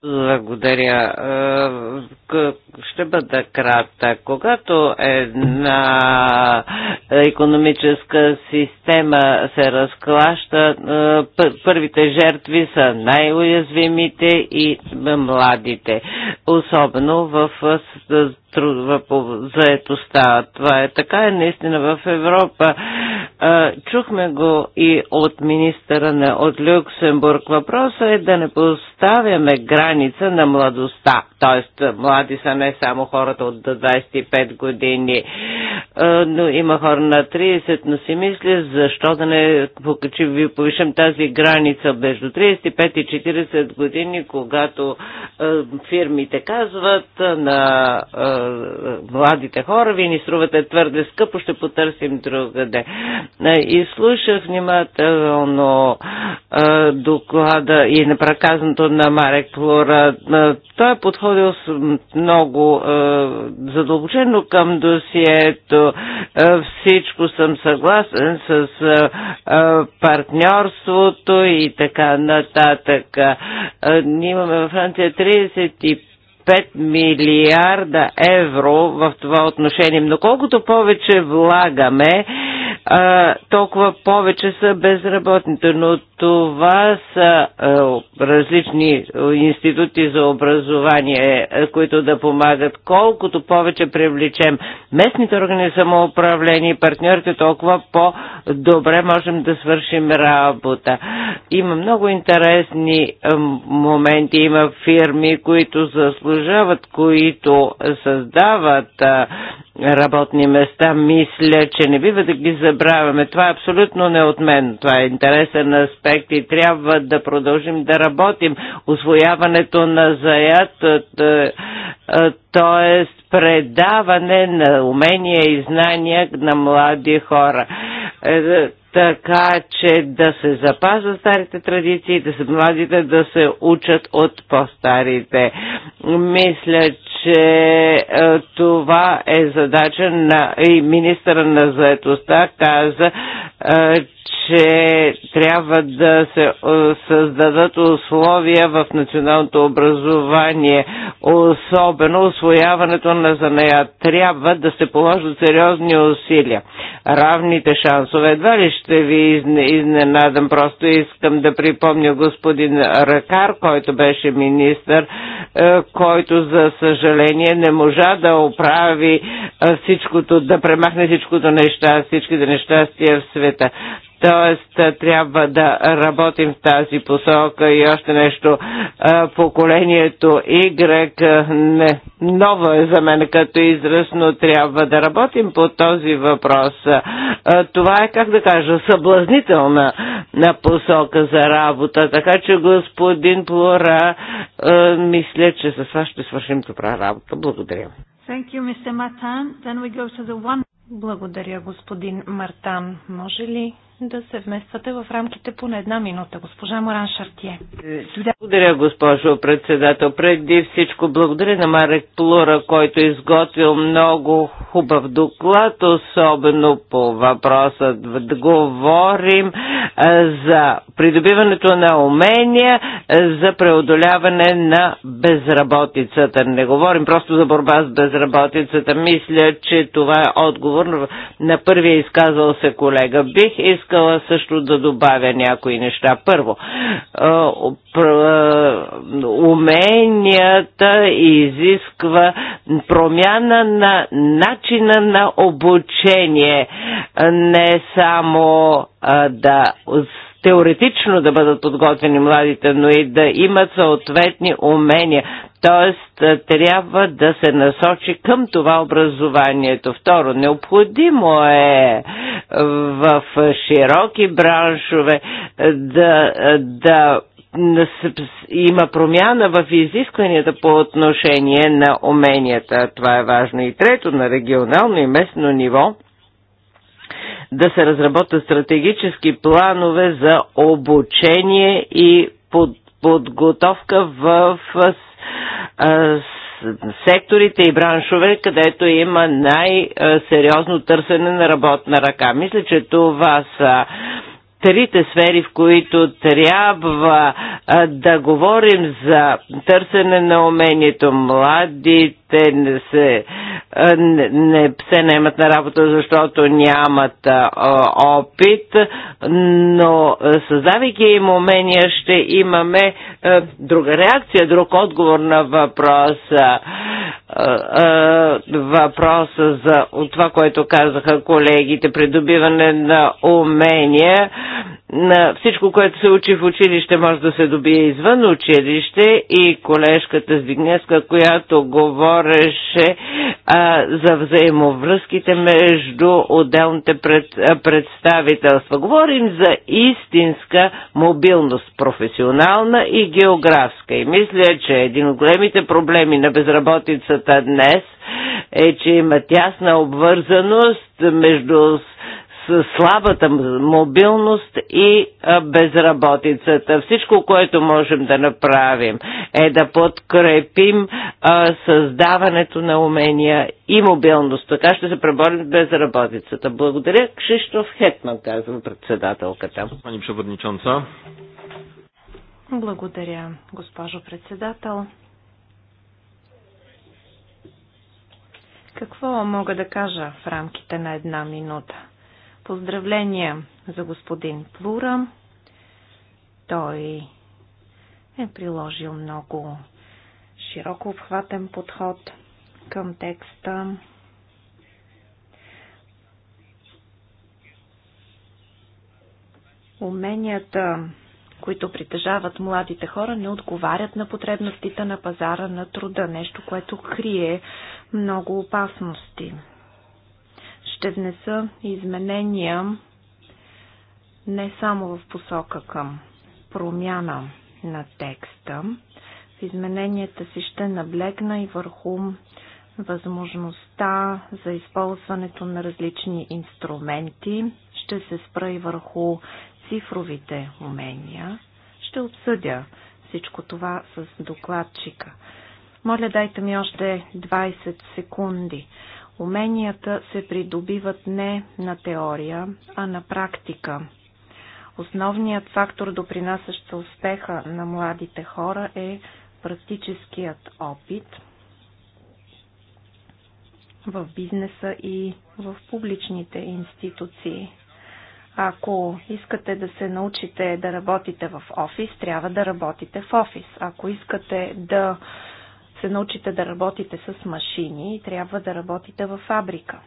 Благодаря. Е, ще бъда кратък. Когато една економическа система се разклаща, е, първите жертви са най-уязвимите и младите, особено в заетостта. Това е така и е наистина в Европа. Чухме го и от министъра на, от Люксембург. Въпросът е да не поставяме граница на младостта. Тоест, млади са не само хората от 25 години. Е, но има хора на 30, но си мисля, защо да не ви повишим тази граница между 35 и 40 години, когато е, фирмите казват на е, младите хора, ви ни струвате твърде скъпо, ще потърсим другаде. И слушах внимателно доклада и напраказаното на Марек Флора. Той е подходил много задълбочено към досието което всичко съм съгласен с партньорството и така нататък. Ние имаме във Франция 35 5 милиарда евро в това отношение. Но колкото повече влагаме, толкова повече са безработните. Но това са различни институти за образование, които да помагат. Колкото повече привлечем местните органи самоуправление и партньорите, толкова по-добре можем да свършим работа. Има много интересни моменти. Има фирми, които заслужават продължават, които създават работни места, мисля, че не бива да ги забравяме. Това е абсолютно мен. Това е интересен аспект и трябва да продължим да работим. Освояването на заят, т.е. предаване на умения и знания на млади хора е, така че да се запазват старите традиции, да се младите да се учат от по-старите. Мисля, че е, това е задача на и министъра на заетостта каза, е, че трябва да се е, създадат условия в националното образование, особено освояването на занаят. Трябва да се положат сериозни усилия. Равните шансове. Едва ли ще ви изненадам, просто искам да припомня господин Ракар, който беше министър, който за съжаление съжаление, не можа да оправи всичкото, да премахне всичкото неща, всичките нещастия в света. Тоест, трябва да работим в тази посока и още нещо. Поколението Y не, ново е за мен като но трябва да работим по този въпрос. Това е, как да кажа, съблазнителна на посока за работа. Така че, господин Плора, мисля, че с вас ще свършим добра работа. Благодаря. Thank you, Mr. Martin. Then we go to the one... Благодаря, господин Мартан. Може ли да се вмествате в рамките поне една минута. Госпожа Моран Шартие. Благодаря, госпожо председател. Преди всичко благодаря на Марек Плура, който изготвил много хубав доклад, особено по въпроса да говорим за придобиването на умения за преодоляване на безработицата. Не говорим просто за борба с безработицата. Мисля, че това е отговор на първия изказвал се колега. Бих искал искала също да добавя някои неща. Първо, уменията изисква промяна на начина на обучение, не само да теоретично да бъдат подготвени младите, но и да имат съответни умения. Т.е. трябва да се насочи към това образованието. Второ, необходимо е, е в широки браншове е, да, е, да има промяна в изискванията по отношение на уменията. Това е важно. И трето, на регионално и местно ниво да се разработят стратегически планове за обучение и под подготовка в секторите и браншове, където има най-сериозно търсене на работна ръка. Мисля, че това са трите сфери, в които трябва а, да говорим за търсене на умението. Младите не се, а, не, не се наемат на работа, защото нямат а, опит, но създавайки им умения ще имаме а, друга реакция, друг отговор на въпроса въпроса за това, което казаха колегите, придобиване на умения на всичко, което се учи в училище, може да се добие извън училище и колежката Здигнеска, която говореше а, за взаимовръзките между отделните пред, а, представителства. Говорим за истинска мобилност, професионална и географска. И мисля, че един от големите проблеми на безработицата днес е, че има тясна обвързаност между слабата мобилност и безработицата. Всичко, което можем да направим е да подкрепим създаването на умения и мобилност. Така ще се преборим с безработицата. Благодаря. Кшиштоф Хетман, казва председателката. Благодаря, госпожо председател. Какво мога да кажа в рамките на една минута? Поздравления за господин Плура. Той е приложил много широко обхватен подход към текста. Уменията, които притежават младите хора, не отговарят на потребностите на пазара на труда, нещо, което крие много опасности. Ще внеса изменения не само в посока към промяна на текста. В измененията си ще наблегна и върху възможността за използването на различни инструменти. Ще се спра и върху цифровите умения. Ще обсъдя всичко това с докладчика. Моля, дайте ми още 20 секунди. Уменията се придобиват не на теория, а на практика. Основният фактор, допринасящ за успеха на младите хора е практическият опит в бизнеса и в публичните институции. Ако искате да се научите да работите в офис, трябва да работите в офис. Ако искате да се научите да работите с машини и трябва да работите във фабрика.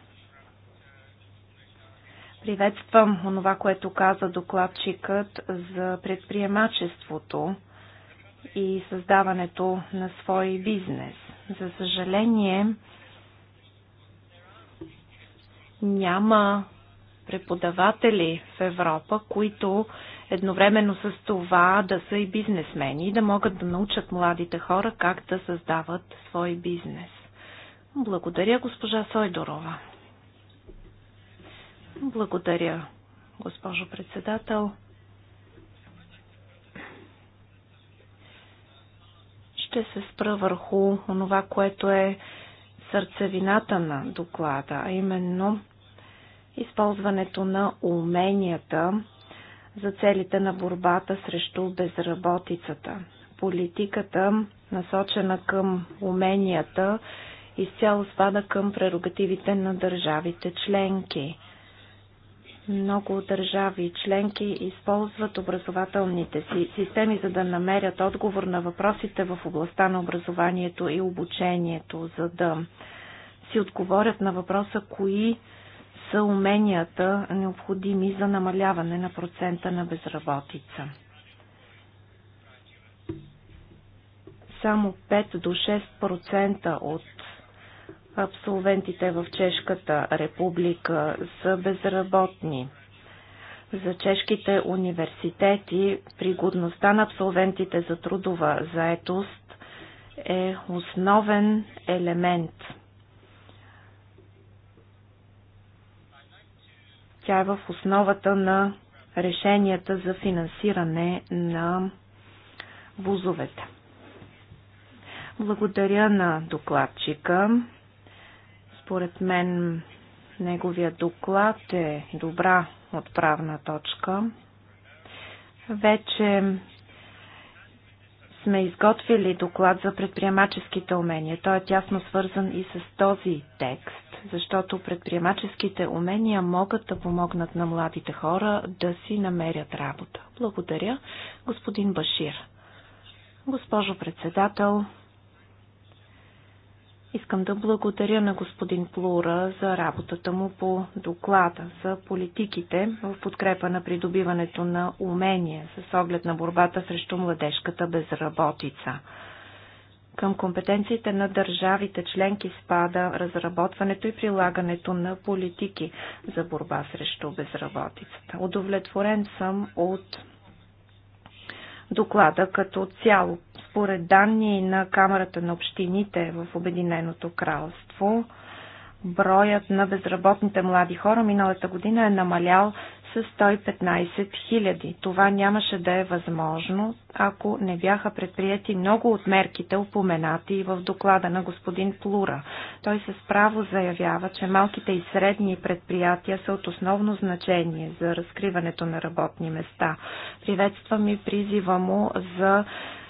Приветствам онова, което каза докладчикът за предприемачеството и създаването на свой бизнес. За съжаление, няма преподаватели в Европа, които едновременно с това да са и бизнесмени и да могат да научат младите хора как да създават свой бизнес. Благодаря, госпожа Сойдорова. Благодаря, госпожо председател. Ще се спра върху това, което е сърцевината на доклада, а именно използването на уменията за целите на борбата срещу безработицата. Политиката, насочена към уменията, изцяло спада към прерогативите на държавите членки. Много държави членки използват образователните си системи, за да намерят отговор на въпросите в областта на образованието и обучението, за да си отговорят на въпроса кои са уменията необходими за намаляване на процента на безработица. Само 5 до 6% от абсолвентите в Чешката република са безработни. За чешките университети пригодността на абсолвентите за трудова заетост е основен елемент – Тя е в основата на решенията за финансиране на вузовете. Благодаря на докладчика. Според мен неговия доклад е добра отправна точка. Вече сме изготвили доклад за предприемаческите умения. Той е тясно свързан и с този текст, защото предприемаческите умения могат да помогнат на младите хора да си намерят работа. Благодаря, господин Башир. Госпожо председател, Искам да благодаря на господин Плура за работата му по доклада за политиките в подкрепа на придобиването на умения с оглед на борбата срещу младежката безработица. Към компетенциите на държавите членки спада разработването и прилагането на политики за борба срещу безработицата. Удовлетворен съм от доклада като цяло според данни на Камерата на общините в Обединеното кралство, броят на безработните млади хора миналата година е намалял с 115 000. Това нямаше да е възможно, ако не бяха предприяти много от мерките, упоменати в доклада на господин Плура. Той с право заявява, че малките и средни предприятия са от основно значение за разкриването на работни места. Приветствам и призива му за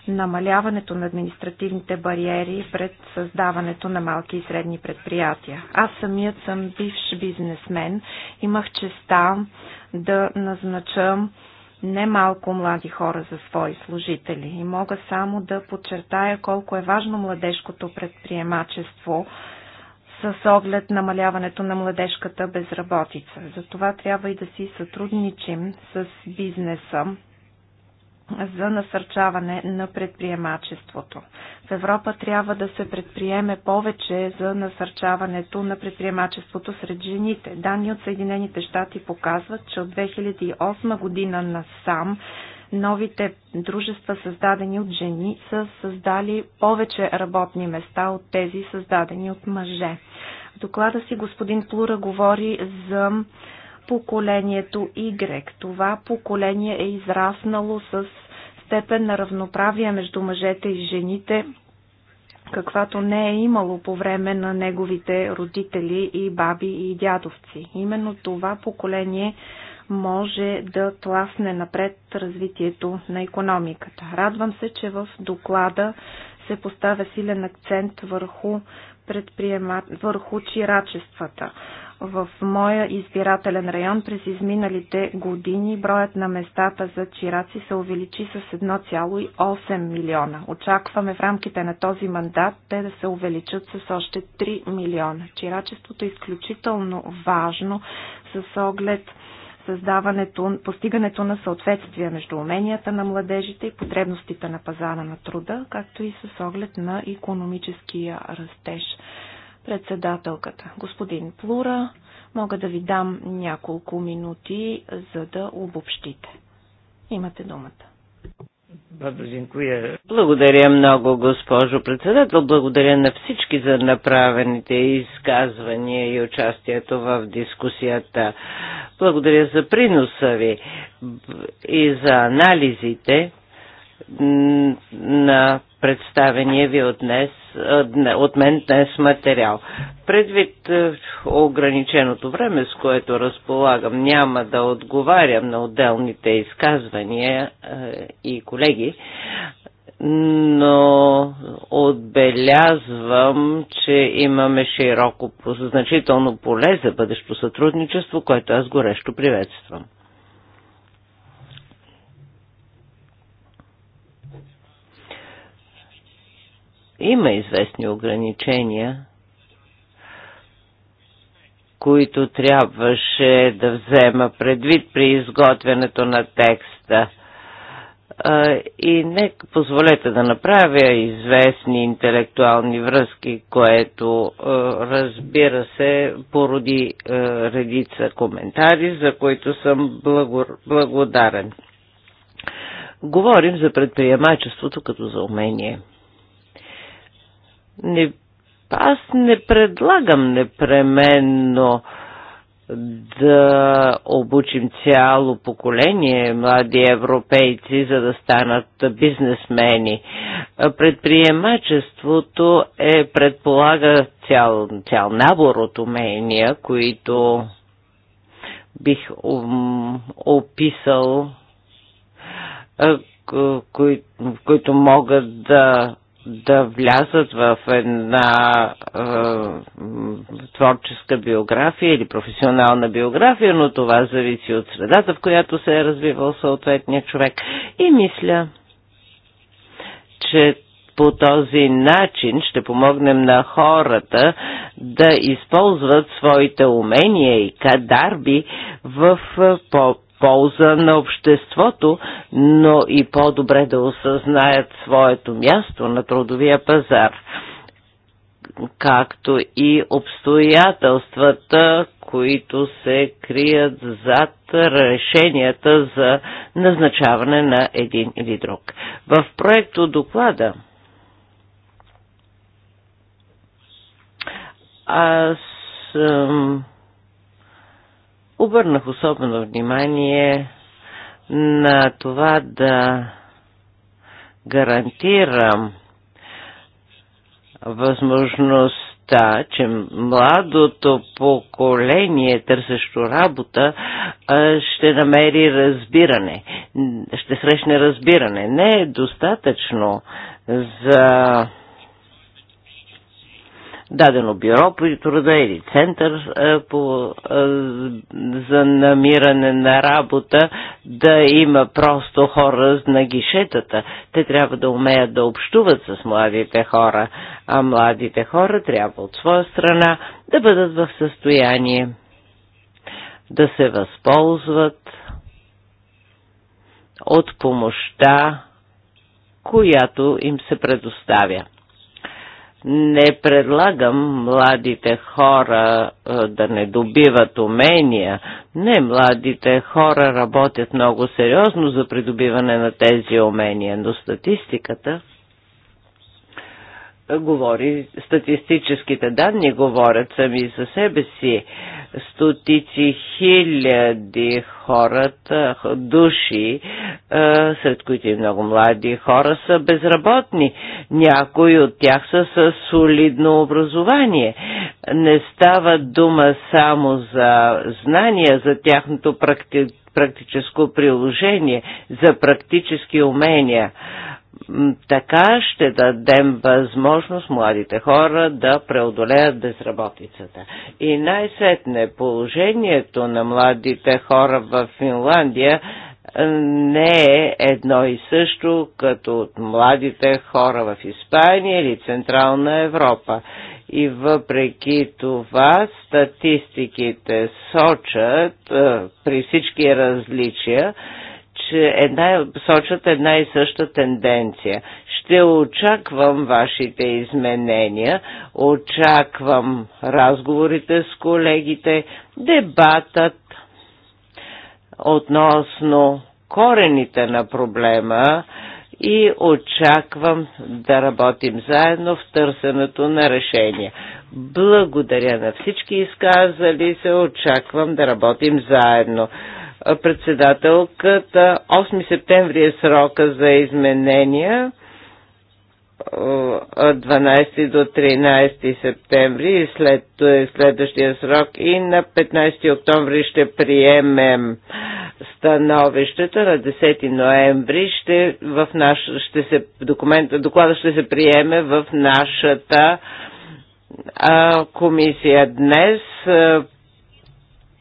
намаляването на административните бариери пред създаването на малки и средни предприятия. Аз самият съм бивш бизнесмен. Имах честа да назнача немалко млади хора за свои служители и мога само да подчертая колко е важно младежкото предприемачество с оглед намаляването на младежката безработица. Затова трябва и да си сътрудничим с бизнеса за насърчаване на предприемачеството. В Европа трябва да се предприеме повече за насърчаването на предприемачеството сред жените. Данни от Съединените щати показват, че от 2008 година насам новите дружества, създадени от жени, са създали повече работни места от тези, създадени от мъже. В доклада си господин Плура говори за поколението Y. Това поколение е израснало с степен на равноправие между мъжете и жените, каквато не е имало по време на неговите родители и баби и дядовци. Именно това поколение може да тласне напред развитието на економиката. Радвам се, че в доклада се поставя силен акцент върху, предприема... върху чирачествата. В моя избирателен район през изминалите години броят на местата за чираци се увеличи с 1,8 милиона. Очакваме в рамките на този мандат те да се увеличат с още 3 милиона. Чирачеството е изключително важно с оглед създаването, постигането на съответствие между уменията на младежите и потребностите на пазара на труда, както и с оглед на економическия растеж. Председателката, господин Плура, мога да ви дам няколко минути, за да обобщите. Имате думата. Благодаря много, госпожо председател. Благодаря на всички за направените изказвания и участието в дискусията. Благодаря за приноса ви и за анализите на представения ви от, днес, от мен днес материал. Предвид е, ограниченото време, с което разполагам, няма да отговарям на отделните изказвания е, и колеги, но отбелязвам, че имаме широко, значително поле за бъдещо сътрудничество, което аз горещо приветствам. Има известни ограничения, които трябваше да взема предвид при изготвянето на текста. И нека позволете да направя известни интелектуални връзки, което разбира се породи редица коментари, за които съм благодарен. Говорим за предприемачеството като за умение – не, аз не предлагам непременно да обучим цяло поколение млади европейци, за да станат бизнесмени. Предприемачеството е, предполага цял, цял набор от умения, които бих описал, кои, които могат да да влязат в една е, творческа биография или професионална биография, но това зависи от средата, в която се е развивал съответния човек. И мисля, че по този начин ще помогнем на хората да използват своите умения и кадарби в е, по полза на обществото, но и по-добре да осъзнаят своето място на трудовия пазар както и обстоятелствата, които се крият зад решенията за назначаване на един или друг. В проекто доклада аз Обърнах особено внимание на това да гарантирам възможността, че младото поколение, търсещо работа, ще намери разбиране, ще срещне разбиране. Не е достатъчно за дадено бюро по труда или център е, по, е, за намиране на работа, да има просто хора на гишетата. Те трябва да умеят да общуват с младите хора, а младите хора трябва от своя страна да бъдат в състояние да се възползват от помощта, която им се предоставя. Не предлагам младите хора да не добиват умения. Не, младите хора работят много сериозно за придобиване на тези умения, но статистиката говори, статистическите данни говорят сами за себе си. Стотици хиляди хората, души, сред които и много млади хора, са безработни. Някои от тях са с солидно образование. Не става дума само за знания, за тяхното практическо практическо приложение, за практически умения. Така ще дадем възможност младите хора да преодолеят безработицата. И най-сетне положението на младите хора в Финландия не е едно и също като от младите хора в Испания или Централна Европа. И въпреки това статистиките сочат е, при всички различия, че една, сочат една и съща тенденция. Ще очаквам вашите изменения, очаквам разговорите с колегите, дебатът относно корените на проблема и очаквам да работим заедно в търсенето на решение. Благодаря на всички изказали се, очаквам да работим заедно. Председателката, 8 септември е срока за изменения от 12 до 13 септември и след е, следващия срок и на 15 октомври ще приемем становището. На 10 ноември ще, в наш, ще се, документ, доклада ще се приеме в нашата а, комисия днес.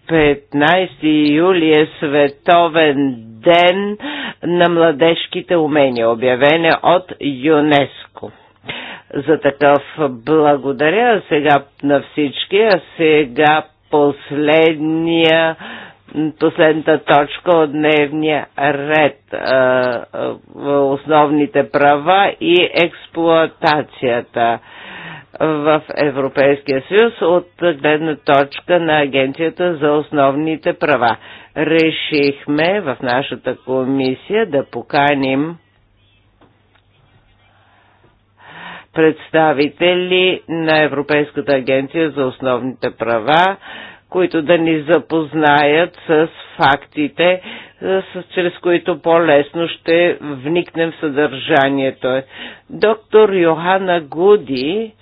15 е, юли е световен ден на младежките умения, обявена е от ЮНЕСКО за такъв. Благодаря сега на всички, а сега последния последната точка от дневния ред основните права и експлоатацията в Европейския съюз от гледна точка на Агенцията за основните права. Решихме в нашата комисия да поканим представители на Европейската агенция за основните права, които да ни запознаят с фактите чрез които по-лесно ще вникнем в съдържанието. Доктор Йохана Гуди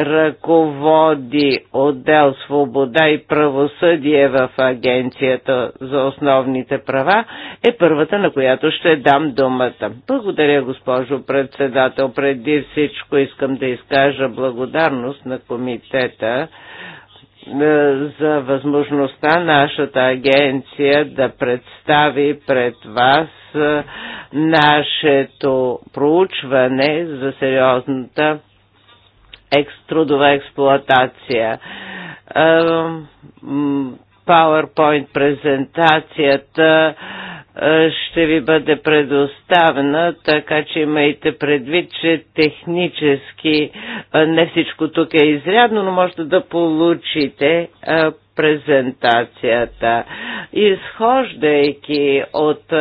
ръководи отдел Свобода и правосъдие в Агенцията за основните права, е първата, на която ще дам думата. Благодаря, госпожо председател. Преди всичко искам да изкажа благодарност на комитета е, за възможността нашата агенция да представи пред вас е, нашето проучване за сериозната екструдова експлоатация. Е, PowerPoint презентацията е, ще ви бъде предоставена, така че имайте предвид, че технически е, не всичко тук е изрядно, но можете да получите е, презентацията. Изхождайки от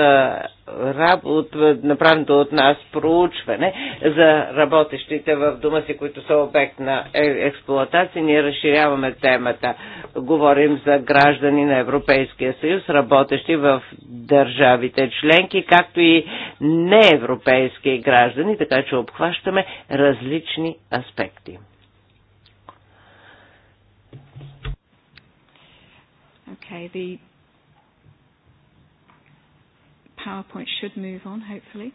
работа, направеното от нас проучване за работещите в дома си, които са обект на е, експлуатация, ние разширяваме темата. Говорим за граждани на Европейския съюз, работещи в държавите членки, както и неевропейски граждани, така че обхващаме различни аспекти. Okay, the PowerPoint should move on, hopefully.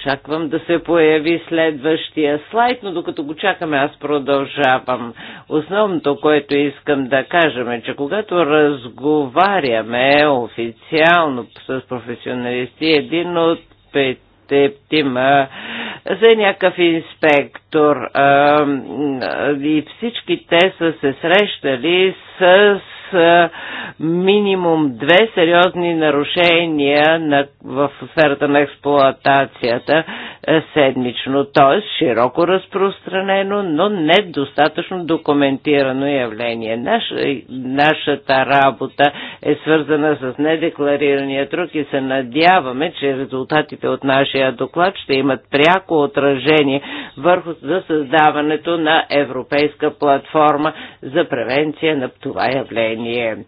Очаквам да се появи следващия слайд, но докато го чакаме, аз продължавам. Основното, което искам да кажем е, че когато разговаряме официално с професионалисти, един от петте тима за някакъв инспектор а, и всички те са се срещали с минимум две сериозни нарушения на, в сферата на експлоатацията е, седмично, т.е. широко разпространено, но недостатъчно документирано явление. Наш, нашата работа е свързана с недекларирания труд и се надяваме, че резултатите от нашия доклад ще имат пряко отражение върху за създаването на европейска платформа за превенция на това явление положение.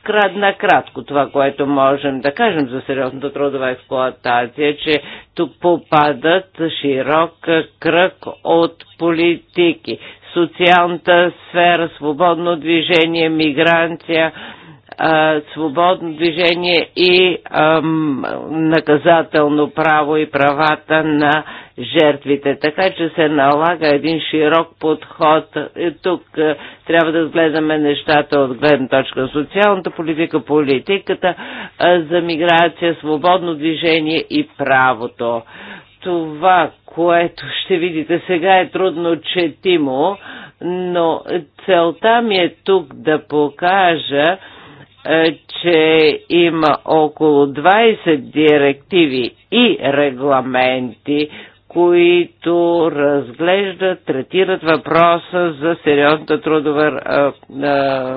Вкрад, накратко това, което можем да кажем за сериозната трудова експлуатация, че тук попадат широк кръг от политики. Социалната сфера, свободно движение, миграция, свободно движение и ам, наказателно право и правата на жертвите. Така че се налага един широк подход. И е, тук а, е, трябва да гледаме нещата от гледна точка на социалната политика, политиката а, е, за миграция, свободно движение и правото. Това, което ще видите сега е трудно четимо, но целта ми е тук да покажа, е, че има около 20 директиви и регламенти, които разглеждат, третират въпроса за сериозната трудова е, е,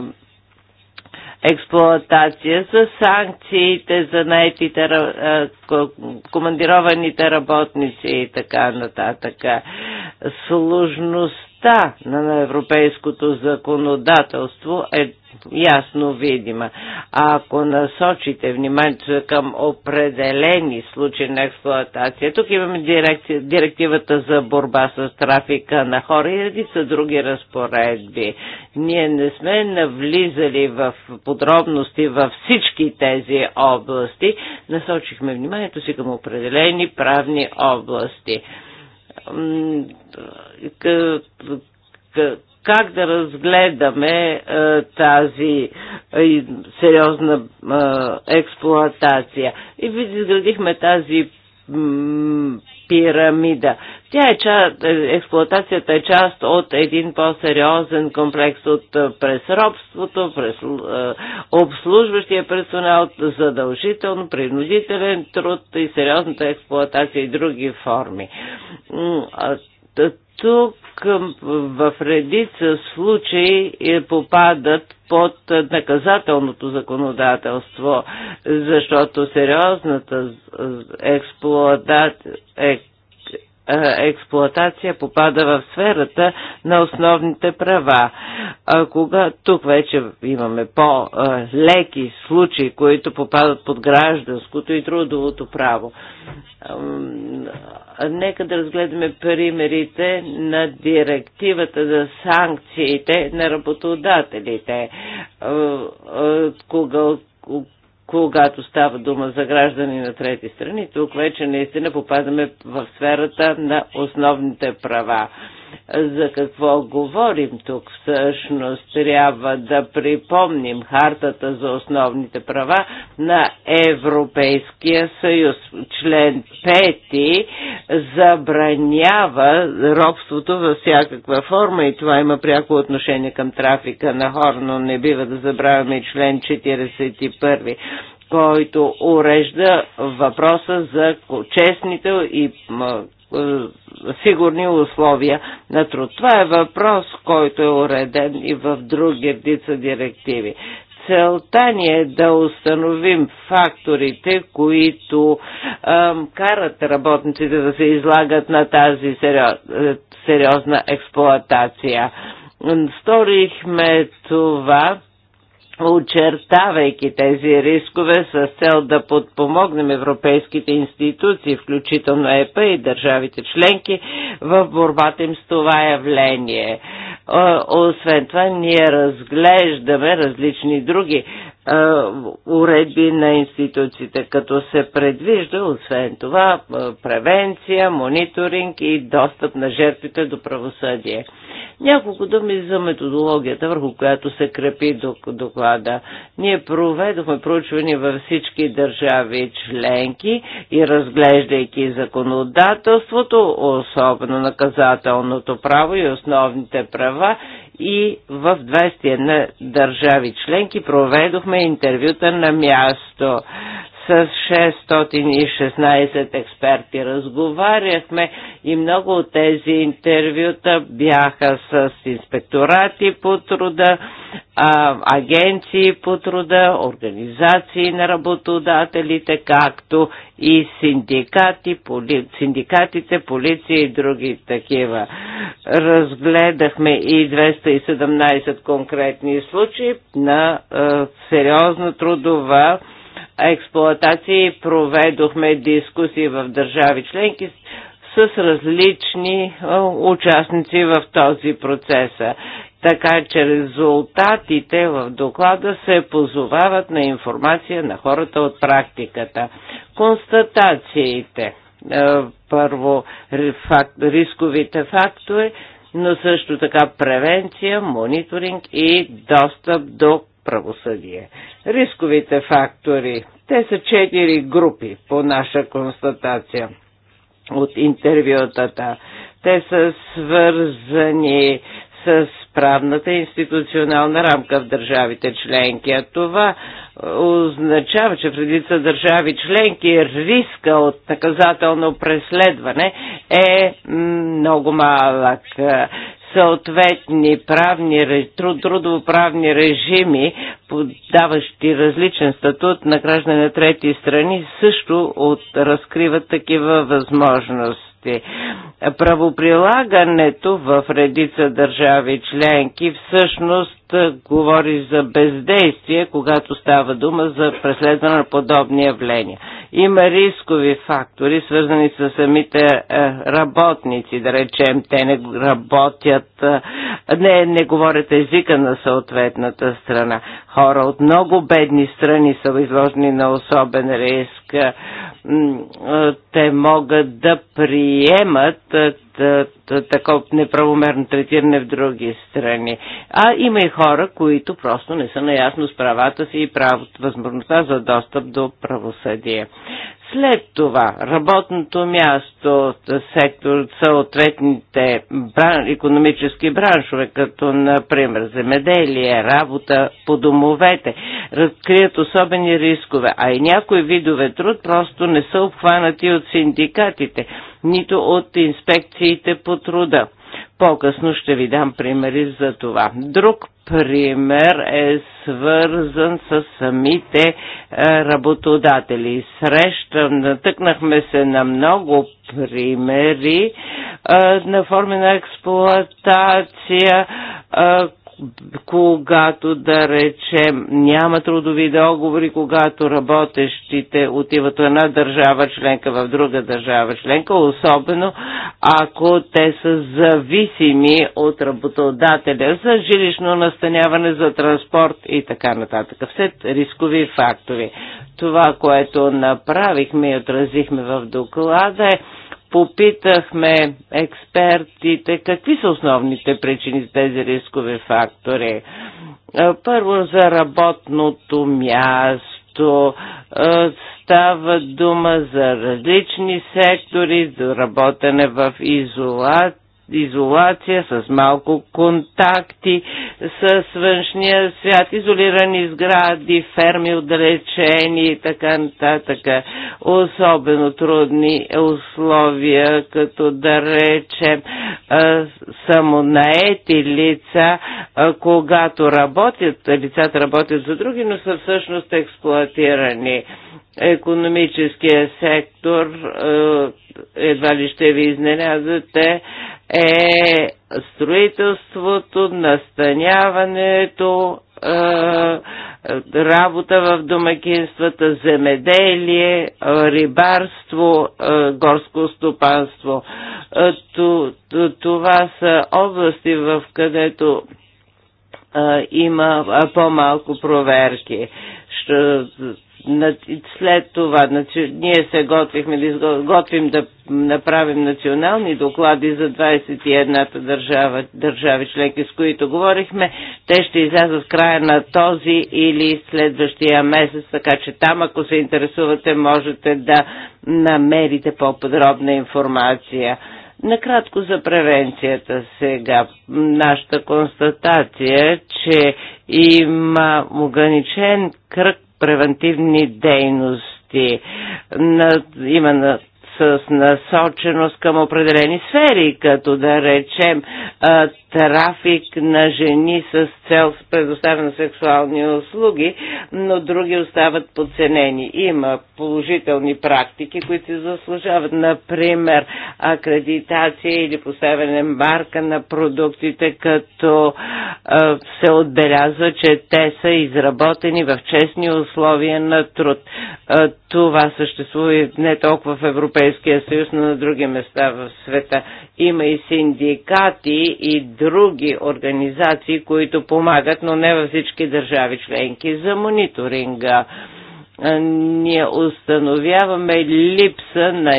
експлоатация, за санкциите, за найтите командированите работници и така нататък. Сложността на европейското законодателство е ясно видима. А ако насочите вниманието към определени случаи на експлоатация, тук имаме директивата за борба с трафика на хора и редица други разпоредби. Ние не сме навлизали в подробности във всички тези области, насочихме вниманието си към определени правни области как да разгледаме е, тази е, сериозна е, експлоатация. И ви изградихме тази пирамида. Тя е част, е, експлуатацията е част от един по-сериозен комплекс от е, през робството, през е, обслужващия персонал, задължително, принудителен труд и сериозната експлуатация и други форми тук в редица случаи е, попадат под наказателното законодателство, защото сериозната експлуатация е, експлоатация попада в сферата на основните права. А кога тук вече имаме по-леки случаи, които попадат под гражданското и трудовото право. Нека да разгледаме примерите на директивата за санкциите на работодателите. Е, кога когато става дума за граждани на трети страни, тук вече наистина попадаме в сферата на основните права. За какво говорим тук всъщност? Трябва да припомним хартата за основните права на Европейския съюз. Член 5 забранява робството във всякаква форма и това има пряко отношение към трафика на хора, но не бива да забравяме член 41 който урежда въпроса за честните и е, сигурни условия на труд. Това е въпрос, който е уреден и в други редица директиви. Целта ни е да установим факторите, които ам, е, карат работниците да се излагат на тази е, сериозна експлоатация. Сторихме това очертавайки тези рискове с цел да подпомогнем европейските институции, включително ЕПА и държавите членки в борбата им с това явление. Освен това, ние разглеждаме различни други уредби на институциите, като се предвижда, освен това, превенция, мониторинг и достъп на жертвите до правосъдие. Няколко думи за методологията, върху която се крепи доклада. Ние проведохме проучване във всички държави членки и разглеждайки законодателството, особено наказателното право и основните права, и в 21 държави членки проведохме интервюта на място с 616 експерти разговаряхме и много от тези интервюта бяха с инспекторати по труда, агенции по труда, организации на работодателите, както и синдикати, поли, синдикатите, полиция и други такива. Разгледахме и 217 конкретни случаи на е, сериозна трудова експлоатации проведохме дискусии в държави членки с различни участници в този процес. Така че резултатите в доклада се позовават на информация на хората от практиката. Констатациите. Първо, рисковите фактори, но също така превенция, мониторинг и достъп до правосъдие. Рисковите фактори, те са четири групи по наша констатация от интервютата. Те са свързани с правната институционална рамка в държавите членки. А това е, означава, че в редица държави членки риска от наказателно преследване е много малък съответни правни, труд, трудоправни режими, подаващи различен статут на граждане на трети страни, също от, разкриват такива възможности. Правоприлагането в редица държави членки всъщност говори за бездействие, когато става дума за преследване на подобни явления. Има рискови фактори, свързани с самите работници, да речем, те не работят, не, не говорят езика на съответната страна. Хора от много бедни страни са изложени на особен риск. Те могат да приемат такова неправомерно третиране в други страни. А има и хора, които просто не са наясно с правата си и правото, възможността за достъп до правосъдие. След това работното място, сектор, съответните бран, економически браншове, като например земеделие, работа по домовете, разкрият особени рискове, а и някои видове труд просто не са обхванати от синдикатите, нито от инспекциите по труда. По-късно ще ви дам примери за това. Друг пример е свързан с самите е, работодатели. Срещам, натъкнахме се на много примери е, на форми на експлуатация, е, когато да речем няма трудови договори, когато работещите отиват в една държава членка в друга държава членка, особено ако те са зависими от работодателя за жилищно настаняване, за транспорт и така нататък. Все рискови фактори. Това, което направихме и отразихме в доклада е Попитахме експертите какви са основните причини за тези рискови фактори. Първо за работното място. Става дума за различни сектори, за работене в изолация изолация, с малко контакти с външния свят, изолирани сгради, ферми отдалечени и така нататък. Особено трудни условия, като да речем самонаети лица, когато работят, лицата работят за други, но са всъщност експлуатирани економическия сектор, едва ли ще ви изненадате, е строителството, настаняването, е, е, работа в домакинствата, земеделие, е, рибарство, е, горско стопанство. Е, това са области, в където има по-малко проверки след това значи, ние се готвихме, готвим да направим национални доклади за 21-та държава, държави членки, с които говорихме. Те ще излязат в края на този или следващия месец, така че там, ако се интересувате, можете да намерите по-подробна информация. Накратко за превенцията сега. Нашата констатация е, че има ограничен кръг превентивни дейности. На, има на с насоченост към определени сфери, като да речем трафик на жени с цел с предоставяне на сексуални услуги, но други остават подценени. Има положителни практики, които се заслужават, например, акредитация или поставяне марка на продуктите, като се отбелязва, че те са изработени в честни условия на труд. Това съществува и не толкова в Европейския съюз, но на други места в света. Има и синдикати и други други организации, които помагат, но не във всички държави членки за мониторинга ние установяваме липса на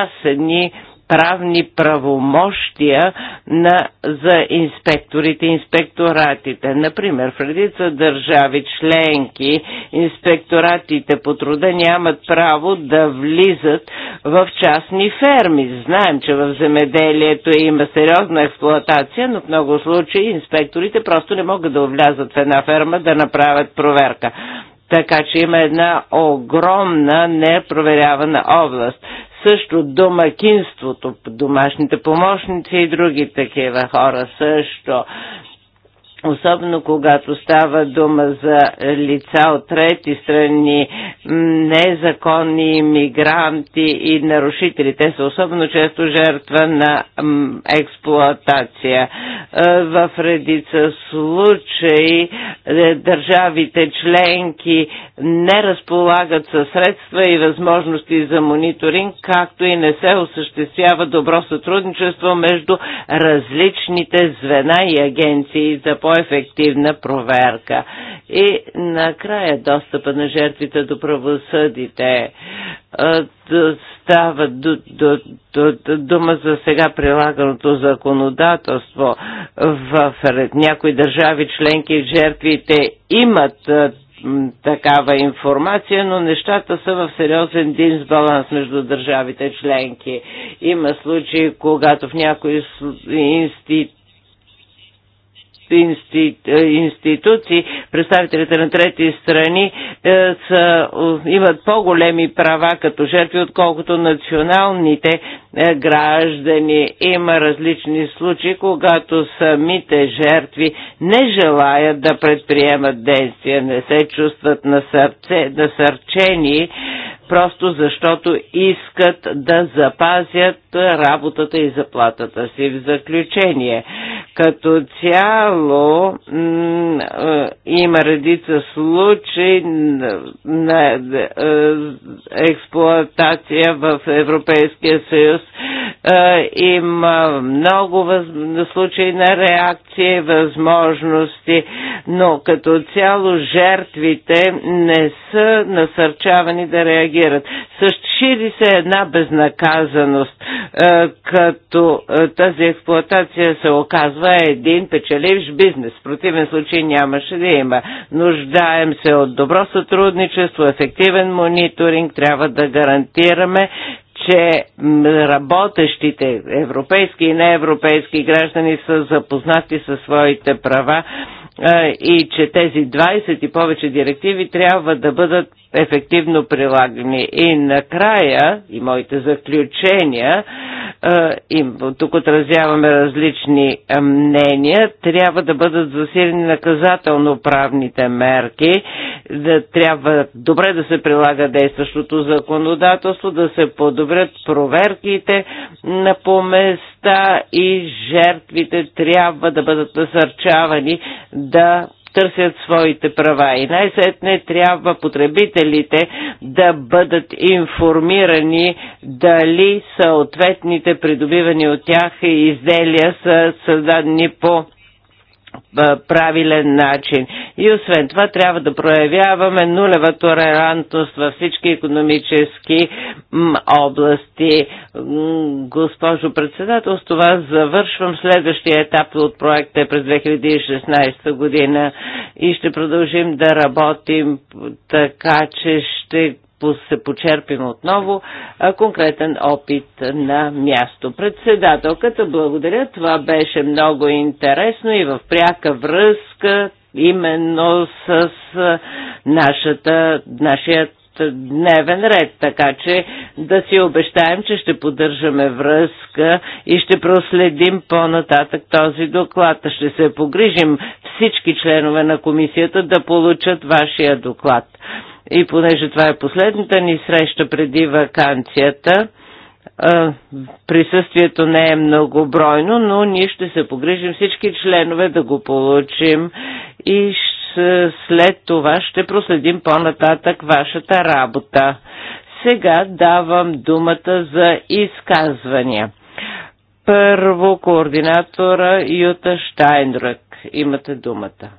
ясни правни правомощия на, за инспекторите, инспекторатите. Например, в редица държави членки инспекторатите по труда нямат право да влизат в частни ферми. Знаем, че в земеделието има сериозна експлоатация, но в много случаи инспекторите просто не могат да влязат в една ферма да направят проверка. Така че има една огромна непроверявана област също домакинството, домашните помощници и други такива хора също особено когато става дума за лица от трети страни, незаконни иммигранти и нарушители. Те са особено често жертва на експлоатация. Е, в редица случаи е, държавите членки не разполагат със средства и възможности за мониторинг, както и не се осъществява добро сътрудничество между различните звена и агенции за по по-ефективна проверка. И накрая достъпа на жертвите до правосъдите става до, до, до, дума за сега прилаганото законодателство в някои държави членки жертвите имат такава информация, но нещата са в сериозен дисбаланс между държавите членки. Има случаи, когато в някои институт е, институции, представителите на трети страни е, са, имат по-големи права като жертви, отколкото националните е, граждани. Има различни случаи, когато самите жертви не желаят да предприемат действия, не се чувстват насърчени просто защото искат да запазят работата и заплатата си. В заключение, като цяло има редица случаи на е, е, експлоатация в Европейския съюз. Е, има много случаи на реакции, възможности, но като цяло жертвите не са насърчавани да реагират реагират. Същири се една безнаказаност, е, като е, тази експлуатация се оказва един печеливш бизнес. В противен случай нямаше да има. Нуждаем се от добро сътрудничество, ефективен мониторинг, трябва да гарантираме, че работещите европейски и неевропейски граждани са запознати със своите права е, и че тези 20 и повече директиви трябва да бъдат ефективно прилагани. И накрая, и моите заключения, е, и тук отразяваме различни е, мнения, трябва да бъдат засилени наказателно-правните мерки, да трябва добре да се прилага действащото законодателство, да се подобрят проверките на поместа и жертвите трябва да бъдат насърчавани да търсят своите права. И най-сетне трябва потребителите да бъдат информирани дали съответните придобивани от тях изделия са създадени по правилен начин. И освен това трябва да проявяваме нулева толерантност във всички економически области. Госпожо председател, с това завършвам следващия етап от проекта е през 2016 година и ще продължим да работим така, че ще се почерпим отново конкретен опит на място. Председателката, благодаря, това беше много интересно и в пряка връзка именно с нашата, нашият дневен ред, така че да си обещаем, че ще поддържаме връзка и ще проследим по-нататък този доклад. Ще се погрижим всички членове на комисията да получат вашия доклад. И понеже това е последната ни среща преди вакансията, присъствието не е многобройно, но ние ще се погрижим всички членове да го получим и след това ще проследим по-нататък вашата работа. Сега давам думата за изказвания. Първо координатора Юта Штайнрък. Имате думата.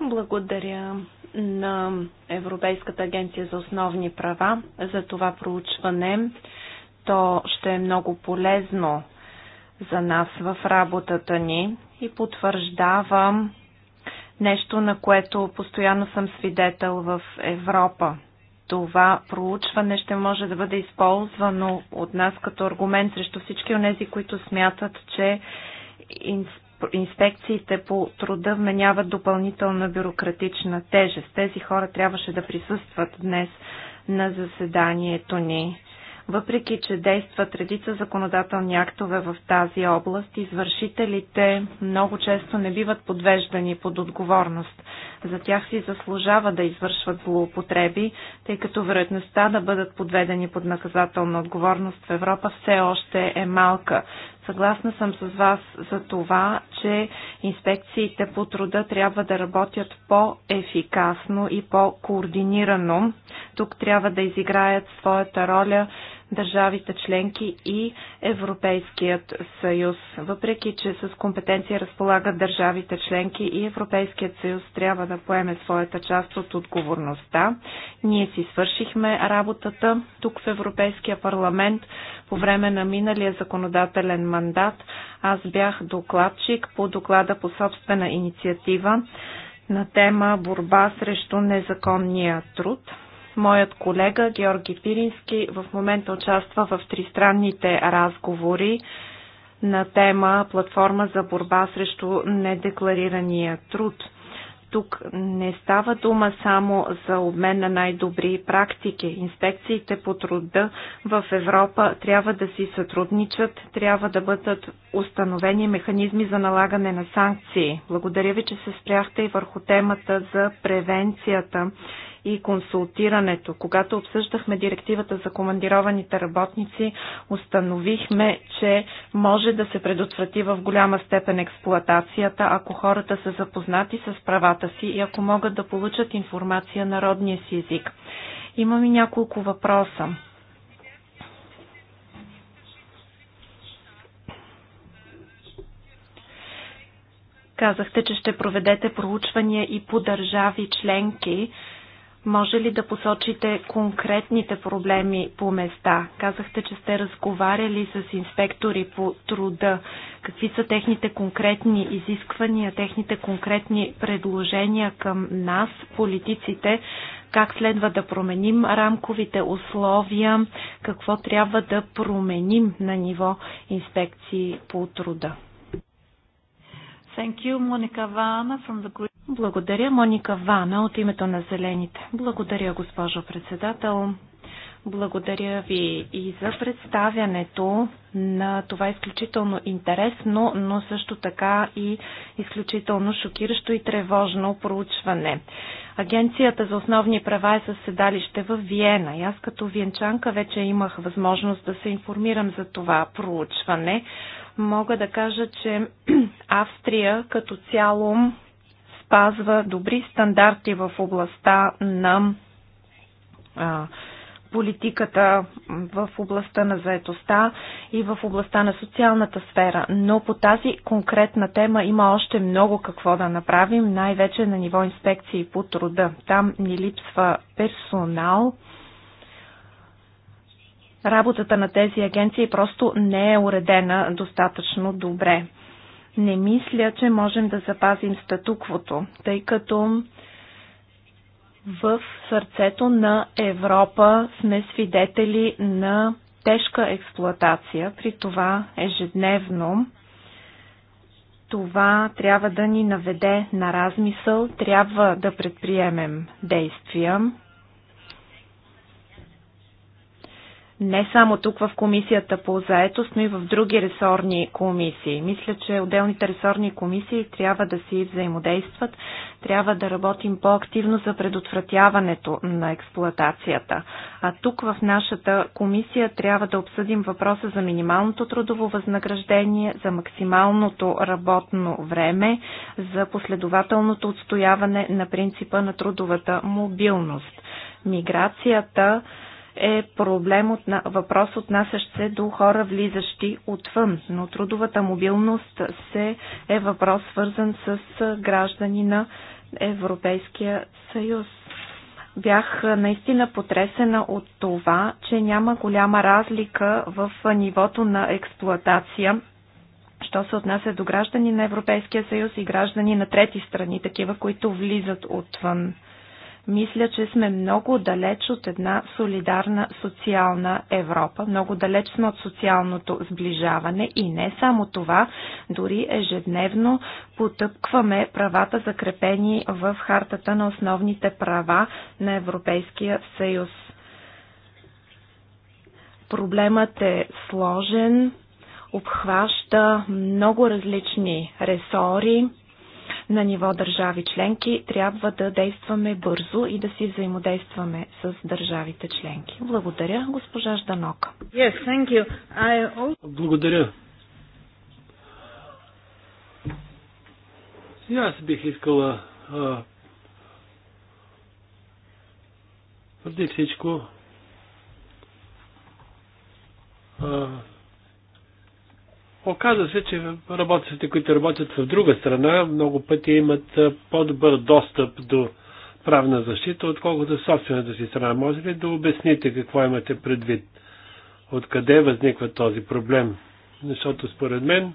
Благодаря на Европейската агенция за основни права за това проучване. То ще е много полезно за нас в работата ни и потвърждава нещо, на което постоянно съм свидетел в Европа. Това проучване ще може да бъде използвано от нас като аргумент срещу всички от тези, които смятат, че инспекциите по труда вменяват допълнителна бюрократична тежест. Тези хора трябваше да присъстват днес на заседанието ни. Въпреки, че действат редица законодателни актове в тази област, извършителите много често не биват подвеждани под отговорност. За тях си заслужава да извършват злоупотреби, тъй като вероятността да бъдат подведени под наказателна отговорност в Европа все още е малка. Съгласна съм с вас за това, че инспекциите по труда трябва да работят по-ефикасно и по-координирано. Тук трябва да изиграят своята роля държавите членки и Европейският съюз. Въпреки, че с компетенция разполагат държавите членки и Европейският съюз трябва да поеме своята част от отговорността, ние си свършихме работата тук в Европейския парламент по време на миналия законодателен мандат. Аз бях докладчик по доклада по собствена инициатива на тема борба срещу незаконния труд. Моят колега Георги Пирински в момента участва в тристранните разговори на тема Платформа за борба срещу недекларирания труд. Тук не става дума само за обмен на най-добри практики. Инспекциите по труда в Европа трябва да си сътрудничат, трябва да бъдат установени механизми за налагане на санкции. Благодаря ви, че се спряхте и върху темата за превенцията и консултирането. Когато обсъждахме директивата за командированите работници, установихме, че може да се предотврати в голяма степен експлоатацията, ако хората са запознати с правата си и ако могат да получат информация на родния си език. Имам и няколко въпроса. Казахте, че ще проведете проучвания и по държави членки. Може ли да посочите конкретните проблеми по места? Казахте, че сте разговаряли с инспектори по труда. Какви са техните конкретни изисквания, техните конкретни предложения към нас, политиците, как следва да променим рамковите условия, какво трябва да променим на ниво инспекции по труда? Thank you, Monica Vana from the group. Благодаря, Моника Вана от името на Зелените. Благодаря, госпожо председател. Благодаря ви и за представянето на това изключително интересно, но също така и изключително шокиращо и тревожно проучване. Агенцията за основни права е със седалище в Виена. И аз като виенчанка вече имах възможност да се информирам за това проучване мога да кажа, че *clears throat* Австрия като цяло спазва добри стандарти в областта на а, политиката в областта на заетостта и в областта на социалната сфера. Но по тази конкретна тема има още много какво да направим, най-вече на ниво инспекции по труда. Там ни липсва персонал, работата на тези агенции просто не е уредена достатъчно добре. Не мисля, че можем да запазим статуквото, тъй като в сърцето на Европа сме свидетели на тежка експлоатация, при това ежедневно. Това трябва да ни наведе на размисъл, трябва да предприемем действия. не само тук в комисията по заетост, но и в други ресорни комисии. Мисля, че отделните ресорни комисии трябва да си взаимодействат, трябва да работим по-активно за предотвратяването на експлоатацията. А тук в нашата комисия трябва да обсъдим въпроса за минималното трудово възнаграждение, за максималното работно време, за последователното отстояване на принципа на трудовата мобилност. Миграцията е проблем от, въпрос отнасящ се до хора влизащи отвън, но трудовата мобилност се е въпрос свързан с граждани на Европейския съюз. Бях наистина потресена от това, че няма голяма разлика в нивото на експлоатация що се отнася до граждани на Европейския съюз и граждани на трети страни, такива, които влизат отвън. Мисля, че сме много далеч от една солидарна социална Европа. Много далеч сме от социалното сближаване и не само това, дори ежедневно потъпкваме правата закрепени в хартата на основните права на Европейския съюз. Проблемът е сложен, обхваща много различни ресори, на ниво държави членки, трябва да действаме бързо и да си взаимодействаме с държавите членки. Благодаря, госпожа Жданока. Yes, thank you. I... Благодаря. И аз бих искала преди всичко а, Оказва се, че работниците, които работят в друга страна, много пъти имат по-добър достъп до правна защита, отколкото собствената си страна. Може ли да обясните какво имате предвид? Откъде възниква този проблем? Защото според мен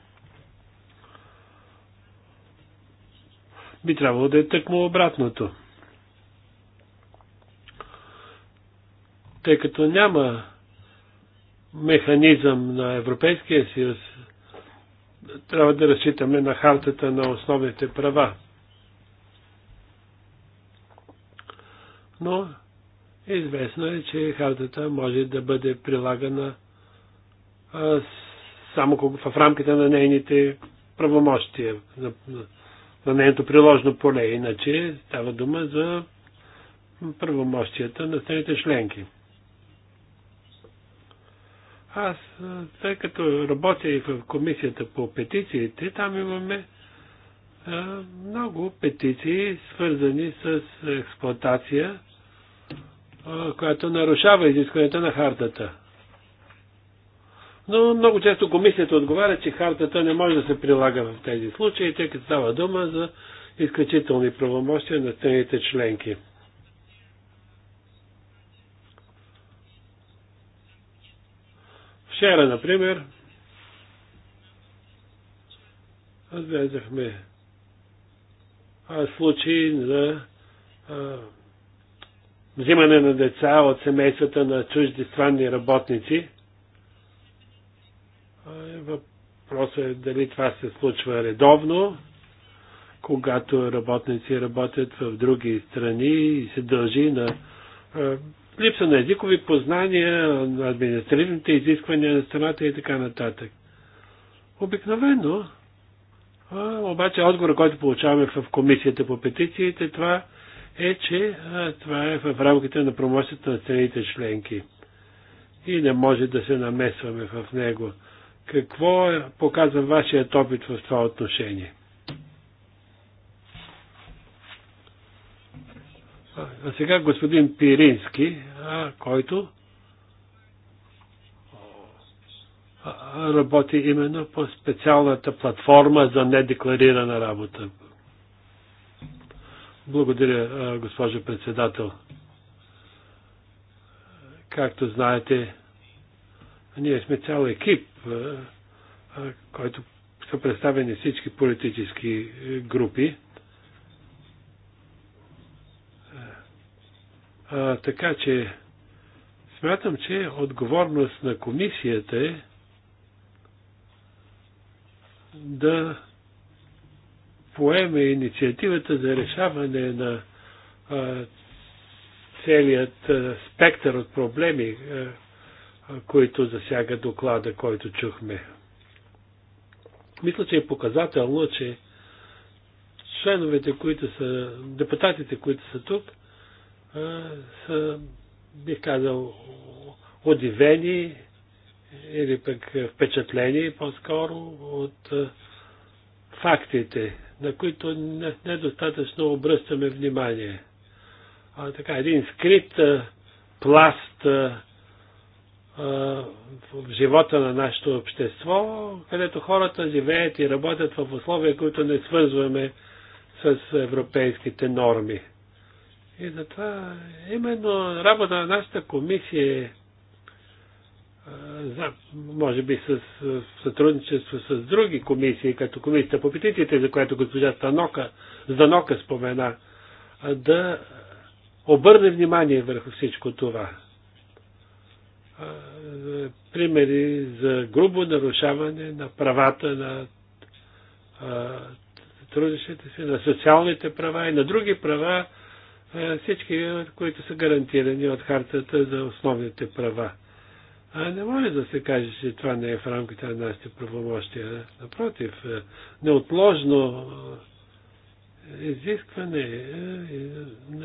би трябвало да е тъкмо обратното. Тъй като няма механизъм на Европейския съюз трябва да разчитаме на хартата на основните права. Но известно е, че хартата може да бъде прилагана а, само в рамките на нейните правомощия, на, на нейното приложно поле. Иначе става дума за правомощията на страните членки. Аз, тъй като работя и в комисията по петициите, там имаме много петиции, свързани с експлоатация, която нарушава изискването на хартата. Но много често комисията отговаря, че хартата не може да се прилага в тези случаи, тъй като става дума за изключителни правомощия на страните членки. Вчера, например, разгледахме случаи за взимане на деца от семействата на чужди странни работници. Въпросът е дали това се случва редовно, когато работници работят в други страни и се дължи на липса на езикови познания, на административните изисквания на страната и така нататък. Обикновено, а, обаче отговор, който получаваме в комисията по петициите, това е, че а, това е в рамките на промощите на страните членки. И не може да се намесваме в него. Какво е, показва вашият опит в това отношение? А сега господин Пирински, а, който работи именно по специалната платформа за недекларирана работа. Благодаря, госпожо председател. Както знаете, ние сме цял екип, който са представени всички политически групи. А, така че смятам, че отговорност на комисията е да поеме инициативата за решаване на а, целият а, спектър от проблеми, а, които засяга доклада, който чухме. Мисля, че е показателно, че членовете, които са, депутатите, които са тук, са, е, е, бих казал, удивени или пък впечатлени по-скоро от е, фактите, на които недостатъчно обръщаме внимание. А, така, един скрит а, пласт а, в живота на нашето общество, където хората живеят и работят в условия, които не свързваме с европейските норми. И затова именно работа на нашата комисия е може би с сътрудничество с други комисии, като комисията по петициите, за която госпожа Станока, Занока спомена, да обърне внимание върху всичко това. Примери за грубо нарушаване на правата на трудещите се, на социалните права и на други права, е, всички, които са гарантирани от хартата за основните права. А не може да се каже, че това не е в рамките на нашите правомощия. Напротив, е, неотложно е, изискване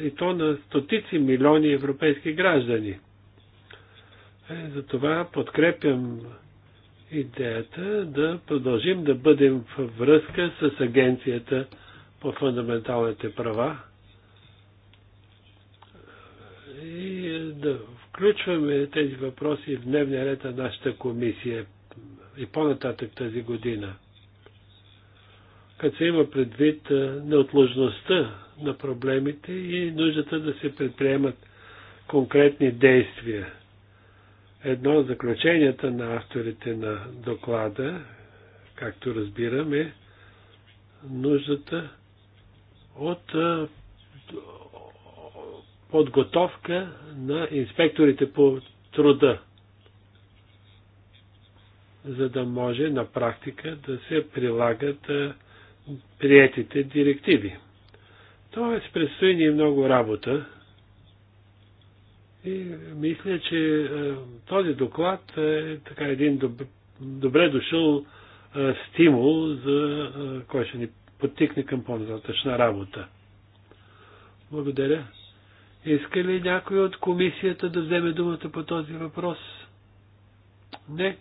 и то на стотици милиони европейски граждани. Затова подкрепям идеята да продължим да бъдем във връзка с Агенцията по фундаменталните права, да включваме тези въпроси в дневния ред на нашата комисия и по-нататък тази година. Като се има предвид неотложността на проблемите и нуждата да се предприемат конкретни действия. Едно от заключенията на авторите на доклада, както разбираме, нуждата от подготовка на инспекторите по труда, за да може на практика да се прилагат приетите директиви. Тоест, предстои ни много работа и мисля, че този доклад е така един добре дошъл стимул, за, който ще ни подтикне към по-нататъчна работа. Благодаря. Иска ли някой от комисията да вземе думата по този въпрос? Не.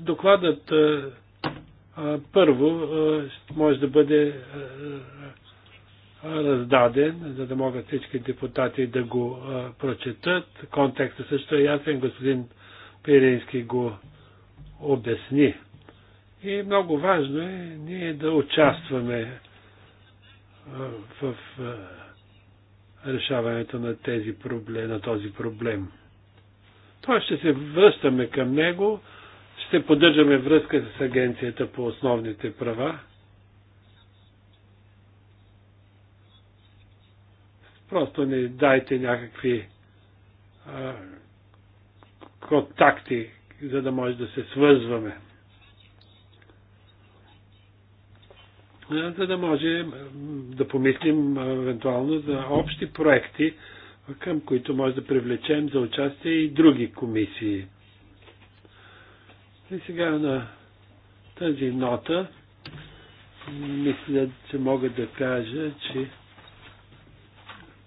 Докладът първо може да бъде раздаден, за да могат всички депутати да го прочетат. Контекстът също е ясен, господин Пирински го обясни. И много важно е ние да участваме в решаването на, тези проблем, на този проблем. Тоест ще се връщаме към него, ще поддържаме връзка с Агенцията по основните права. Просто не дайте някакви а, контакти, за да може да се свързваме. Е, за да може да помислим е, евентуално за общи проекти, към които може да привлечем за участие и други комисии. И сега на тази нота мисля, че мога да кажа, че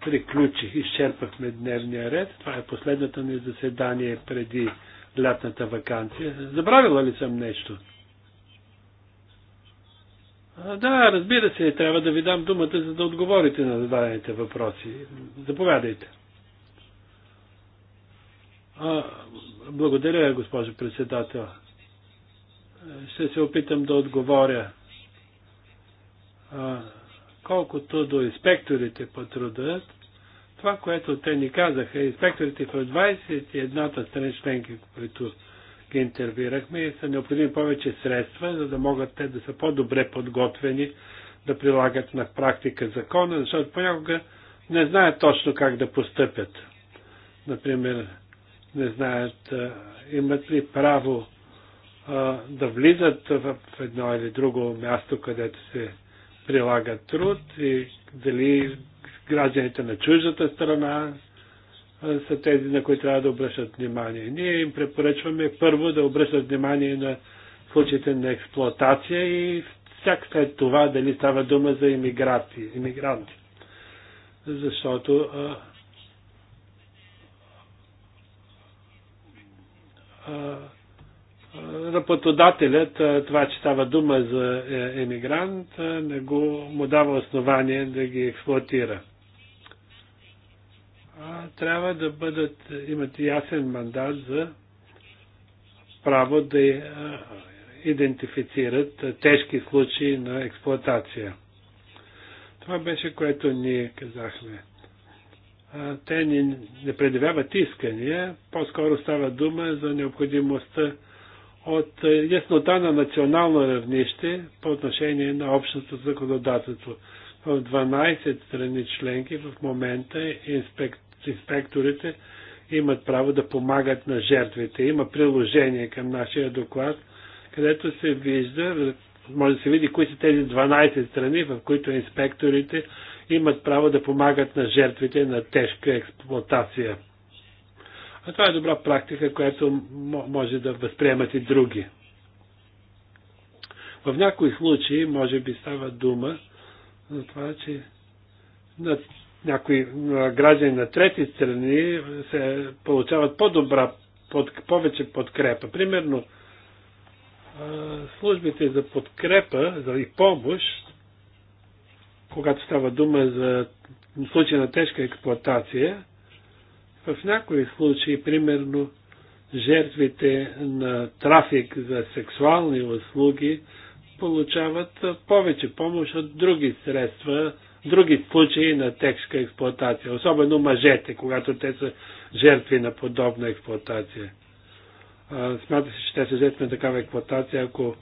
приключих, изчерпахме дневния ред. Това е последната ни заседание преди лятната вакансия. Забравила ли съм нещо? Да, разбира се, трябва да ви дам думата, за да отговорите на зададените въпроси. Заповядайте. А, благодаря, госпожо председател. Ще се опитам да отговоря. А, колкото до инспекторите по труда, това, което те ни казаха, инспекторите в 21-та страна членки, които ги интервюрахме и са необходими повече средства, за да могат те да са по-добре подготвени да прилагат на практика закона, защото понякога не знаят точно как да постъпят. Например, не знаят имат ли право да влизат в едно или друго място, където се прилага труд и дали гражданите на чуждата страна са тези, на които трябва да обръщат внимание. Ние им препоръчваме първо да обръщат внимание на случаите на експлоатация и всяк след това дали става дума за иммигранти. иммигранти. Защото а, а, работодателят, това, че става дума за е, емигрант, не го му дава основание да ги експлуатира трябва да бъдат, имат ясен мандат за право да идентифицират тежки случаи на експлоатация. Това беше, което ние казахме. Те ни не предявяват искания, по-скоро става дума за необходимостта от яснота на национално равнище по отношение на общото законодателство. В 12 страни членки в момента инспект инспекторите имат право да помагат на жертвите. Има приложение към нашия доклад, където се вижда, може да се види кои са тези 12 страни, в които инспекторите имат право да помагат на жертвите на тежка експлуатация. А това е добра практика, която може да възприемат и други. В някои случаи, може би става дума за това, че на някои граждани на трети страни се получават по-добра, под, повече подкрепа. Примерно, службите за подкрепа за и помощ, когато става дума за случай на тежка експлоатация, в някои случаи, примерно, жертвите на трафик за сексуални услуги получават повече помощ от други средства, други случаи на тежка експлоатация, особено мъжете, когато те са жертви на подобна експлоатация. Смята се, че те са жертви на такава експлуатация, ако,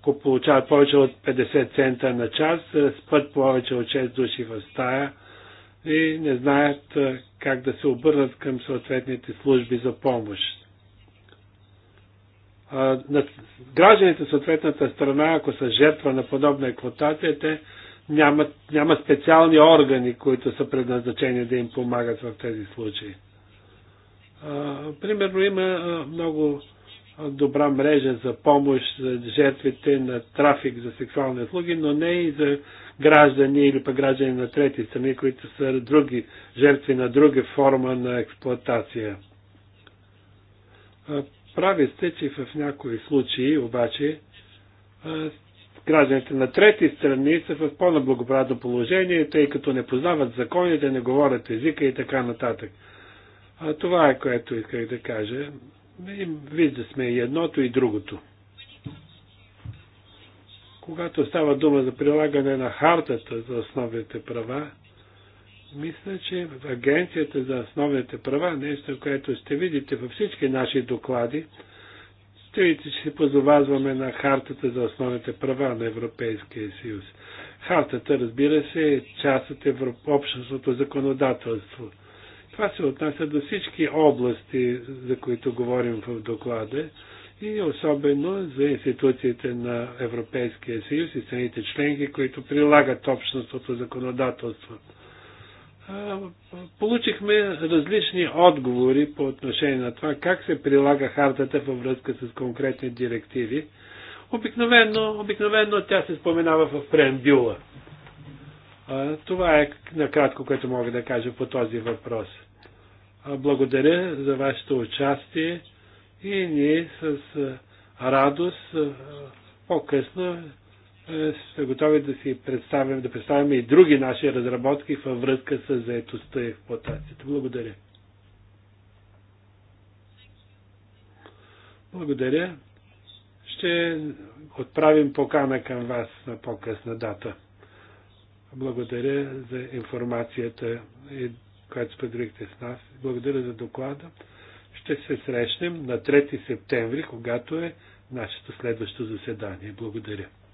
ако получават повече от 50 цента на час, спът повече от 6 души в стая и не знаят как да се обърнат към съответните служби за помощ. Гражданите съответната страна, ако са жертва на подобна еквотация, те нямат, няма специални органи, които са предназначени да им помагат в тези случаи. А, примерно има много добра мрежа за помощ за жертвите на трафик за сексуални услуги, но не и за граждани или пък граждани на трети страни, които са други жертви на друга форма на експлоатация. Прави сте, че в някои случаи обаче гражданите на трети страни са в по-наблагоприятно положение, тъй като не познават законите, не говорят езика и така нататък. А това е което исках да кажа. Вижда сме и едното и другото. Когато става дума за прилагане на хартата за основните права, мисля, че в Агенцията за основните права, нещо, което ще видите във всички наши доклади, Трите ще се позовазваме на хартата за основните права на Европейския съюз. Хартата, разбира се, е част от европ... общностното законодателство. Това се отнася до всички области, за които говорим в доклада и особено за институциите на Европейския съюз и страните членки, които прилагат общностното законодателство. Получихме различни отговори по отношение на това как се прилага хартата във връзка с конкретни директиви. Обикновено, обикновено тя се споменава в преамбюла. Това е накратко, което мога да кажа по този въпрос. Благодаря за вашето участие и ние с радост по-късно е, сме готови да си представим, да представим и други наши разработки във връзка с заетостта и експлуатацията. Благодаря. Благодаря. Ще отправим покана към вас на по-късна дата. Благодаря за информацията, е, която споделихте с нас. Благодаря за доклада. Ще се срещнем на 3 септември, когато е нашето следващо заседание. Благодаря.